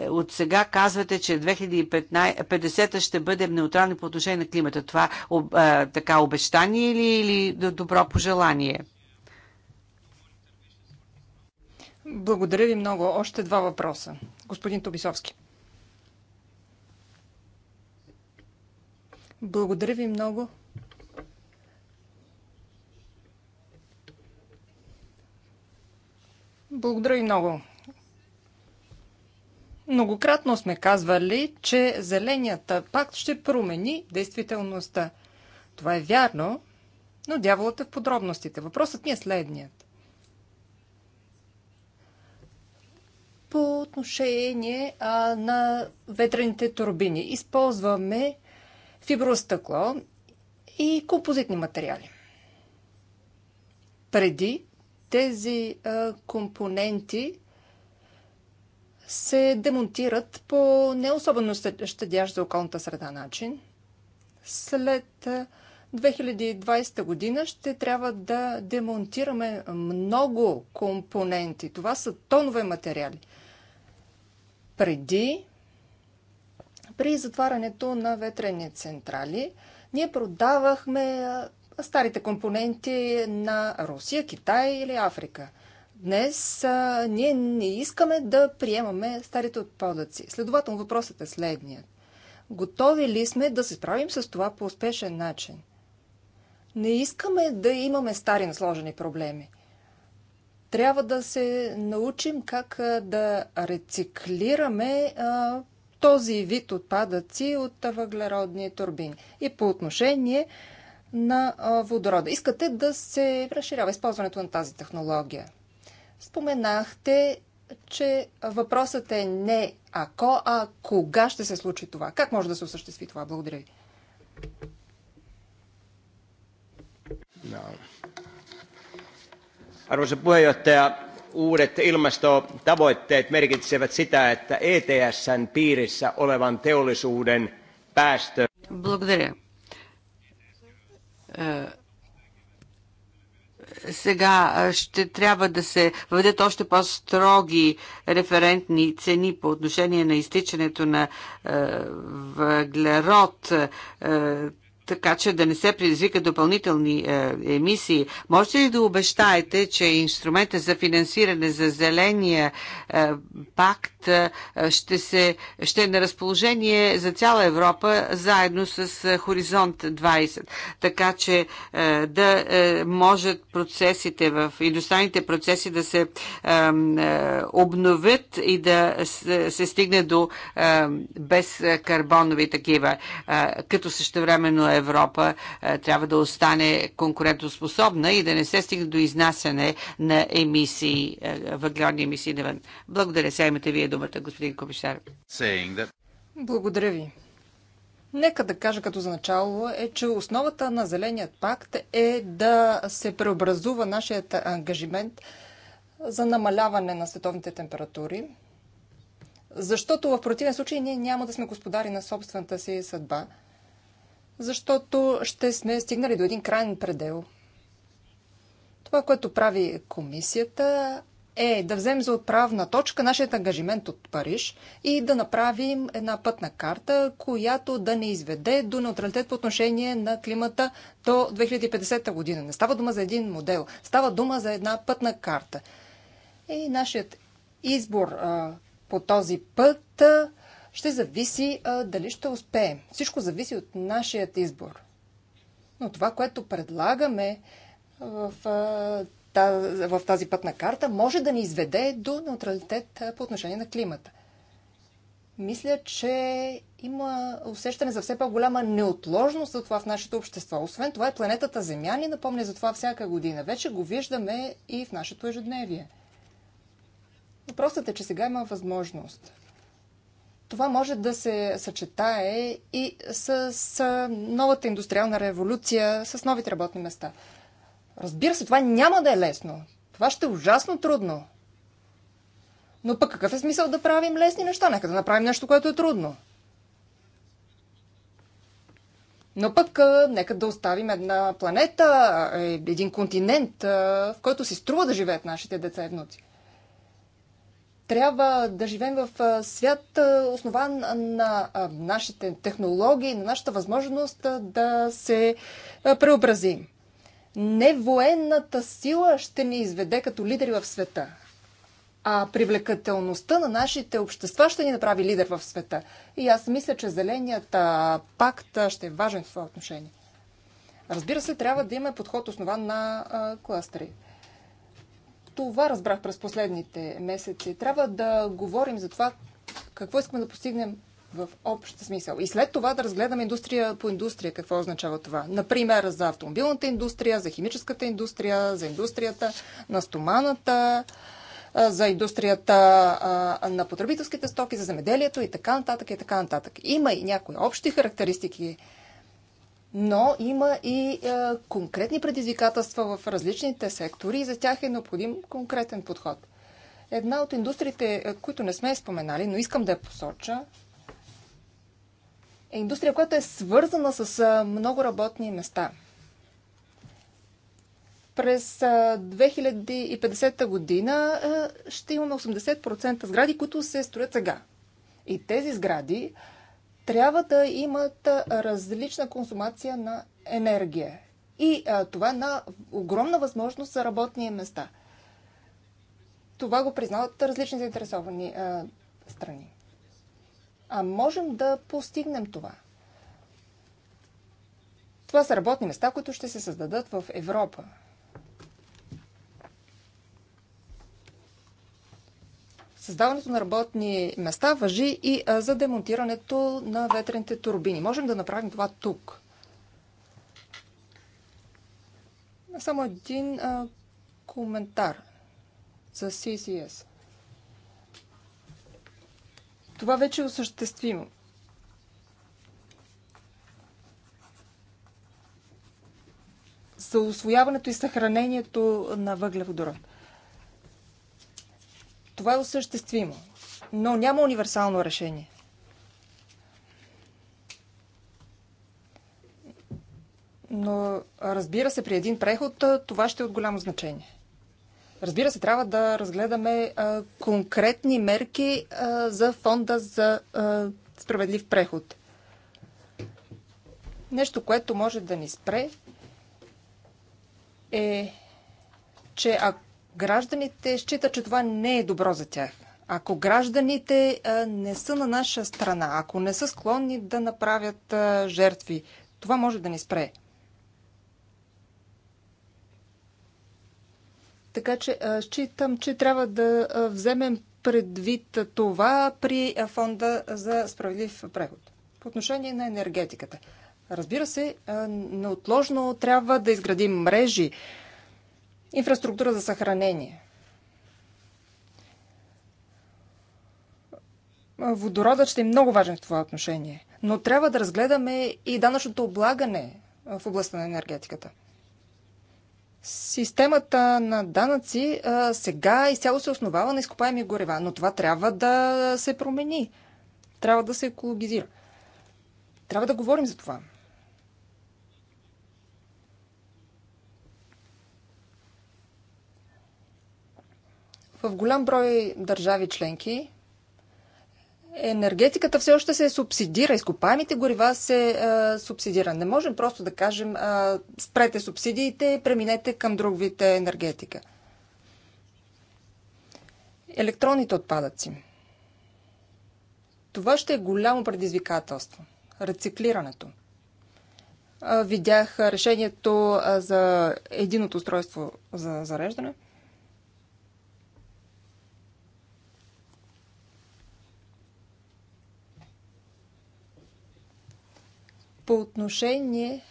S3: От сега казвате, че 2015 2050 ще бъдем неутрални по отношение на климата. Това а, така обещание или, или
S2: добро пожелание? Благодаря ви много. Още два въпроса. Господин Тобисовски. Благодаря ви много. Благодаря ви много, Многократно сме казвали, че Зеленият пакт ще промени действителността. Това е вярно, но дяволът е в подробностите. Въпросът ми е следният. По отношение а, на ветрените турбини използваме фибростъкло и композитни материали. Преди тези а, компоненти се демонтират по не особено щадящ за околната среда начин. След 2020 година ще трябва да демонтираме много компоненти. Това са тонове материали. Преди, при затварянето на ветрени централи, ние продавахме старите компоненти на Русия, Китай или Африка – Днес а, ние не искаме да приемаме старите отпадъци. Следователно въпросът е следният. Готови ли сме да се справим с това по успешен начин? Не искаме да имаме стари насложени проблеми. Трябва да се научим как да рециклираме а, този вид отпадъци от въглеродни турбини. И по отношение на водорода. Искате да се разширява използването на тази технология. Споменахте, че въпросът е не ако, а кога ще се случи това. Как може да се осъществи това? Благодаря ви.
S3: Arvoisa puheenjohtaja, uudet ilmastotavoitteet
S2: merkitsevät sitä, että ETSn piirissä olevan teollisuuden päästö...
S3: Благодаря сега ще трябва да се въведат още по-строги референтни цени по отношение на изтичането на въглерод така че да не се предизвика допълнителни е, емисии. Можете ли да обещаете, че инструмента за финансиране за зеления е, пакт ще, се, ще е на разположение за цяла Европа, заедно с Хоризонт 20. Така че да можат процесите в индустриалните процеси да се обновят и да се стигне до безкарбонови такива, като същевременно Европа трябва да остане конкурентоспособна и да не се стигне до изнасяне на емисии, въглеродни емисии навън. Благодаря, сега имате вие до думата, господин комисар.
S2: Благодаря ви. Нека да кажа като за начало е, че основата на Зеленият пакт е да се преобразува нашият ангажимент за намаляване на световните температури, защото в противен случай ние няма да сме господари на собствената си съдба, защото ще сме стигнали до един крайен предел. Това, което прави комисията е да вземем за отправна точка нашият ангажимент от Париж и да направим една пътна карта, която да не изведе до неутралитет по отношение на климата до 2050 година. Не става дума за един модел, става дума за една пътна карта. И нашият избор а, по този път а, ще зависи а, дали ще успеем. Всичко зависи от нашият избор. Но това, което предлагаме в в тази пътна карта може да ни изведе до неутралитет по отношение на климата. Мисля, че има усещане за все по-голяма неотложност за това в нашето общество. Освен това, планетата Земя ни напомня за това всяка година. Вече го виждаме и в нашето ежедневие. Въпросът е, че сега има възможност. Това може да се съчетае и с новата индустриална революция, с новите работни места. Разбира се, това няма да е лесно. Това ще е ужасно трудно. Но пък какъв е смисъл да правим лесни неща? Нека да направим нещо, което е трудно. Но пък нека да оставим една планета, един континент, в който си струва да живеят нашите деца и внуци. Трябва да живеем в свят, основан на нашите технологии, на нашата възможност да се преобразим невоенната сила ще ни изведе като лидери в света. А привлекателността на нашите общества ще ни направи лидер в света. И аз мисля, че зеленият пакт ще е важен в това отношение. Разбира се, трябва да има подход основан на а, кластери. Това разбрах през последните месеци. Трябва да говорим за това какво искаме да постигнем в общ смисъл. И след това да разгледаме индустрия по индустрия, какво означава това. Например, за автомобилната индустрия, за химическата индустрия, за индустрията на стоманата, за индустрията на потребителските стоки, за земеделието и така нататък и така нататък. Има и някои общи характеристики, но има и конкретни предизвикателства в различните сектори и за тях е необходим конкретен подход. Една от индустриите, които не сме споменали, но искам да я посоча, е индустрия, която е свързана с много работни места. През 2050 година ще имаме 80% сгради, които се строят сега. И тези сгради трябва да имат различна консумация на енергия. И това е на огромна възможност за работни места. Това го признават различни заинтересовани страни. А можем да постигнем това. Това са работни места, които ще се създадат в Европа. Създаването на работни места въжи и за демонтирането на ветрените турбини. Можем да направим това тук. Само един а, коментар за CCS. Това вече е осъществимо. За освояването и съхранението на въглеводород. Това е осъществимо, но няма универсално решение. Но разбира се, при един преход това ще е от голямо значение. Разбира се, трябва да разгледаме а, конкретни мерки а, за фонда за а, справедлив преход. Нещо, което може да ни спре е, че ако гражданите считат, че това не е добро за тях, ако гражданите а, не са на наша страна, ако не са склонни да направят а, жертви, това може да ни спре. Така че считам, че трябва да вземем предвид това при фонда за справедлив преход. По отношение на енергетиката. Разбира се, неотложно трябва да изградим мрежи, инфраструктура за съхранение. Водородът ще е много важен в това отношение. Но трябва да разгледаме и данъчното облагане в областта на енергетиката. Системата на данъци а, сега изцяло се основава на изкопаеми горева, но това трябва да се промени. Трябва да се екологизира. Трябва да говорим за това. В голям брой държави членки енергетиката все още се субсидира, изкопаемите горива се е, субсидира. Не можем просто да кажем е, спрете субсидиите, и преминете към друг вид енергетика. Електронните отпадъци. Това ще е голямо предизвикателство. Рециклирането. Е, видях решението е, за единото устройство за зареждане – по отношение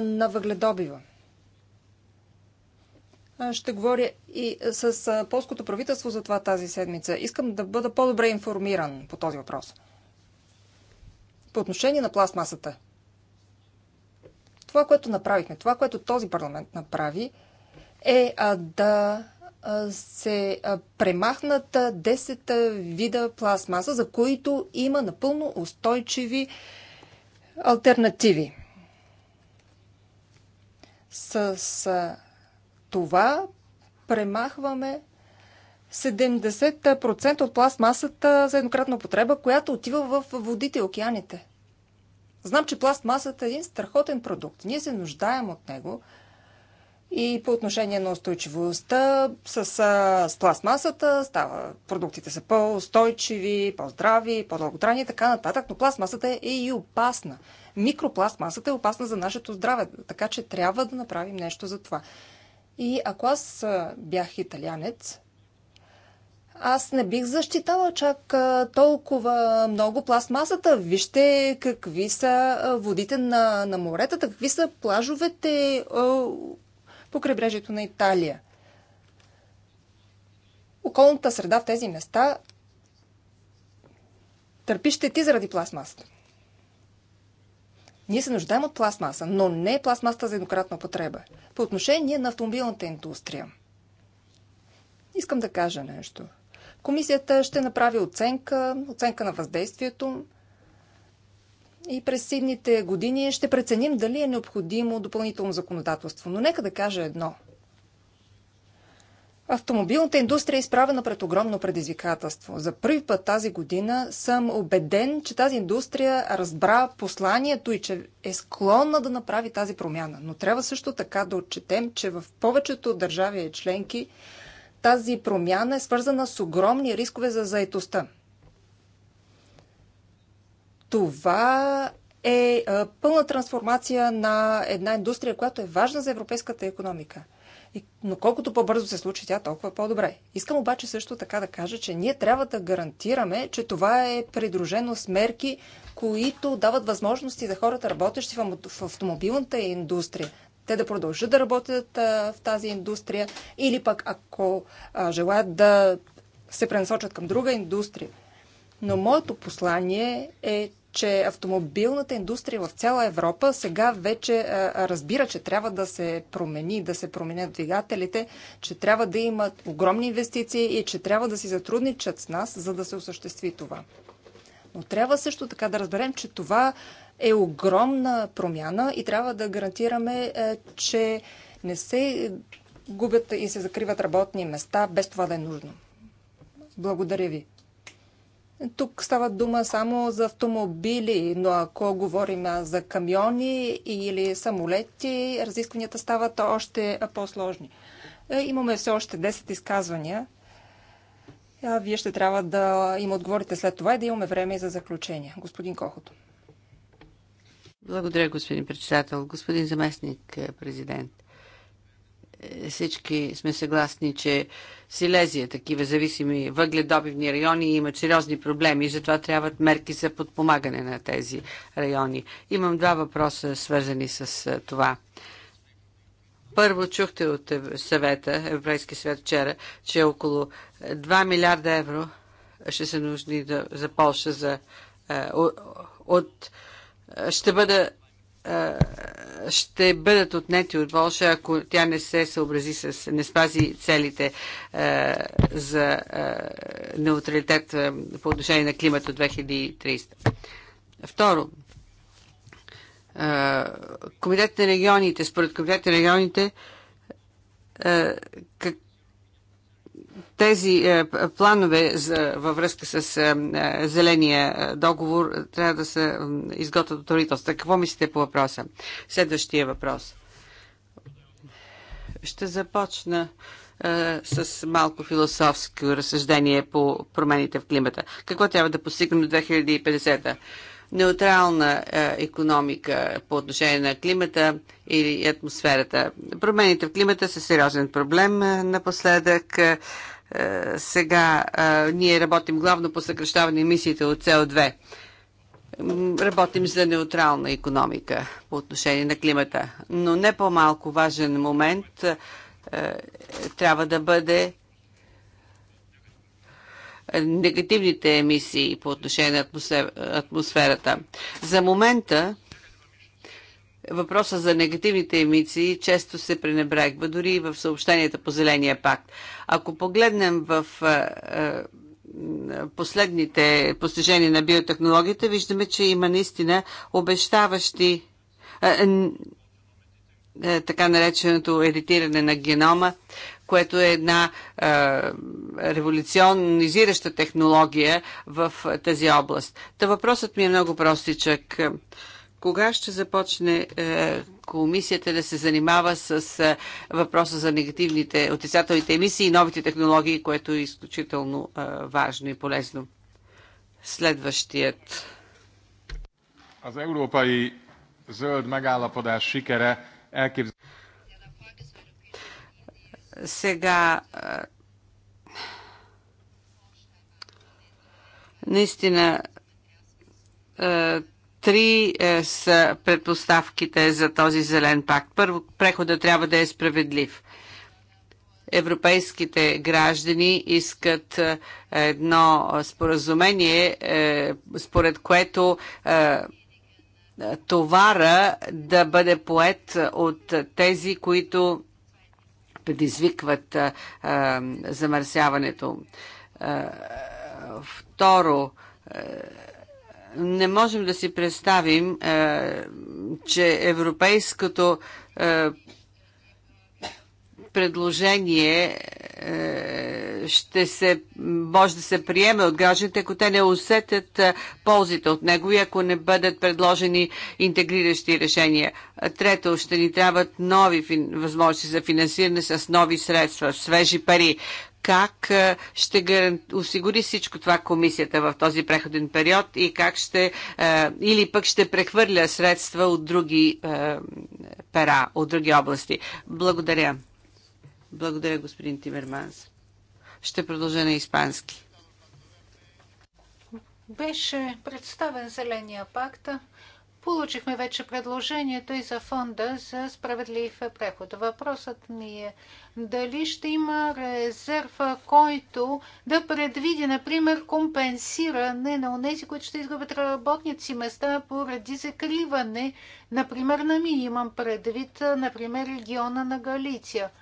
S2: на въгледобива. Ще говоря и с полското правителство за това тази седмица. Искам да бъда по-добре информиран по този въпрос. По отношение на пластмасата. Това, което направихме, това, което този парламент направи, е да се премахнат 10 вида пластмаса, за които има напълно устойчиви альтернативи. С това премахваме 70% от пластмасата за еднократна употреба, която отива в водите и океаните. Знам, че пластмасата е един страхотен продукт. Ние се нуждаем от него – и по отношение на устойчивостта, с, с пластмасата става, продуктите са по-устойчиви, по-здрави, по-дълготрайни и така нататък, но пластмасата е и опасна. Микропластмасата е опасна за нашето здраве, така че трябва да направим нещо за това. И ако аз бях италянец, аз не бих защитала чак толкова много пластмасата. Вижте какви са водите на, на моретата, какви са плажовете по крайбрежието на Италия. Околната среда в тези места търпи щети заради пластмасата. Ние се нуждаем от пластмаса, но не пластмаса за еднократна потреба. По отношение на автомобилната индустрия. Искам да кажа нещо. Комисията ще направи оценка, оценка на въздействието, и през седните години ще преценим дали е необходимо допълнително законодателство. Но нека да кажа едно. Автомобилната индустрия е изправена пред огромно предизвикателство. За първи път тази година съм убеден, че тази индустрия разбра посланието и че е склонна да направи тази промяна. Но трябва също така да отчетем, че в повечето държави и членки тази промяна е свързана с огромни рискове за заетостта. Това е пълна трансформация на една индустрия, която е важна за европейската економика. Но колкото по-бързо се случи тя, толкова по-добре. Искам обаче също така да кажа, че ние трябва да гарантираме, че това е придружено с мерки, които дават възможности за хората, работещи в автомобилната индустрия, те да продължат да работят в тази индустрия или пък ако желаят да се пренасочат към друга индустрия. Но моето послание е, че автомобилната индустрия в цяла Европа сега вече разбира, че трябва да се промени, да се променят двигателите, че трябва да имат огромни инвестиции и че трябва да си затрудничат с нас, за да се осъществи това. Но трябва също така да разберем, че това е огромна промяна и трябва да гарантираме, че не се губят и се закриват работни места без това да е нужно. Благодаря ви. Тук става дума само за автомобили, но ако говорим за камиони или самолети, разискванията стават още по-сложни. Е, имаме все още 10 изказвания. а Вие ще трябва да им отговорите след това и да имаме време за заключение. Господин Кохото.
S3: Благодаря, господин председател. Господин заместник е, президент всички сме съгласни, че Силезия, е такива зависими въгледобивни райони имат сериозни проблеми и затова трябват мерки за подпомагане на тези райони. Имам два въпроса, свързани с това. Първо чухте от съвета, Европейски съвет вчера, че около 2 милиарда евро ще се нужни за Полша за, от, ще бъде ще бъдат отнети от Волша, ако тя не се съобрази с, не спази целите е, за е, неутралитет по отношение на климата от 2300. Второ, е, комитет на регионите, според комитет на регионите, е, как, тези е, планове за, във връзка с е, е, зеления договор трябва да се изготвят от правителството. Какво мислите по въпроса? Следващия въпрос. Ще започна с малко философско разсъждение по промените в климата. Какво трябва да постигнем до 2050? неутрална е, економика по отношение на климата или атмосферата. Промените в климата са сериозен проблем е, напоследък. Е, сега ние работим главно по съкрещаване емисиите от СО2. Работим за неутрална економика по отношение на климата. Но не по-малко важен момент трябва да бъде негативните емисии по отношение на атмосферата. За момента въпроса за негативните емисии често се пренебрегва, дори и в съобщенията по Зеления пакт. Ако погледнем в последните постижения на биотехнологията, виждаме, че има наистина обещаващи така нареченото едитиране на генома, което е една е, революционизираща технология в тази област. Та въпросът ми е много простичък. Кога ще започне е, комисията да се занимава с е, въпроса за негативните, отрицателните емисии и новите технологии, което е изключително е, важно и полезно? Следващият. и európai zöld megállapodás sikere elképzelhető. Сега наистина три е, са предпоставките за този зелен пакт. Първо, прехода трябва да е справедлив. Европейските граждани искат е, едно споразумение, е, според което товара да бъде поет от тези, които предизвикват замърсяването. Второ, не можем да си представим, че европейското предложение е, ще се, може да се приеме от гражданите, ако те не усетят е, ползите от него и ако не бъдат предложени интегриращи решения. Трето, ще ни трябват нови възможности за финансиране с нови средства, свежи пари. Как е, ще осигури всичко това комисията в този преходен период и как ще или пък ще прехвърля средства от други пера, от други области. Благодаря. Благодаря, господин Тимерманс. Ще продължа на испански.
S1: Беше представен Зеления пакт. Получихме вече предложението и за фонда за справедлив преход. Въпросът ми е дали ще има резерв, който да предвиди, например, компенсиране на тези, които ще изгубят работници места поради закриване, например, на минимум Имам предвид, например, региона на Галиция –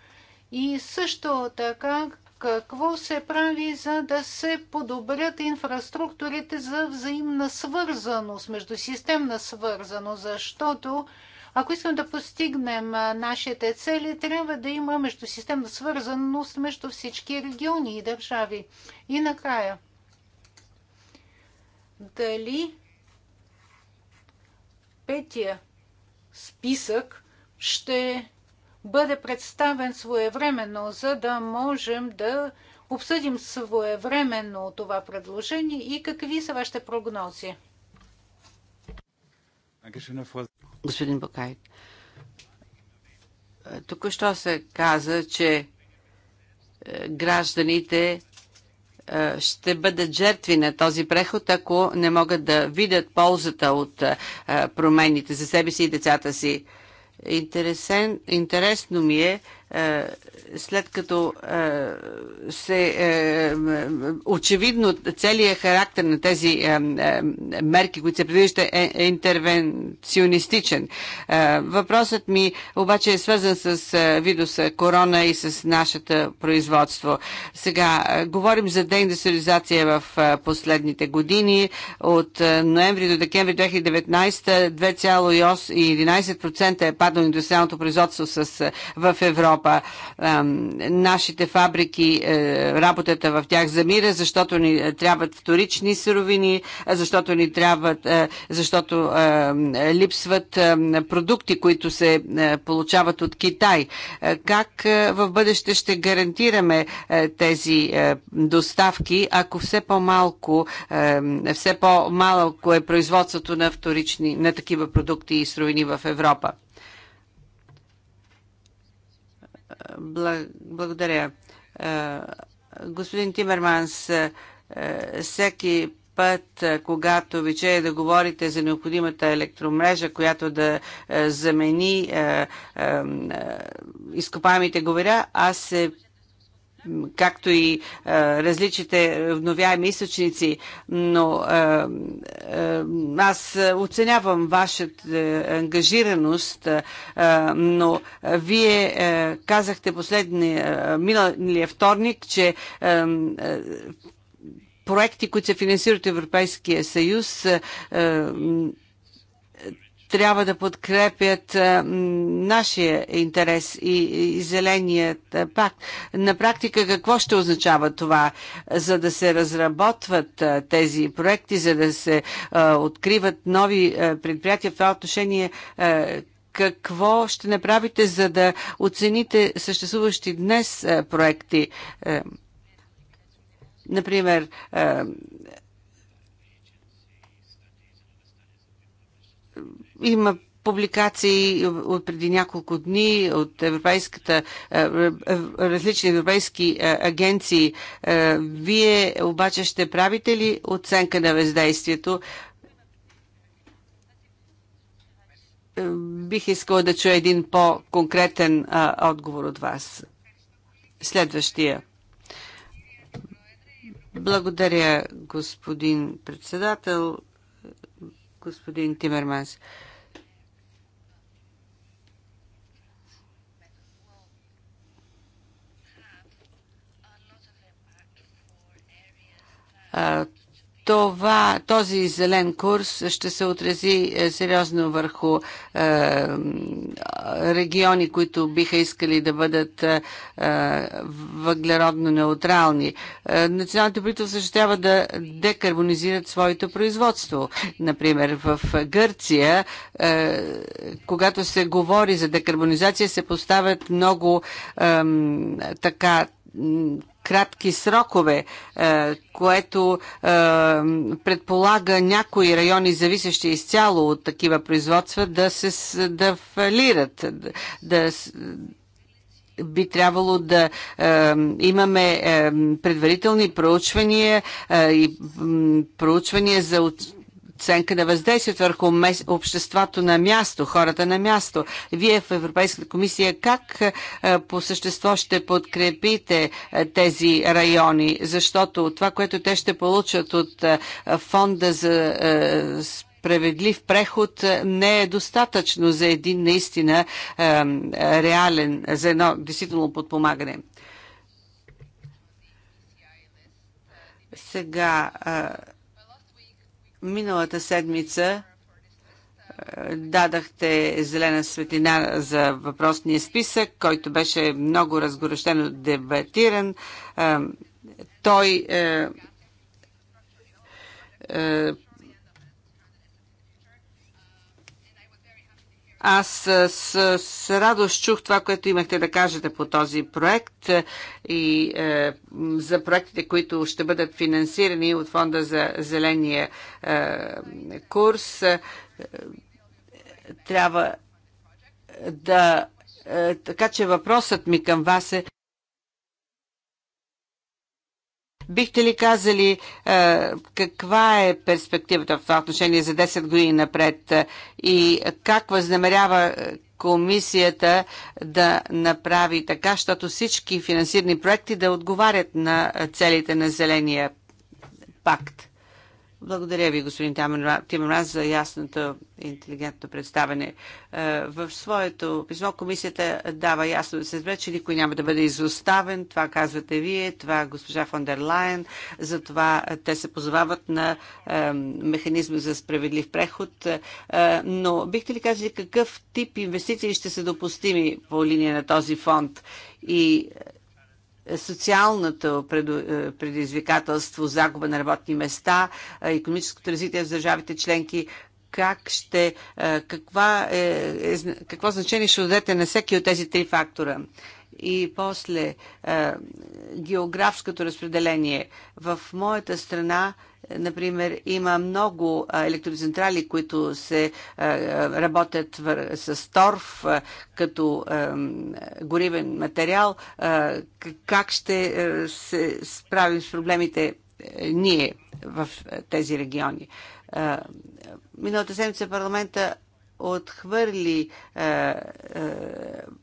S1: и също така какво се прави, за да се подобрят инфраструктурите за взаимна свързаност, междусистемна свързаност, защото ако искам да постигнем нашите цели, трябва да има междусистемна свързаност между всички региони и държави. И накрая, дали петия списък ще бъде представен своевременно, за да можем да обсъдим своевременно това предложение и какви са вашите прогнози?
S3: Господин Бакай, току-що се каза, че е, гражданите е, ще бъдат жертви на този преход, ако не могат да видят ползата от е, промените за себе си и децата си. Интересен, интересно ми е е, след като е, се е, очевидно целият характер на тези мерки, които се предвижда е интервенционистичен. Въпросът ми обаче е свързан с видоса корона и с нашата производство. Сега, говорим за деиндустриализация в последните години. От ноември до декември 2019 2,11% е паднало индустриалното производство в Европа. Европа. Нашите фабрики, е, работата в тях замира, защото ни е, трябват вторични суровини, защото ни трябват, е, защото липсват продукти, които се получават от Китай. Как в бъдеще ще гарантираме тези доставки, ако все по-малко, все по-малко е производството на вторични, на такива продукти и суровини в Европа? Благодаря. Е, господин Тимерманс, е, всеки път, е, когато ви чея да говорите за необходимата електромрежа, която да замени изкопаемите говеря, аз се както и а, е, различните вновяеми източници, но а, е, е, аз оценявам вашата ангажираност, а, но вие а, казахте последния, миналия вторник, че а, проекти, които се финансират от Европейския съюз, а, трябва да подкрепят нашия интерес и, и зеленият пакт. На практика какво ще означава това? За да се разработват тези проекти, за да се откриват нови предприятия в това отношение, какво ще направите, за да оцените съществуващи днес проекти? Е, например, Има публикации от преди няколко дни от европейската, е, е, е, различни европейски агенции. Вие обаче ще правите ли оценка на въздействието? Бих искала да чуя един по-конкретен отговор от вас. Следващия. Благодаря, господин председател, господин Тимерманс. това, този зелен курс ще се отрази е, сериозно върху е, региони, които биха искали да бъдат е, е въглеродно неутрални. Е, националните правителства трябва да декарбонизират своето производство. Например, в Гърция, е, когато се говори за декарбонизация, се поставят много е, така кратки срокове, е, което е, предполага някои райони, зависещи изцяло от такива производства, да се да фалират, да би трябвало да е, имаме е, предварителни проучвания е, и проучвания за оценка на въздействието върху обществото на място, хората на място. Вие в Европейската комисия как е, по същество ще подкрепите е, тези райони? Защото това, което те ще получат от е, фонда за справедлив преход не е достатъчно за един наистина реален, за едно действително подпомагане. Сега Миналата седмица е, дадахте зелена светлина за въпросния списък, който беше много разгорещено дебатиран. Е, той е, Аз с, с, радост чух това, което имахте да кажете по този проект е, и е, за проектите, които ще бъдат финансирани от Фонда за зеления е, курс. Е, трябва да. Е, така че въпросът ми към вас е. Бихте ли казали е, каква е перспективата в това отношение за 10 години напред е, и как възнамерява е, комисията да направи така, защото всички финансирани проекти да отговарят на целите на Зеления пакт? Благодаря ви, господин Тимраз, за ясното интелигентно представене. Е, в своето писмо комисията дава ясно да се избере, че никой няма да бъде изоставен. Това казвате вие, това госпожа фон дер Лайен. Затова те се позовават на механизма за справедлив преход. Е, но бихте ли казали какъв тип инвестиции ще са допустими по линия на този фонд? И социалното е, предизвикателство, загуба на работни места, економическото развитие в държавите членки, как ще, е, каква е, е какво значение ще дадете на всеки от тези три фактора? и после е, географското разпределение. В моята страна Например, има много електроцентрали, които се работят с торф като горивен материал. Как ще се справим с проблемите е, ние в тези региони? Миналата седмица парламента отхвърли е, е,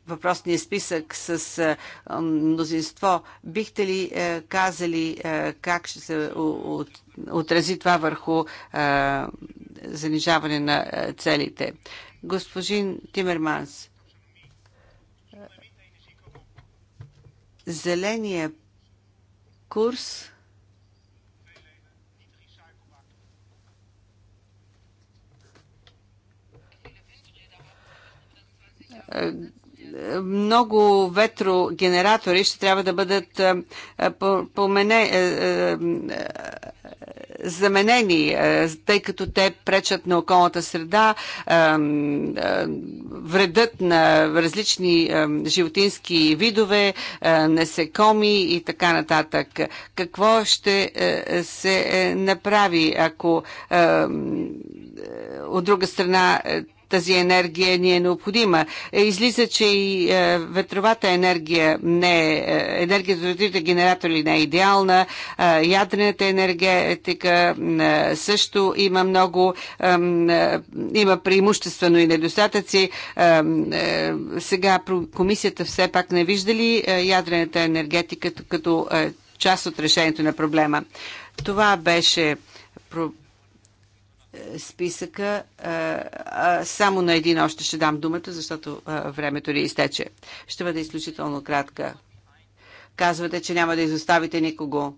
S3: въпросния списък с е, мнозинство, бихте ли е, казали е, как ще се от, отрази това върху е, занижаване на е, целите? Госпожин Тимерманс, е, зеления курс много ветрогенератори ще трябва да бъдат е, е, помене, е, заменени, тъй като те пречат на околната среда, вредът на различни животински видове, насекоми и така нататък. Какво ще се направи, ако от друга страна тази енергия ни е необходима. Е, излиза, че и е, ветровата енергия не е, е енергията за ветровите генератори не е идеална, ядрената енергетика също има много, има преимуществено и недостатъци. Сега комисията все пак не вижда ли ядрената енергетика като част от решението на проблема. Това беше е, списъка. Е, само на един още ще дам думата, защото е, времето ли изтече. Ще бъде изключително кратка. Казвате, че няма да изоставите никого.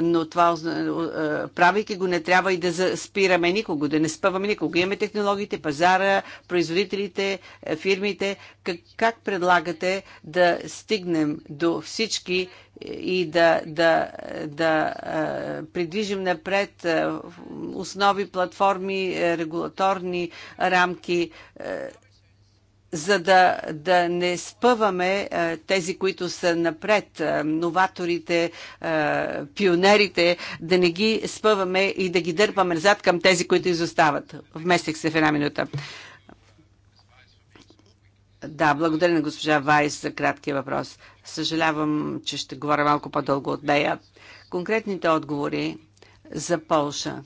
S3: Но това, правейки го, не трябва и да спираме никого, да не спъваме никого. Имаме технологиите, пазара, производителите, фирмите. Как, как предлагате да стигнем до всички и да, да, да придвижим напред основи, платформи, е, регулаторни рамки, е, за да, да не спъваме е, тези, които са напред, новаторите, пионерите, да не ги спъваме и да ги дърпаме назад към тези, които изостават. Вместих се в една минута. Да, благодаря на госпожа Вайс за краткия въпрос. Съжалявам, че ще говоря малко по-дълго от нея. Конкретните отговори за Полша.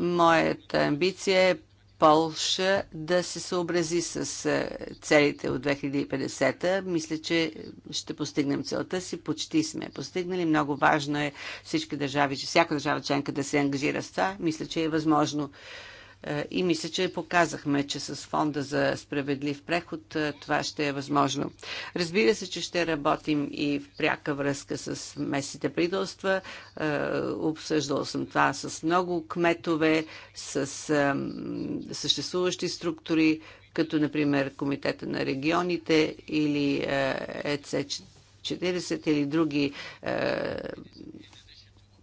S3: Моята амбиция е Полша да се съобрази с е, целите от 2050-та. Мисля, че ще постигнем целта си. Почти сме постигнали. Много важно е всички държави, всяка държава членка да се ангажира с това. Мисля, че е възможно. Е, и мисля, че показахме, че с фонда за справедлив преход е, това ще е възможно. Разбира се, че ще работим и в пряка връзка с местните правителства. Е, обсъждал съм това с много кметове, с съществуващи структури, като например Комитета на регионите или ЕЦ 40 или други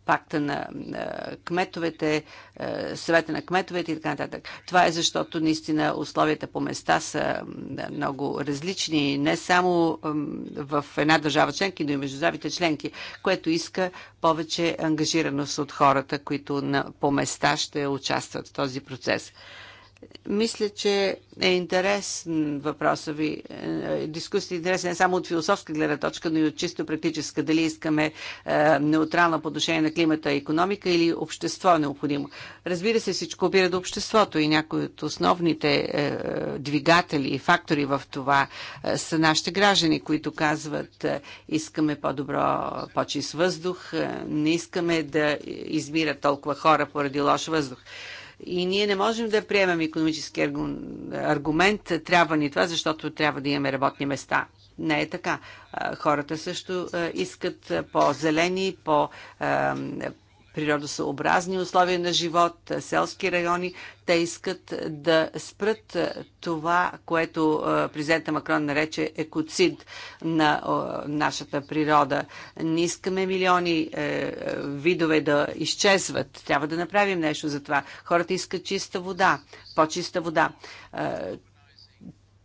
S3: пакта на кметовете, е, съвета на кметовете и така нататък. Това е защото наистина условията по места са много различни, не само в една държава членки, но и между държавите членки, което иска повече ангажираност от хората, които по места ще участват в този процес. Мисля, че е интересен въпросът ви. Е, дискусията е интересна не само от философска гледна точка, но и от чисто практическа. Дали искаме е, неутрална по отношение на климата и економика или общество е необходимо. Разбира се, всичко опира до обществото и някои от основните е, е двигатели и фактори в това е, са нашите граждани, които казват е, искаме по-добро, по-чист въздух, е, не искаме да избират толкова хора поради лош въздух. Е, и ние не можем да приемем економически аргумент, трябва ни това, защото трябва да имаме работни места. Не е така. Хората също искат по-зелени, по природосъобразни условия на живот, е, селски райони. Те искат да спрат е, това, което е, президента Макрон нарече екоцид на нашата природа. Не искаме милиони видове да изчезват. Трябва да направим нещо за това. Хората искат чиста вода, по-чиста вода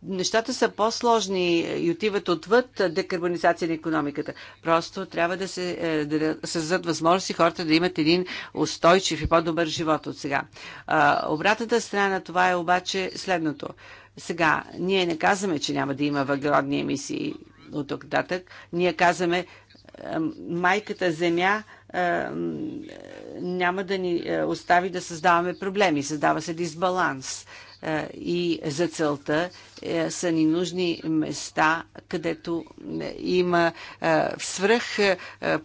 S3: нещата са по-сложни и отиват отвъд декарбонизация на економиката. Просто трябва да се е, да създадат възможности хората да имат един устойчив и по-добър живот от сега. Обратната страна на това е обаче следното. Сега, ние не казваме, че няма да има въглеродни емисии от тук датък, Ние казваме, е, майката земя е, няма да ни остави да създаваме проблеми. Създава се дисбаланс и за целта е, са ни нужни места, където е, има свръх е,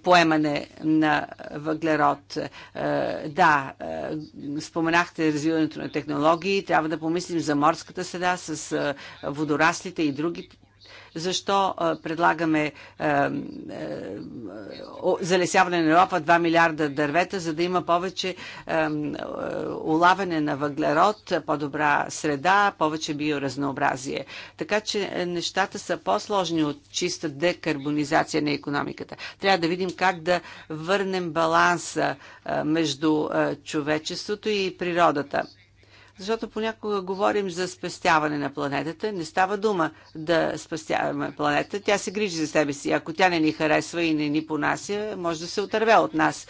S3: поемане на въглерод. Да, споменахте развиването на технологии, трябва да помислим за морската среда с водораслите и други защо предлагаме залесяване на Европа 2 милиарда дървета, за да има повече улавяне на въглерод, по-добра среда, повече биоразнообразие. Така че е, нещата са по-сложни от чиста декарбонизация на економиката. Трябва да видим как да върнем баланса между човечеството и природата защото понякога говорим за спестяване на планетата. Не става дума да спестяваме планета. Тя се грижи за себе си. Ако тя не ни харесва и не ни понася, може да се отърве от нас.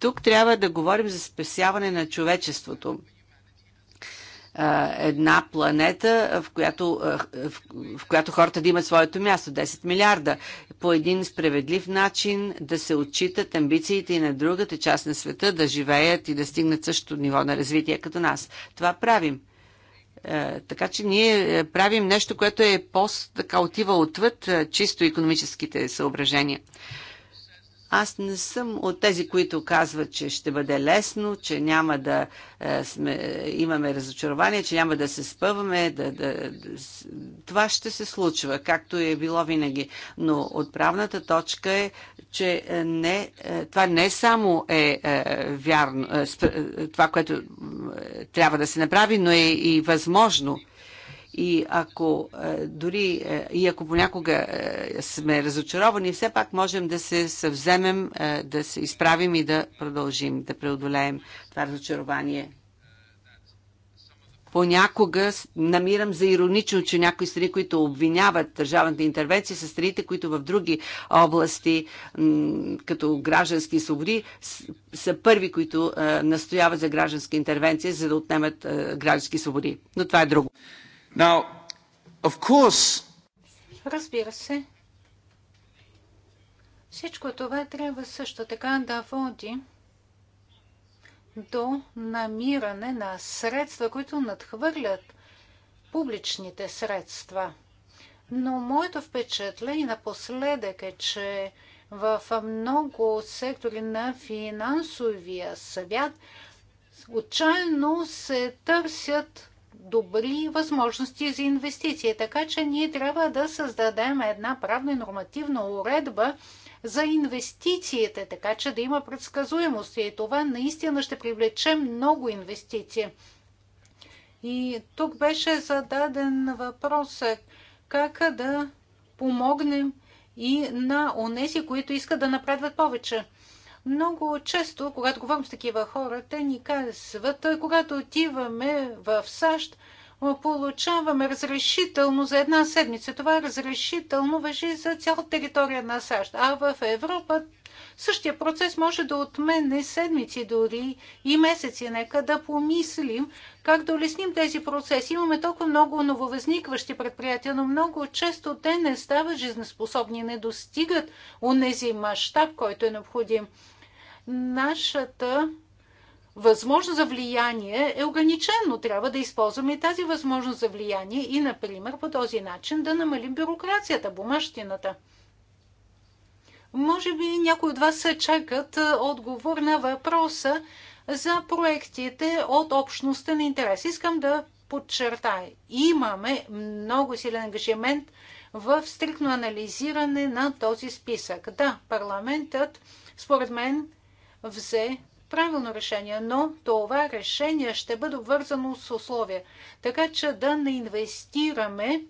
S3: Тук трябва да говорим за спесяване на човечеството една планета, в която, в която хората да имат своето място. 10 милиарда. По един справедлив начин да се отчитат амбициите и на другата част на света, да живеят и да стигнат същото ниво на развитие като нас. Това правим. Така че ние правим нещо, което е пост, така отива отвъд чисто економическите съображения. Аз не съм от тези, които казват, че ще бъде лесно, че няма да е, сме, имаме разочарование, че няма да се спъваме. Да, да, да, това ще се случва, както е било винаги. Но отправната точка е, че е, не, е, това не само е, е вярно, е, е това, което е, трябва да се направи, но е и възможно. И ако е, дори е, и ако понякога е, сме разочаровани, все пак можем да се съвземем, да се изправим и да продължим, да преодолеем това разочарование. Понякога намирам за иронично, че някои страни, които обвиняват държавната интервенция, са страните, които в други области, като граждански свободи, са първи, които настояват за гражданска интервенция, за да отнемат граждански свободи. Но това е друго. Now,
S1: of course... Разбира се. Всичко това трябва също така да води до намиране на средства, които надхвърлят публичните средства. Но моето впечатление напоследък е, че в много сектори на финансовия свят отчаяно се търсят добри възможности за инвестиции. Така че ние трябва да създадем една правна и нормативна уредба за инвестициите, така че да има предсказуемост. И това наистина ще привлече много инвестиции. И тук беше зададен въпрос как да помогнем и на онези, които искат да направят повече. Много често, когато говорим с такива хора, те ни казват, когато отиваме в САЩ, получаваме разрешително за една седмица. Това е разрешително въжи за цялата територия на САЩ. А в Европа същия процес може да отмене седмици дори и месеци. Нека да помислим как да улесним тези процеси. Имаме толкова много нововъзникващи предприятия, но много често те не стават жизнеспособни, не достигат онези мащаб, който е необходим нашата възможност за влияние е ограничено но трябва да използваме и тази възможност за влияние и, например, по този начин да намалим бюрокрацията, бумащината. Може би някои от вас чакат отговор на въпроса за проектите от общността на интерес. Искам да подчертая. Имаме много силен ангажимент в стриктно анализиране на този списък. Да, парламентът, според мен, взе правилно решение, но това решение ще бъде обвързано с условия, така че да не инвестираме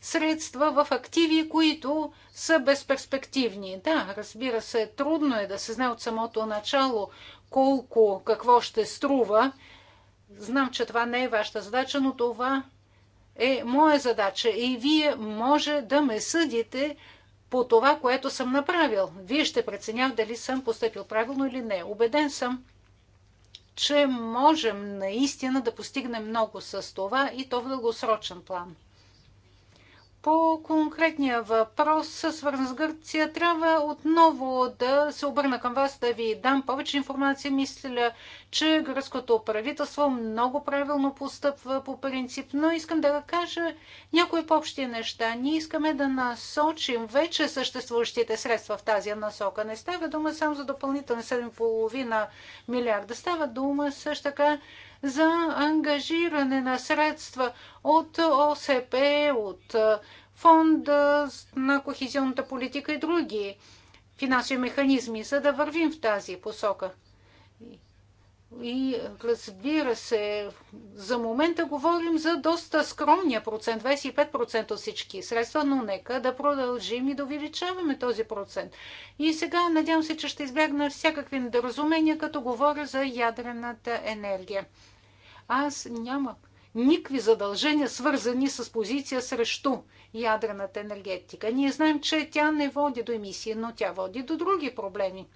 S1: средства в активи, които са безперспективни. Да, разбира се, трудно е да се знае от самото начало колко, какво ще струва. Знам, че това не е вашата задача, но това е моя задача и вие може да ме съдите по това, което съм направил. Вие ще преценяв дали съм поступил правилно или не. Обеден съм, че можем наистина да постигнем много с това и то в дългосрочен план. По конкретния въпрос, свързан с Гърция, трябва отново да се обърна към вас, да ви дам повече информация. Мисля, че гръцкото правителство много правилно постъпва по принцип, но искам да кажа някои по-общи неща. Ние искаме да насочим вече съществуващите средства в тази насока. Не става дума само за допълнителни 7,5 милиарда. Става дума също така за ангажиране на средства от ОСП, от фонда на кохезионната политика и други финансови механизми, за да вървим в тази посока. И разбира се, за момента говорим за доста скромния процент, 25% от всички средства, но нека да продължим и да увеличаваме този процент. И сега надявам се, че ще избягна всякакви недоразумения, като говоря за ядрената енергия. Аз нямам никакви задължения, свързани с позиция срещу ядрената енергетика. Ние знаем, че тя не води до емисии, но тя води до други проблеми.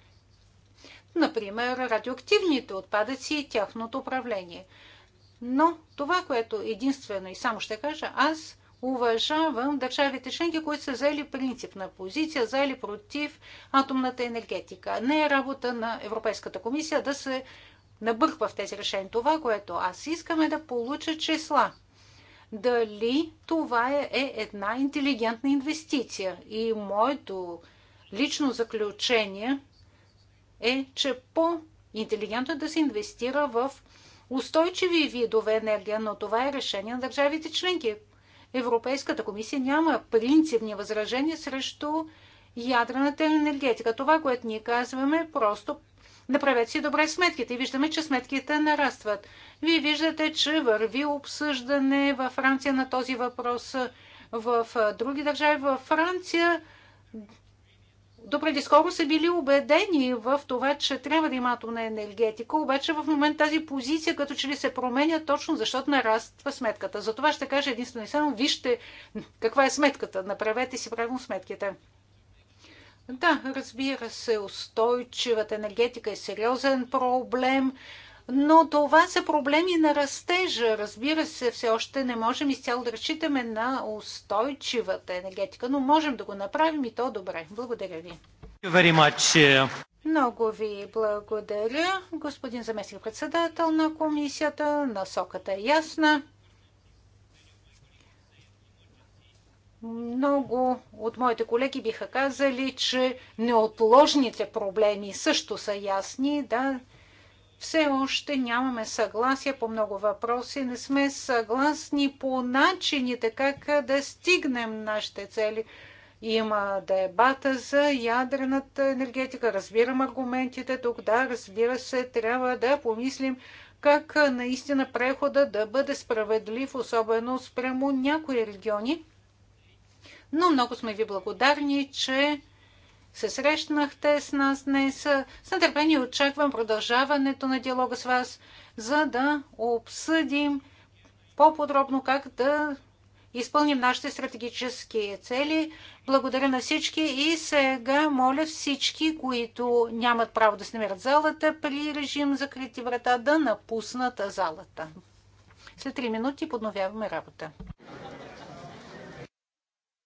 S1: Например, радиоактивните отпадъци и тяхното управление. Но това, което единствено и само ще кажа, аз уважавам държавите членки, които са взели принципна позиция, взели против атомната енергетика. Не е работа на Европейската комисия да се набърква в тези решения. Това, което аз искам е да получа числа. Дали това е, е една интелигентна инвестиция? И моето лично заключение е, че по-интелигентно е да се инвестира в устойчиви видове енергия, но това е решение на държавите членки. Европейската комисия няма принципни възражения срещу ядрената енергетика. Това, което ние казваме, е просто Направете си добре сметките и виждаме, че сметките нарастват. Вие виждате, че върви обсъждане във Франция на този въпрос в други държави. Във Франция допреди скоро са били убедени в това, че трябва да има атомна енергетика, обаче в момента тази позиция като че ли се променя точно защото нараства сметката. За това ще кажа единствено и само вижте каква е сметката, направете си правилно сметките. Да, разбира се, устойчивата енергетика е сериозен проблем, но това са проблеми на растежа. Разбира се, все още не можем изцяло да разчитаме на устойчивата енергетика, но можем да го направим и то добре. Благодаря ви. Uh, Много ви благодаря, господин заместник-председател на комисията. Насоката е ясна. Много от моите колеги биха казали, че неотложните проблеми също са ясни. Да, все още нямаме съгласие по много въпроси, не сме съгласни по начините как да стигнем нашите цели. Има дебата за ядрената енергетика, разбирам аргументите тук, да, разбира се, трябва да помислим как наистина прехода да бъде справедлив, особено спрямо някои региони но много сме ви благодарни, че се срещнахте с нас днес. С нетърпение очаквам продължаването на диалога с вас, за да обсъдим по-подробно как да изпълним нашите стратегически цели. Благодаря на всички и сега моля всички, които нямат право да се намерят залата, при режим закрити врата да напуснат залата. След 3 минути подновяваме работа.